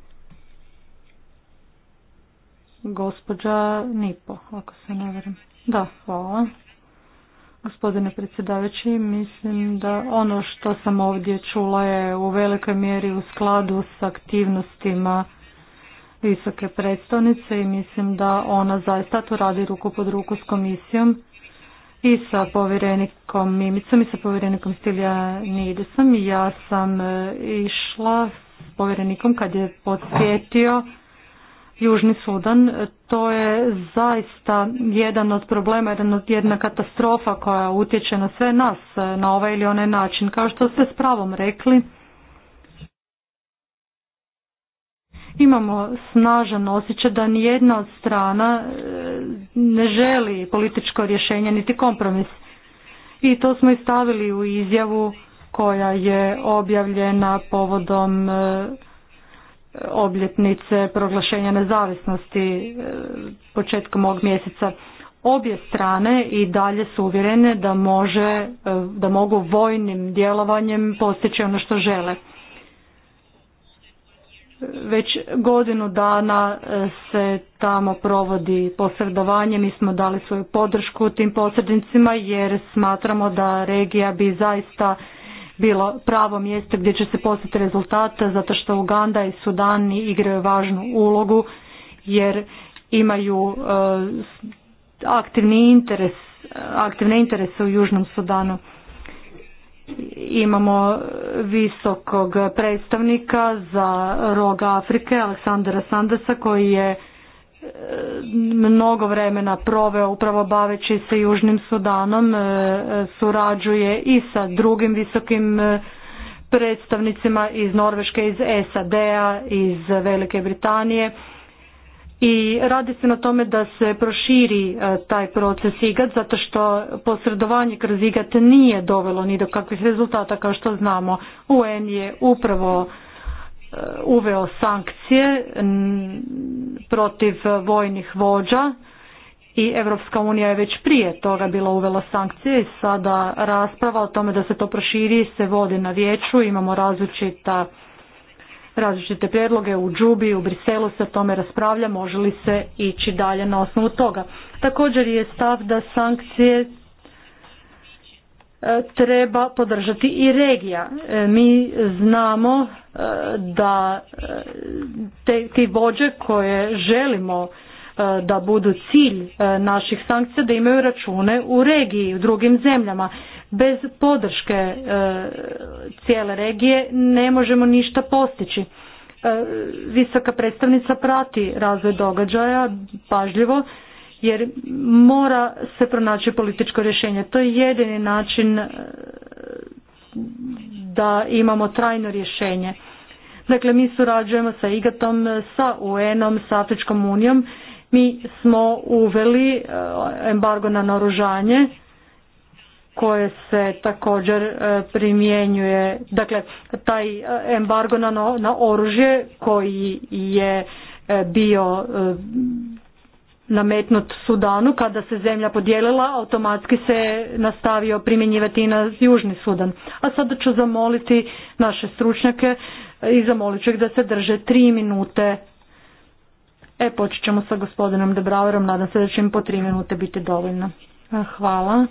Gospođa Nipo, ako se ne verim. Da, hvala. Gospodine predsjedavajući, mislim da ono što sam ovdje čula je u velikoj mjeri u skladu s aktivnostima visoke predstavnice i mislim da ona zaista tu radi ruku pod ruku s komisijom i sa povjerenikom Mimicom i sa povjerenikom Stilja Nidesom. Ja sam e, išla s povjerenikom kad je podsjetio Južni Sudan. To je zaista jedan od problema, jedan od, jedna katastrofa koja utječe na sve nas e, na ovaj ili onaj način. Kao što ste s pravom rekli, imamo snažan osjećaj da nijedna od strana e, ne želi političko rješenje niti kompromis. I to smo i stavili u izjavu koja je objavljena povodom e, obljetnice proglašenja nezavisnosti e, početkom ovog mjeseca. Obje strane i dalje su uvjerene da, može, da mogu vojnim djelovanjem postići ono što žele već godinu dana e, se tamo provodi posredovanje. Mi smo dali svoju podršku tim posrednicima jer smatramo da regija bi zaista bilo pravo mjesto gdje će se postići rezultate zato što Uganda i Sudan igraju važnu ulogu jer imaju e, aktivni interes, e, aktivne interese u Južnom Sudanu imamo visokog predstavnika za rog Afrike, Aleksandra Sandesa, koji je e, mnogo vremena proveo upravo baveći se Južnim Sudanom, e, surađuje i sa drugim visokim e, predstavnicima iz Norveške, iz SAD-a, iz Velike Britanije i radi se na tome da se proširi e, taj proces IGAT zato što posredovanje kroz IGAT nije dovelo ni do kakvih rezultata kao što znamo. UN je upravo e, uveo sankcije protiv vojnih vođa i Evropska unija je već prije toga bila uvela sankcije i sada rasprava o tome da se to proširi se vodi na vijeću, imamo različita različite prijedloge u Džubi, u Briselu se o tome raspravlja, može li se ići dalje na osnovu toga. Također je stav da sankcije e, treba podržati i regija. E, mi znamo e, da te, ti vođe koje želimo E, da budu cilj e, naših sankcija da imaju račune u regiji, u drugim zemljama. Bez podrške e, cijele regije ne možemo ništa postići. Visoka predstavnica prati razvoj događaja pažljivo jer mora se pronaći političko rješenje. To je jedini način da imamo trajno rješenje. Dakle, mi surađujemo sa IGATom, sa UN-om, sa Afričkom unijom mi smo uveli e, embargo na naružanje koje se također e, primjenjuje, dakle taj e, embargo na, na oružje koji je bio nametnut Sudanu kada se zemlja podijelila automatski se nastavio primjenjivati i na Južni Sudan. A sada ću zamoliti naše stručnjake i zamolit ću ih da se drže tri minute E, počet ćemo sa gospodinom Debrauerom, nadam se da će im po tri minute biti dovoljno. E, hvala.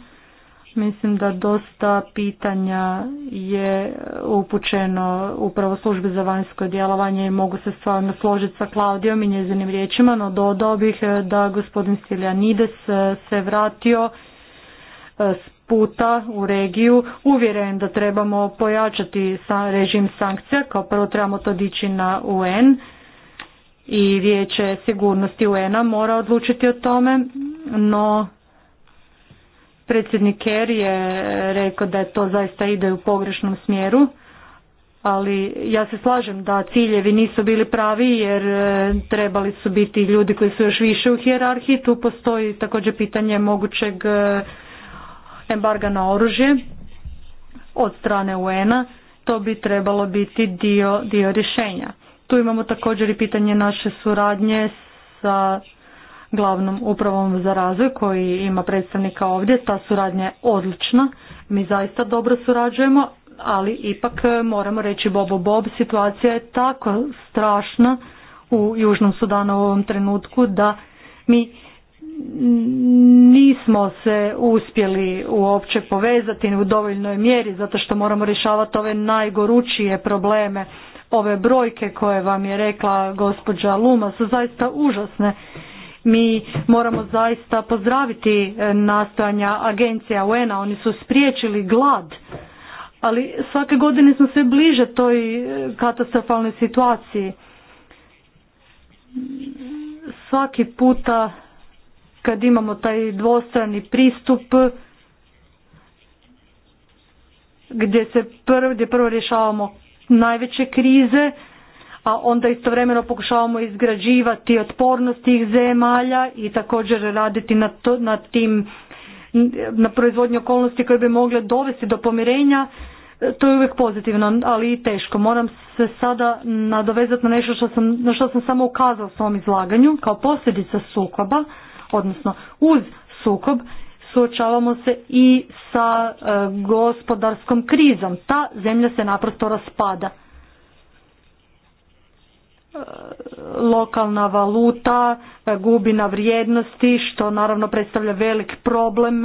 Mislim da dosta pitanja je upućeno upravo službi za vanjsko djelovanje i mogu se stvarno složiti sa Klaudijom i njezinim riječima, no dodao bih e, da gospodin Stiljanides e, se vratio s puta u regiju uvjeren da trebamo pojačati režim sankcija, kao prvo trebamo to dići na UN i vijeće sigurnosti un mora odlučiti o tome, no predsjednik Kerry je rekao da je to zaista ide u pogrešnom smjeru, ali ja se slažem da ciljevi nisu bili pravi jer e, trebali su biti ljudi koji su još više u hijerarhiji. Tu postoji također pitanje mogućeg e, embarga na oružje od strane UN-a. To bi trebalo biti dio, dio rješenja. Tu imamo također i pitanje naše suradnje sa glavnom upravom za razvoj koji ima predstavnika ovdje. Ta suradnja je odlična, mi zaista dobro surađujemo, ali ipak moramo reći Bobo Bob, situacija je tako strašna u Južnom Sudanu u ovom trenutku da mi nismo se uspjeli uopće povezati u dovoljnoj mjeri zato što moramo rješavati ove najgoručije probleme Ove brojke koje vam je rekla gospođa Luma su zaista užasne. Mi moramo zaista pozdraviti e, nastojanja agencija un oni su spriječili glad, ali svake godine smo sve bliže toj e, katastrofalnoj situaciji. Svaki puta kad imamo taj dvostrani pristup gdje se prvo, gdje prvo rješavamo najveće krize, a onda istovremeno pokušavamo izgrađivati otpornost tih zemalja i također raditi na, to, na tim na proizvodnje okolnosti koje bi mogle dovesti do pomirenja, to je uvijek pozitivno, ali i teško. Moram se sada nadovezati na nešto što sam, na što sam samo ukazao u svom izlaganju, kao posljedica sukoba, odnosno uz sukob, suočavamo se i sa e, gospodarskom krizom. Ta zemlja se naprosto raspada. E, lokalna valuta e, gubi na vrijednosti što naravno predstavlja velik problem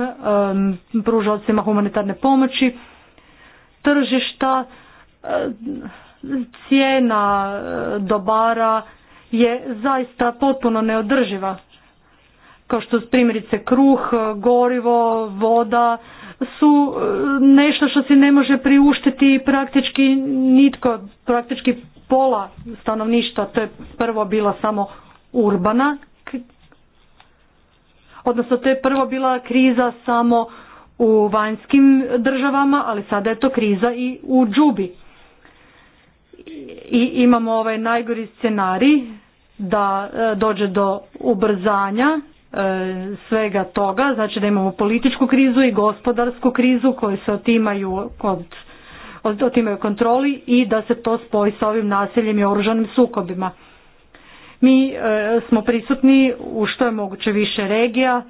pružalcima humanitarne pomoći. Tržišta, cijena dobara je zaista potpuno neodrživa kao što primjerice kruh, e, gorivo, voda su e, nešto što se ne može priuštiti praktički nitko, praktički pola stanovništva, to je prvo bila samo urbana, odnosno to je prvo bila kriza samo u vanjskim državama, ali sada je to kriza i u džubi. I imamo ovaj najgori scenarij da e, dođe do ubrzanja E, svega toga, znači da imamo političku krizu i gospodarsku krizu koje se otimaju kod otimaju kontroli i da se to spoji sa ovim nasiljem i oružanim sukobima. Mi e, smo prisutni u što je moguće više regija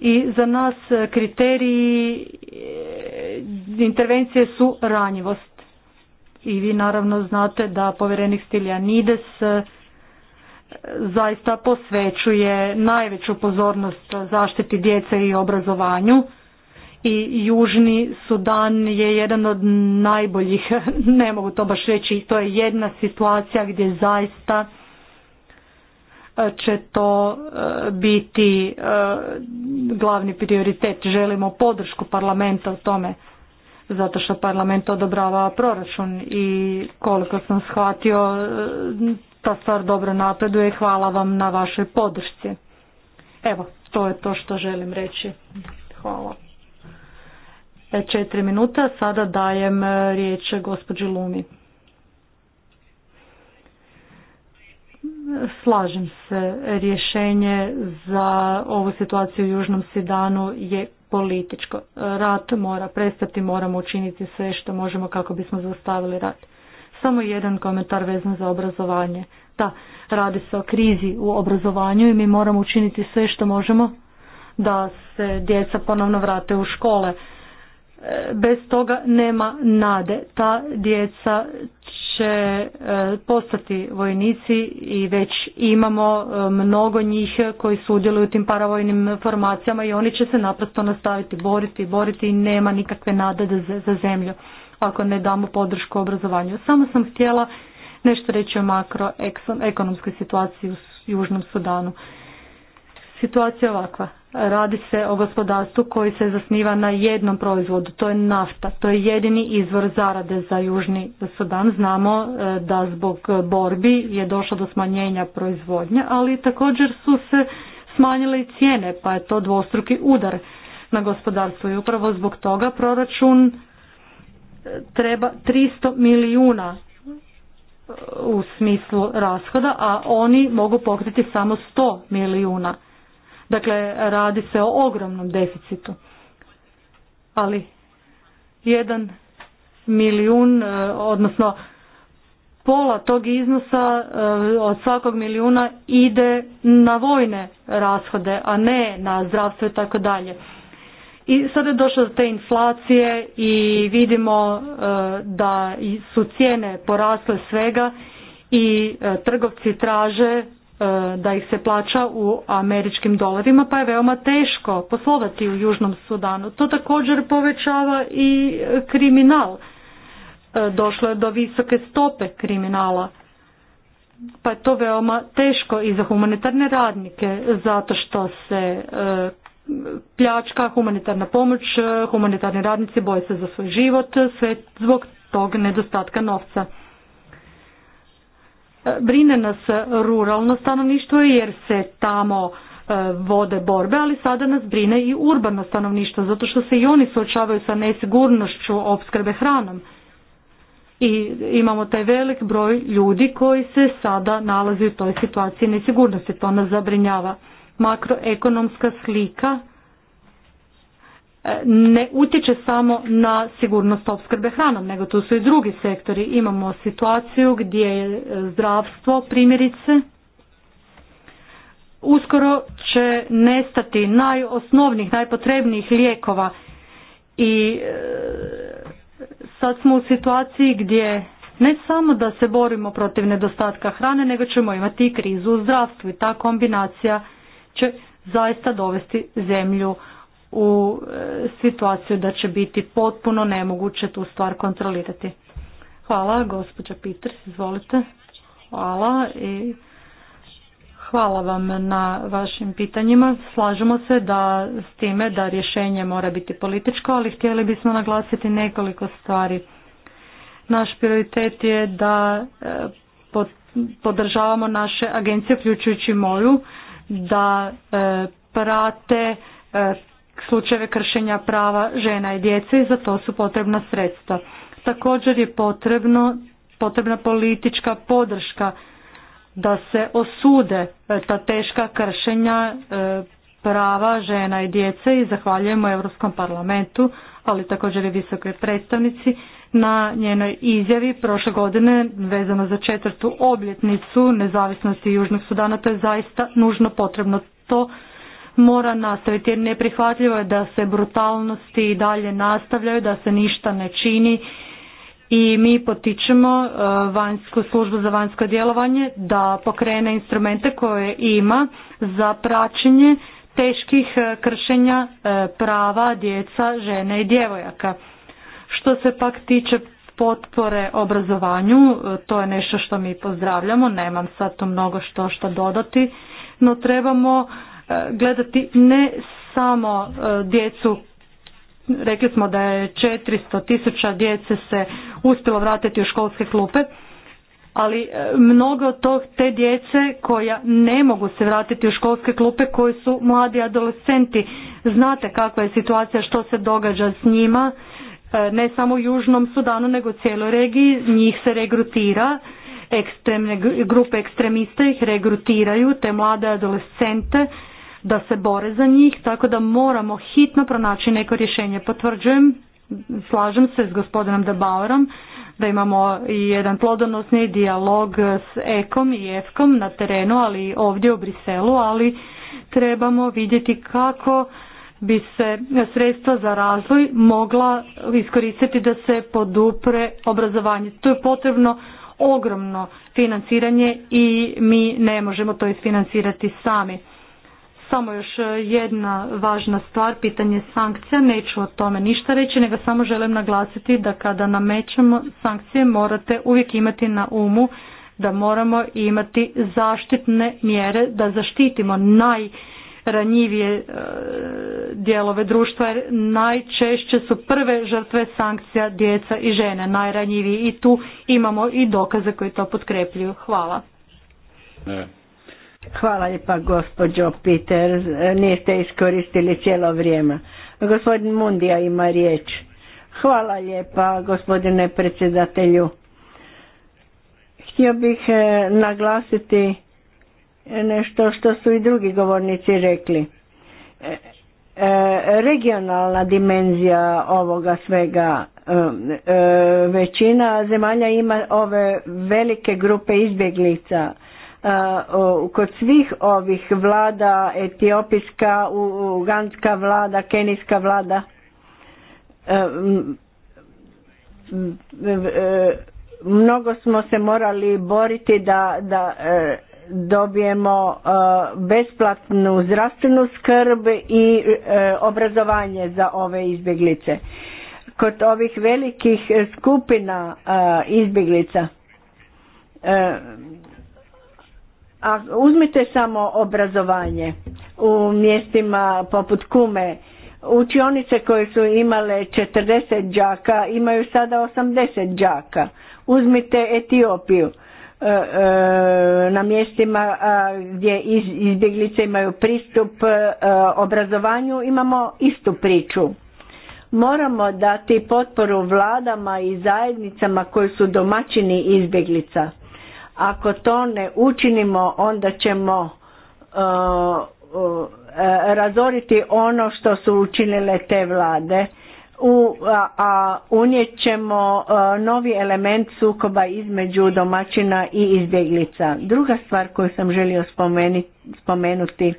i za nas kriteriji e, intervencije su ranjivost. I vi naravno znate da povjerenik Stiljanides Nides zaista posvećuje najveću pozornost zaštiti djece i obrazovanju i Južni Sudan je jedan od najboljih, ne mogu to baš reći, to je jedna situacija gdje zaista e, će to e, biti e, glavni prioritet. Želimo podršku parlamenta u tome, zato što parlament odobrava proračun i koliko sam shvatio, ta stvar dobro napreduje i hvala vam na vašoj podršci. Evo, to je to što želim reći. Hvala. E, četiri minuta, sada dajem e, riječ gospođi Lumi. Slažem se, rješenje za ovu situaciju u Južnom Sidanu je političko. Rat mora prestati, moramo učiniti sve što možemo kako bismo zastavili rat. Samo jedan komentar vezan za obrazovanje. Da, radi se o krizi u obrazovanju i mi moramo učiniti sve što možemo da se djeca ponovno vrate u škole. E, bez toga nema nade. Ta djeca će e, postati vojnici i već imamo e, mnogo njih koji sudjeluju u tim paravojnim formacijama i oni će se naprosto nastaviti boriti i boriti i nema nikakve nade za zemlju ako ne damo podršku obrazovanju. Samo sam htjela nešto reći o makroekonomskoj situaciji u Južnom Sudanu. Situacija je ovakva. Radi se o gospodarstvu koji se zasniva na jednom proizvodu, to je nafta. To je jedini izvor zarade za Južni Sudan. Znamo e, da zbog borbi je došlo do smanjenja proizvodnje, ali također su se smanjile i cijene, pa je to dvostruki udar na gospodarstvo i upravo zbog toga proračun treba 300 milijuna e, u smislu rashoda, a oni mogu pokriti samo 100 milijuna. Dakle, radi se o ogromnom deficitu. Ali, jedan milijun, e, odnosno pola tog iznosa e, od svakog milijuna ide na vojne rashode, a ne na zdravstvo i tako dalje. I sada je došlo do te inflacije i vidimo e, da su cijene porasle svega i e, trgovci traže e, da ih se plaća u američkim dolarima, pa je veoma teško poslovati u Južnom Sudanu. To također povećava i kriminal. Došlo je do visoke stope kriminala. Pa je to veoma teško i za humanitarne radnike, zato što se pljačka, humanitarna pomoć, humanitarni radnici boje se za svoj život, sve zbog tog nedostatka novca. Brine nas ruralno stanovništvo jer se tamo e, vode borbe, ali sada nas brine i urbano stanovništvo, zato što se i oni suočavaju sa nesigurnošću opskrbe hranom. I imamo taj velik broj ljudi koji se sada nalazi u toj situaciji nesigurnosti, to nas zabrinjava makroekonomska slika eh, ne utječe samo na sigurnost opskrbe hranom, nego tu su i drugi sektori. Imamo situaciju gdje je eh, zdravstvo, primjerice, uskoro će nestati najosnovnijih, najpotrebnijih lijekova i eh, sad smo u situaciji gdje ne samo da se borimo protiv nedostatka hrane, nego ćemo imati i krizu u zdravstvu i ta kombinacija će zaista dovesti zemlju u e, situaciju da će biti potpuno nemoguće tu stvar kontrolirati. Hvala, gospođa Peters, izvolite. Hvala i hvala vam na vašim pitanjima. Slažemo se da s time da rješenje mora biti političko, ali htjeli bismo naglasiti nekoliko stvari. Naš prioritet je da e, podržavamo naše agencije, uključujući moju, da e, prate e, slučajeve kršenja prava žena i djece i za to su potrebna sredstva. Također je potrebno, potrebna politička podrška da se osude e, ta teška kršenja prava žena i djece i zahvaljujemo Europskom parlamentu, ali također i visokoj predstavnici na njenoj izjavi prošle godine vezano za četvrtu obljetnicu nezavisnosti Južnog Sudana. To je zaista nužno potrebno. To mora nastaviti jer neprihvatljivo je da se brutalnosti i dalje nastavljaju, da se ništa ne čini i mi potičemo e, vanjsku službu za vanjsko djelovanje da pokrene instrumente koje ima za praćenje teških e, kršenja e, prava djeca, žene i djevojaka. Što se pak tiče potpore obrazovanju, e, to je nešto što mi pozdravljamo, nemam sad tu mnogo što što dodati, no trebamo e, gledati ne samo e, djecu rekli smo da je 400 tisuća djece se uspjelo vratiti u školske klupe, ali mnogo od tog te djece koja ne mogu se vratiti u školske klupe, koji su mladi adolescenti, znate kakva je situacija, što se događa s njima, E, ne samo u Južnom Sudanu nego u cijeloj regiji, njih se regrutira, ekstremne, grupe ekstremista ih regrutiraju, te mlade adolescente da se bore za njih, tako da moramo hitno pronaći neko rješenje. Potvrđujem, slažem se s gospodinom Debaurom, da imamo i jedan plodonosni dijalog s EKOM i EFKOM na terenu, ali ovdje u Briselu, ali trebamo vidjeti kako bi se sredstva za razvoj mogla iskoristiti da se podupre obrazovanje. To je potrebno ogromno financiranje i mi ne možemo to isfinancirati sami. Samo još jedna važna stvar, pitanje sankcija, neću o tome ništa reći, nego samo želim naglasiti da kada namećemo sankcije morate uvijek imati na umu da moramo imati zaštitne mjere da zaštitimo naj najranjivije e, dijelove društva jer najčešće su prve žrtve sankcija djeca i žene najranjiviji i tu imamo i dokaze koji to potkrepljuju. Hvala. Ne. Hvala lijepa gospođo Peter, niste iskoristili cijelo vrijeme. Gospodin Mundija ima riječ. Hvala lijepa gospodine predsjedatelju. Htio bih e, naglasiti nešto što su i drugi govornici rekli. E, e, regionalna dimenzija ovoga svega e, većina zemalja ima ove velike grupe izbjeglica kod svih ovih vlada etiopijska, ugandska vlada, kenijska vlada mnogo smo se morali boriti da, da dobijemo e, besplatnu zdravstvenu skrb i e, obrazovanje za ove izbjeglice. Kod ovih velikih skupina e, izbjeglica a uzmite samo obrazovanje u mjestima poput Kume učionice koje su imale 40 džaka imaju sada 80 džaka. uzmite Etiopiju E, e, na mjestima e, gdje izbjeglice imaju pristup obrazovanju imamo istu priču. Moramo dati potporu vladama i zajednicama koji su domaćini izbjeglica. Ako to ne učinimo onda ćemo razoriti ono što su učinile te vlade u, a, a unijet ćemo e, novi element sukoba između domaćina i izbjeglica. Druga stvar koju sam želio spomenuti, spomenuti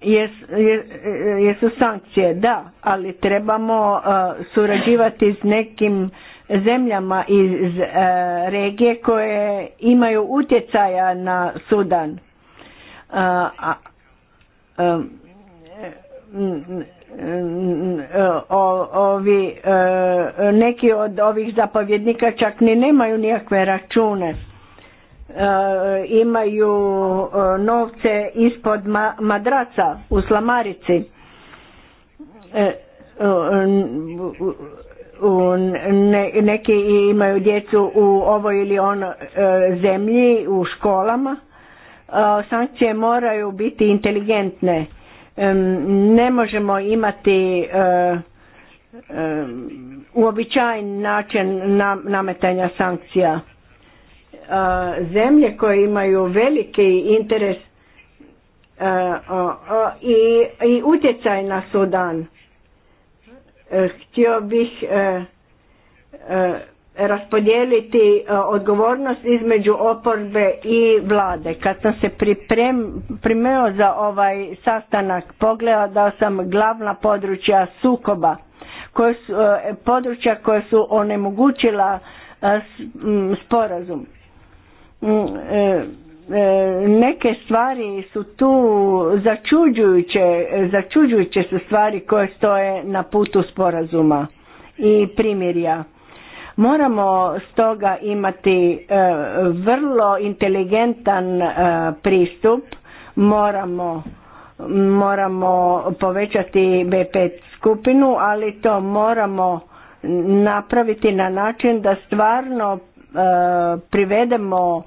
jesu je, sankcije, da, ali trebamo e, surađivati s nekim zemljama iz e, regije koje imaju utjecaja na Sudan. a o, ovi, e, neki od ovih zapovjednika čak ni nemaju nikakve račune. E, imaju e, novce ispod madraca u slamarici. Neki imaju djecu u ovoj ili onoj zemlji, u školama. Sankcije moraju biti inteligentne ne možemo imati e, e, uobičajen način nametanja sankcija. E, zemlje koje imaju veliki interes i, i utjecaj na Sudan. Htio bih raspodijeliti e, odgovornost između oporbe i vlade. Kad sam se pripremio za ovaj sastanak, pogledao sam glavna područja sukoba, koje su, e, područja koja su onemogućila e, sporazum. Mm, neke stvari su tu začuđujuće, začuđujuće su stvari koje stoje na putu sporazuma i primirja. Moramo stoga imati e, vrlo inteligentan e, pristup, moramo moramo povećati B5 skupinu, ali to moramo napraviti na način da stvarno e, privedemo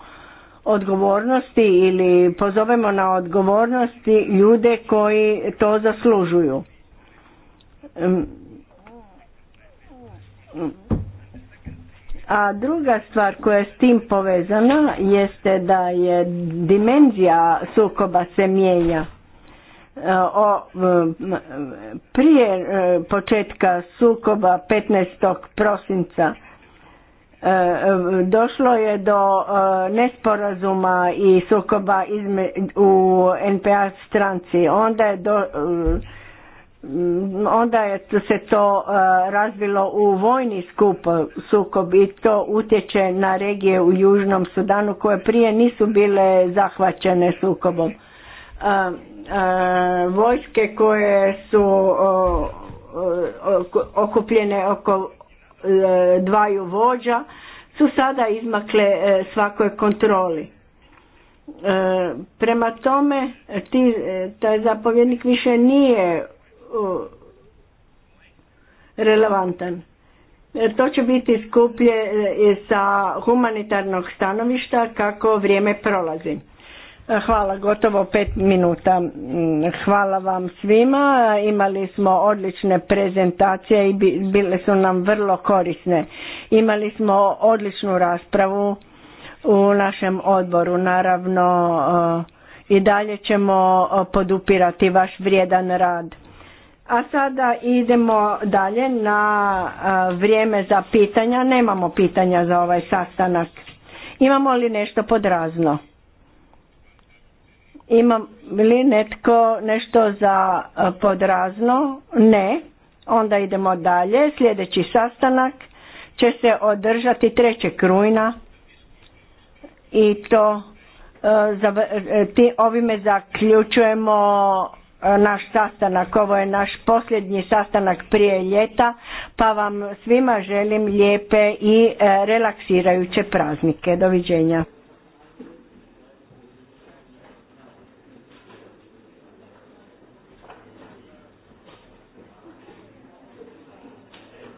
odgovornosti ili pozovemo na odgovornosti ljude koji to zaslužuju. A druga stvar koja je s tim povezana jeste da je dimenzija sukoba se mijenja. E, o, prije e, početka sukoba 15. prosinca e, došlo je do nesporazuma i sukoba u NPA stranci. Onda je do, Mm, onda je se to e, razvilo u vojni skup, e, sukob i to utječe na regije u Južnom Sudanu koje prije nisu bile zahvaćene sukobom. E, vojske koje su okupljene oko dvaju vođa su sada izmakle svakoj kontroli. Prema tome, taj zapovjednik više nije Uh, relevantan. E, to će biti skuplje e, sa humanitarnog stanovišta kako vrijeme prolazi. E, hvala, gotovo pet minuta. Mm, hvala vam svima, imali smo odlične prezentacije i bile su nam vrlo korisne. Imali smo odličnu raspravu u našem odboru, naravno i dalje ćemo podupirati vaš vrijedan rad. A sada idemo dalje na vrijeme za pitanja. Nemamo pitanja za ovaj sastanak. Imamo li nešto podrazno? Imamo li netko nešto za podrazno? Ne. Onda idemo dalje. Sljedeći sastanak će se održati 3. rujna i to ovime zaključujemo naš sastanak. Ovo je naš posljednji sastanak prije ljeta, pa vam svima želim lijepe i e, relaksirajuće praznike. Doviđenja.